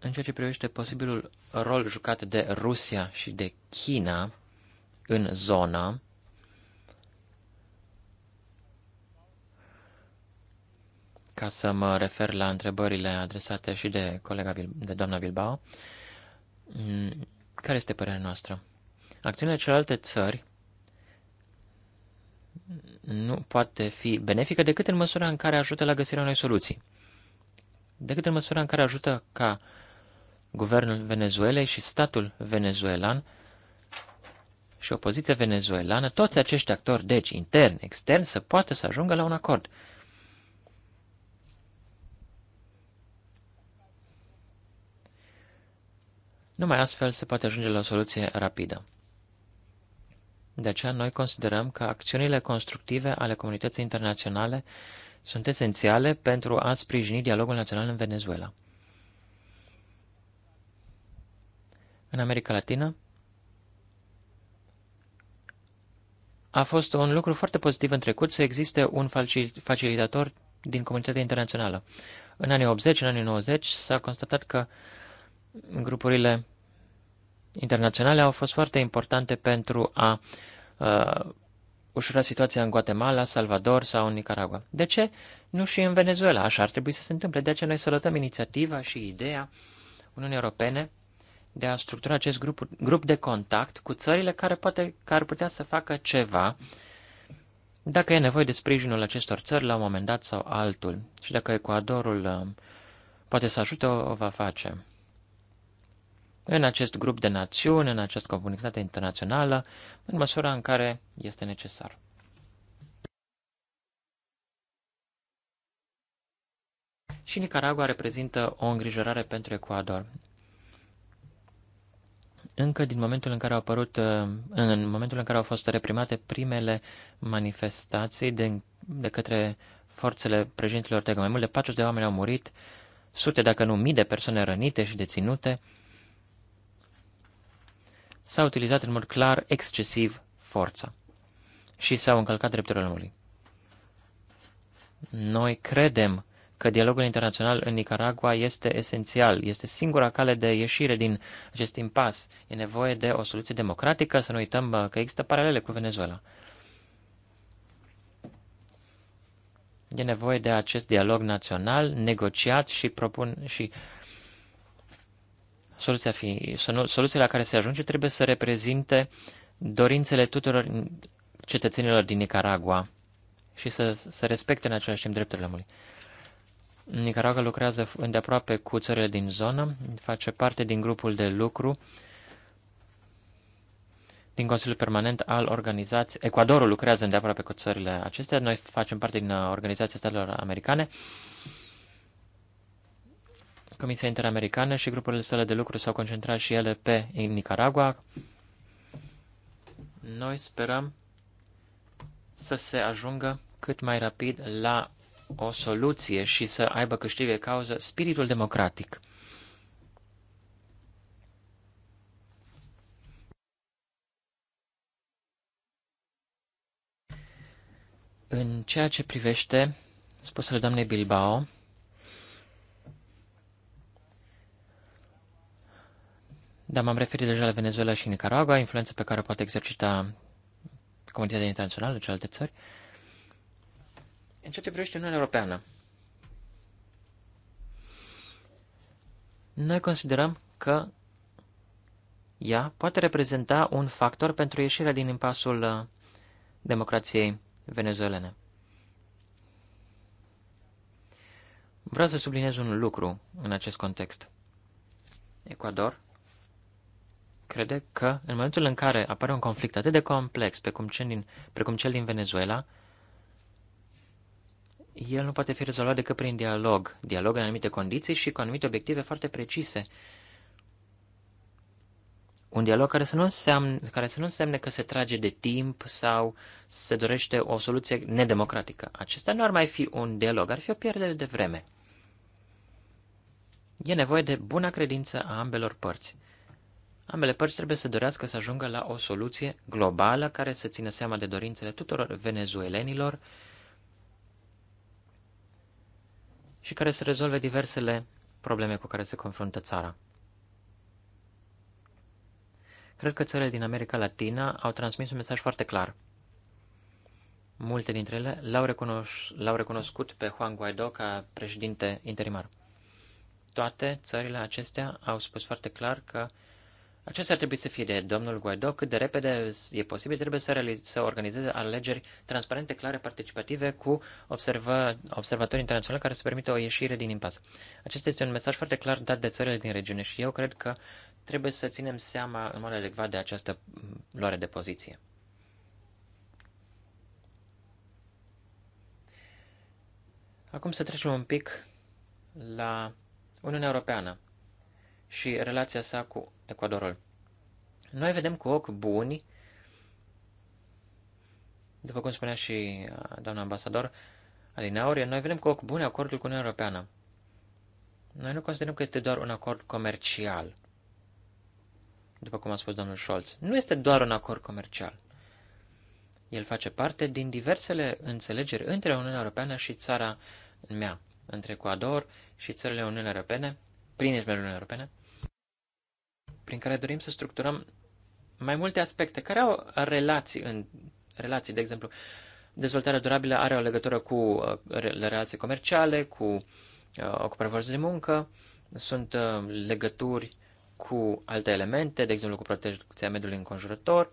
A: În ceea ce privește posibilul rol jucat de Rusia și de China în zona, ca să mă refer la întrebările adresate și de colega de doamna Bilbao, mm, care este părerea noastră? Acțiunile celelalte țări nu poate fi benefică decât în măsura în care ajută la găsirea unei soluții. Decât în măsura în care ajută ca uh, guvernul Venezuelei și statul venezuelan și opoziția venezuelană, toți acești actori, deci intern, extern, să poată să ajungă la un acord. Numai astfel se poate ajunge la o soluție rapidă. De aceea noi considerăm că acțiunile constructive ale comunității internaționale sunt esențiale pentru a sprijini dialogul național în Venezuela. în America Latină a fost un lucru foarte pozitiv în trecut să existe un facilitator din comunitatea internațională. În anii 80, în anii 90 s-a constatat că grupurile internaționale au fost foarte importante pentru a uh, ușura situația în Guatemala, Salvador sau în Nicaragua. De ce? Nu și în Venezuela. Așa ar trebui să se întâmple. De aceea noi salutăm inițiativa și ideea Uniunii Europene de a structura acest grup, grup de contact cu țările care, poate, care ar putea să facă ceva dacă e nevoie de sprijinul acestor țări la un moment dat sau altul. Și dacă Ecuadorul uh, poate să ajute, o, o va face. În acest grup de națiuni, în această comunitate internațională, în măsura în care este necesar. Și Nicaragua reprezintă o îngrijorare pentru Ecuador încă din momentul în care au apărut, uh, în momentul în care au fost reprimate primele manifestații de, de către forțele președintelor Ortega. Mai mult de 40 de oameni au murit, sute, dacă nu mii de persoane rănite și deținute. S-a utilizat în mod clar excesiv forța și s-au încălcat drepturile omului. Noi credem că dialogul internațional în Nicaragua este esențial, este singura cale de ieșire din acest impas. E nevoie de o soluție democratică, să nu uităm că există paralele cu Venezuela. E nevoie de acest dialog național negociat și propun și soluția fi, soluția la care se ajunge trebuie să reprezinte dorințele tuturor cetățenilor din Nicaragua și să, să respecte în același timp drepturile omului. Nicaragua lucrează îndeaproape cu țările din zonă, face parte din grupul de lucru din Consiliul Permanent al Organizației. Ecuadorul lucrează îndeaproape cu țările acestea. Noi facem parte din uh, Organizația Statelor Americane. Comisia Interamericană și grupurile sale de lucru s-au concentrat și ele pe Nicaragua. Noi sperăm să se ajungă cât mai rapid la o soluție și să aibă câștig de cauză spiritul democratic. În ceea ce privește spusele doamnei Bilbao, Dar m-am referit deja la Venezuela și Nicaragua, influența pe care o poate exercita comunitatea internațională, celelalte țări, uh, în ceea ce privește Uniunea Europeană, noi considerăm că ea poate reprezenta un factor pentru ieșirea din impasul uh, democrației venezuelene. Vreau să subliniez un lucru în acest context. Ecuador crede că în momentul în care apare un conflict atât de complex precum cel din, precum cel din Venezuela, el nu poate fi rezolvat decât prin dialog. Dialog în anumite condiții și cu anumite obiective foarte precise. Un dialog care să nu înseamnă, care să nu însemne că se trage de timp sau se dorește o soluție nedemocratică. Acesta nu ar mai fi un dialog, ar fi o pierdere de vreme. E nevoie de bună credință a ambelor părți. Ambele părți trebuie să dorească să ajungă la o soluție globală care să țină seama de dorințele tuturor venezuelenilor, și care să rezolve diversele probleme cu care se confruntă țara. Cred că țările din America Latina au transmis un mesaj foarte clar. Multe dintre ele l-au, recunoș- l-au recunoscut pe Juan Guaido ca președinte interimar. Toate țările acestea au spus foarte clar că acesta ar trebui să fie de domnul Guaido cât de repede e posibil, trebuie să, să organizeze alegeri transparente, clare, participative cu observă, observatori internaționali care să permită o ieșire din impas. Acesta este un mesaj foarte clar dat de țările din regiune și eu cred că trebuie să ținem seama în mod adecvat de această mm, luare de poziție. Acum să trecem un pic la Uniunea Europeană și relația sa cu Ecuadorul. Noi vedem cu ochi buni, după cum spunea și uh, doamna ambasador Alinauri, noi vedem cu ochi buni acordul cu Uniunea Europeană. Noi nu considerăm că este doar un acord comercial, după cum a spus domnul Scholz. Nu este doar un acord comercial. El face parte din diversele înțelegeri între Uniunea Europeană și țara mea, între Ecuador și țările Uniunii Europene, prin intermediul Uniunii Europene, prin care dorim să structurăm mai multe aspecte care au relații, în, relații de exemplu, dezvoltarea durabilă are o legătură cu uh, relații comerciale, cu uh, ocuparea forței de muncă, sunt uh, legături cu alte elemente, de exemplu cu protecția mediului înconjurător.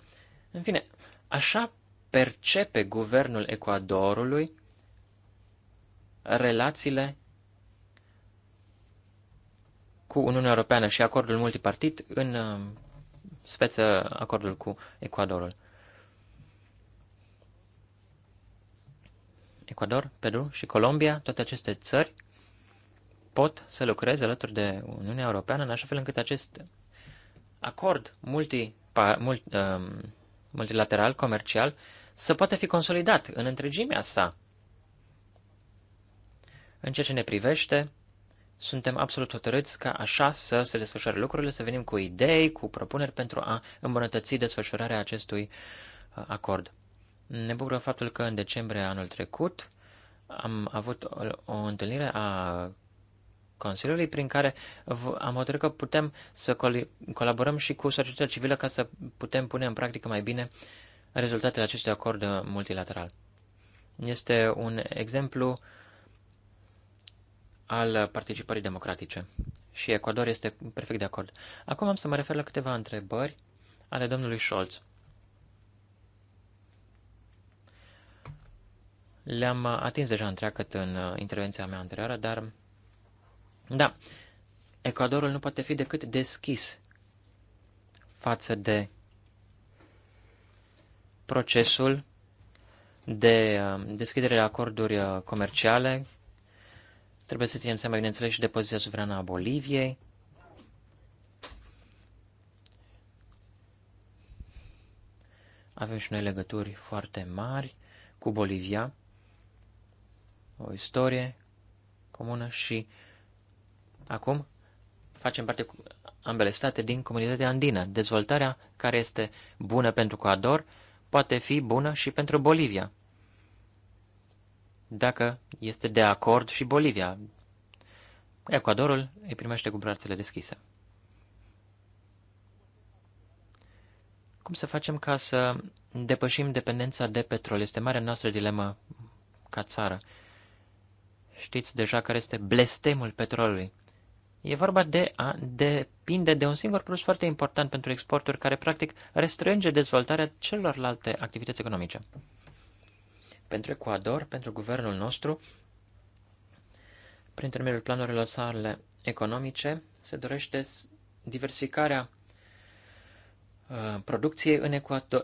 A: În fine, așa percepe guvernul Ecuadorului relațiile cu Uniunea Europeană și acordul multipartit, în uh, speță acordul cu Ecuadorul. Ecuador, Peru și Colombia, toate aceste țări pot să lucreze alături de Uniunea Europeană în așa fel încât acest acord multi, mult, um, multilateral, comercial, să poată fi consolidat în întregimea sa. În ceea ce ne privește, suntem absolut hotărâți ca așa să se desfășoare lucrurile, să venim cu idei, cu propuneri pentru a îmbunătăți desfășurarea acestui uh, acord. Ne bucură faptul că în decembrie anul trecut am avut o, o întâlnire a Consiliului prin care am hotărât că putem să col- colaborăm și cu societatea civilă ca să putem pune în practică mai bine rezultatele acestui acord uh, multilateral. Este un exemplu uh, al participării democratice. Și Ecuador este perfect de acord. Acum am să mă refer la câteva întrebări ale domnului Scholz. Le-am atins deja întreagăt în uh, intervenția mea anterioară, dar da, Ecuadorul nu poate fi decât deschis față de procesul de uh, deschidere de acorduri uh, comerciale Trebuie să ținem seama, bineînțeles, și de poziția suverană a Boliviei. Avem și noi legături foarte mari cu Bolivia, o istorie comună și acum facem parte cu ambele state din comunitatea andină. Dezvoltarea care este bună pentru Ecuador poate fi bună și pentru Bolivia dacă este de acord și Bolivia. Ecuadorul îi primește cu brațele deschise. Cum să facem ca să depășim dependența de petrol? Este marea noastră dilemă ca țară. Știți deja care este blestemul petrolului. E vorba de a depinde de un singur produs foarte important pentru exporturi care practic restrânge dezvoltarea celorlalte activități economice pentru Ecuador, pentru guvernul nostru, prin intermediul planurilor sale economice, se dorește diversificarea uh, producției în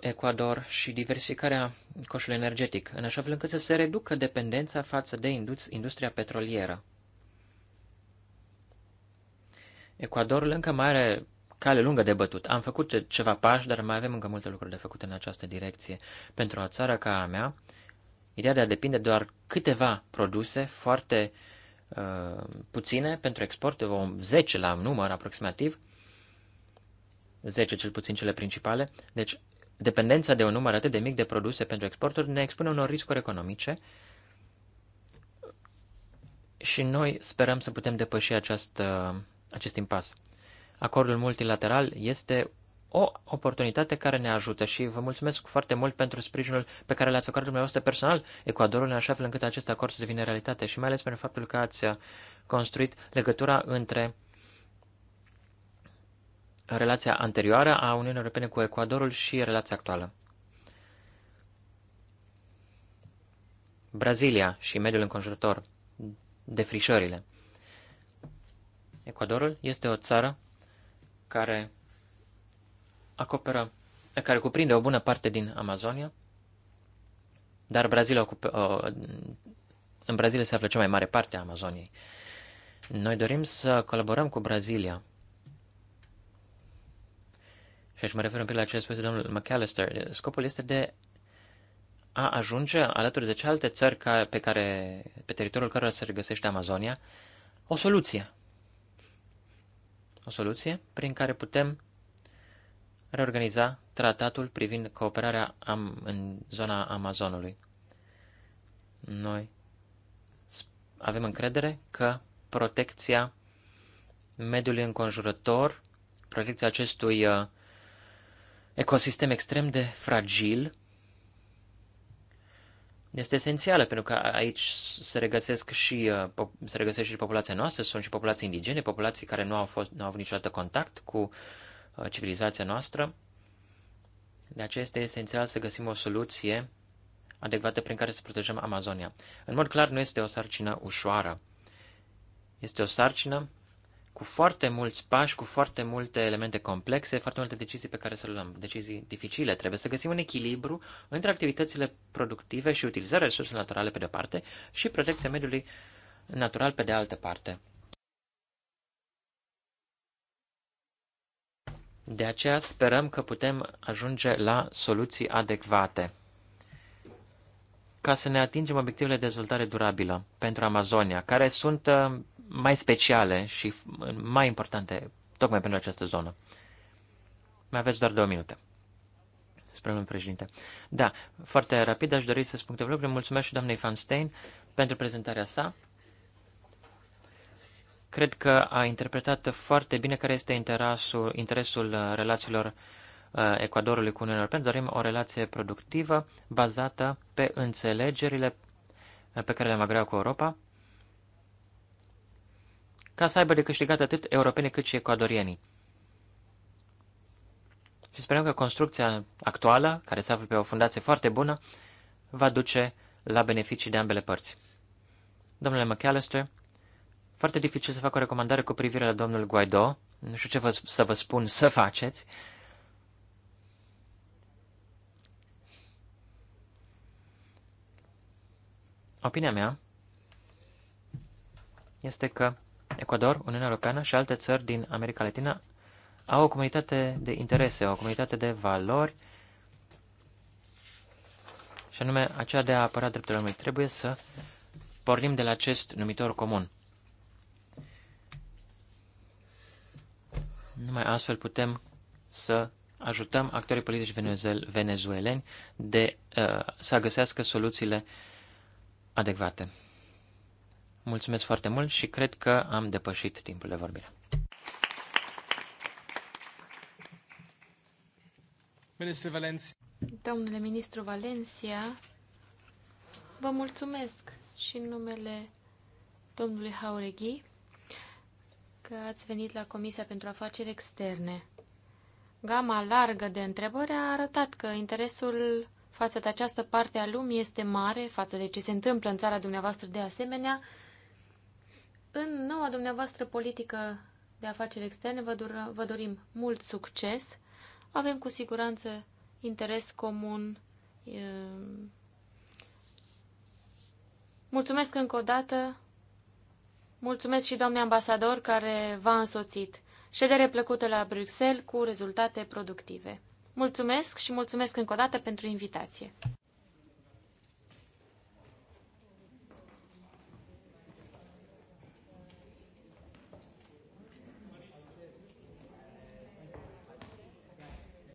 A: Ecuador și diversificarea coșului energetic, în așa fel încât să se reducă dependența față de industria petrolieră. Ecuadorul încă mai are cale lungă de bătut. Am făcut ceva pași, dar mai avem încă multe lucruri de făcut în această direcție. Pentru o țară ca a mea, Ideea de a depinde doar câteva produse foarte uh, puține pentru export, o 10 la număr aproximativ, 10 cel puțin cele principale, deci dependența de un număr atât de mic de produse pentru exporturi ne expune unor riscuri economice și noi sperăm să putem depăși această, acest impas. Acordul multilateral este o oportunitate care ne ajută și vă mulțumesc foarte mult pentru sprijinul pe care l-ați acordat dumneavoastră personal Ecuadorul, în așa fel încât acest acord să devină realitate și mai ales pentru faptul că ați uh, construit legătura între relația anterioară a Uniunii Europene cu Ecuadorul și relația actuală. Brazilia și mediul înconjurător, defrișările. Ecuadorul este o țară care acoperă, care cuprinde o bună parte din Amazonia, dar Brazilia ocupă, în Brazilia se află cea mai mare parte a Amazoniei. Noi dorim să colaborăm cu Brazilia. Și aici mă refer un pic la ce a spus domnul McAllister. Scopul este de a ajunge alături de cealaltă țări ca, pe, care, pe teritoriul cărora se regăsește Amazonia o soluție. O soluție prin care putem reorganiza tratatul privind cooperarea am, în zona Amazonului. Noi avem încredere că protecția mediului înconjurător, protecția acestui uh, ecosistem extrem de fragil, este esențială, pentru că aici se, regăsesc și, uh, se regăsește și populația noastră, sunt și populații indigene, populații care nu au, fost, nu au avut niciodată contact cu Uh, civilizația noastră. De aceea este esențial să găsim o soluție adecvată prin care să protejăm Amazonia. În mod clar, nu este o sarcină ușoară. Este o sarcină cu foarte mulți pași, cu foarte multe elemente complexe, foarte multe decizii pe care să le luăm, decizii dificile. Trebuie să găsim un echilibru între activitățile productive și utilizarea resurselor naturale pe de-o parte și protecția mediului natural pe de altă parte. De aceea sperăm că putem ajunge la soluții adecvate ca să ne atingem obiectivele de dezvoltare durabilă pentru Amazonia, care sunt uh, mai speciale și uh, mai importante tocmai pentru această zonă. Mai aveți doar două minute. Spre domnul președinte. Da, foarte rapid aș dori să spun câteva lucruri. Mulțumesc și doamnei Stein pentru prezentarea sa. Cred că a interpretat foarte bine care este interesul, interesul uh, relațiilor uh, Ecuadorului cu Uniunea Europeană. Dorim o relație productivă bazată pe înțelegerile uh, pe care le-am agreat cu Europa, ca să aibă de câștigat atât europenii cât și ecuadorienii. Și sperăm că construcția actuală, care se află pe o fundație foarte bună, va duce la beneficii de ambele părți. Domnule McAllister, foarte dificil să fac o recomandare cu privire la domnul Guaido. Nu știu ce vă, să vă spun să faceți. Opinia mea este că Ecuador, Uniunea Europeană și alte țări din America Latină au o comunitate de interese, o comunitate de valori, și anume aceea de a apăra drepturile omului. Trebuie să pornim de la acest numitor comun. Numai astfel putem să ajutăm actorii politici venezueleni de, uh, să găsească soluțiile adecvate. Mulțumesc foarte mult și cred că am depășit timpul de vorbire. Ministru Valencia.
B: Domnule ministru Valencia, vă mulțumesc și în numele domnului Haureghi că ați venit la Comisia pentru Afaceri Externe. Gama largă de întrebări a arătat că interesul față de această parte a lumii este mare, față de ce se întâmplă în țara dumneavoastră de asemenea. În noua dumneavoastră politică de afaceri externe vă, dur- vă dorim mult succes. Avem cu siguranță interes comun. Mulțumesc încă o dată Mulțumesc și doamnei ambasador care v-a însoțit. Ședere plăcută la Bruxelles cu rezultate productive. Mulțumesc și mulțumesc încă o dată pentru invitație.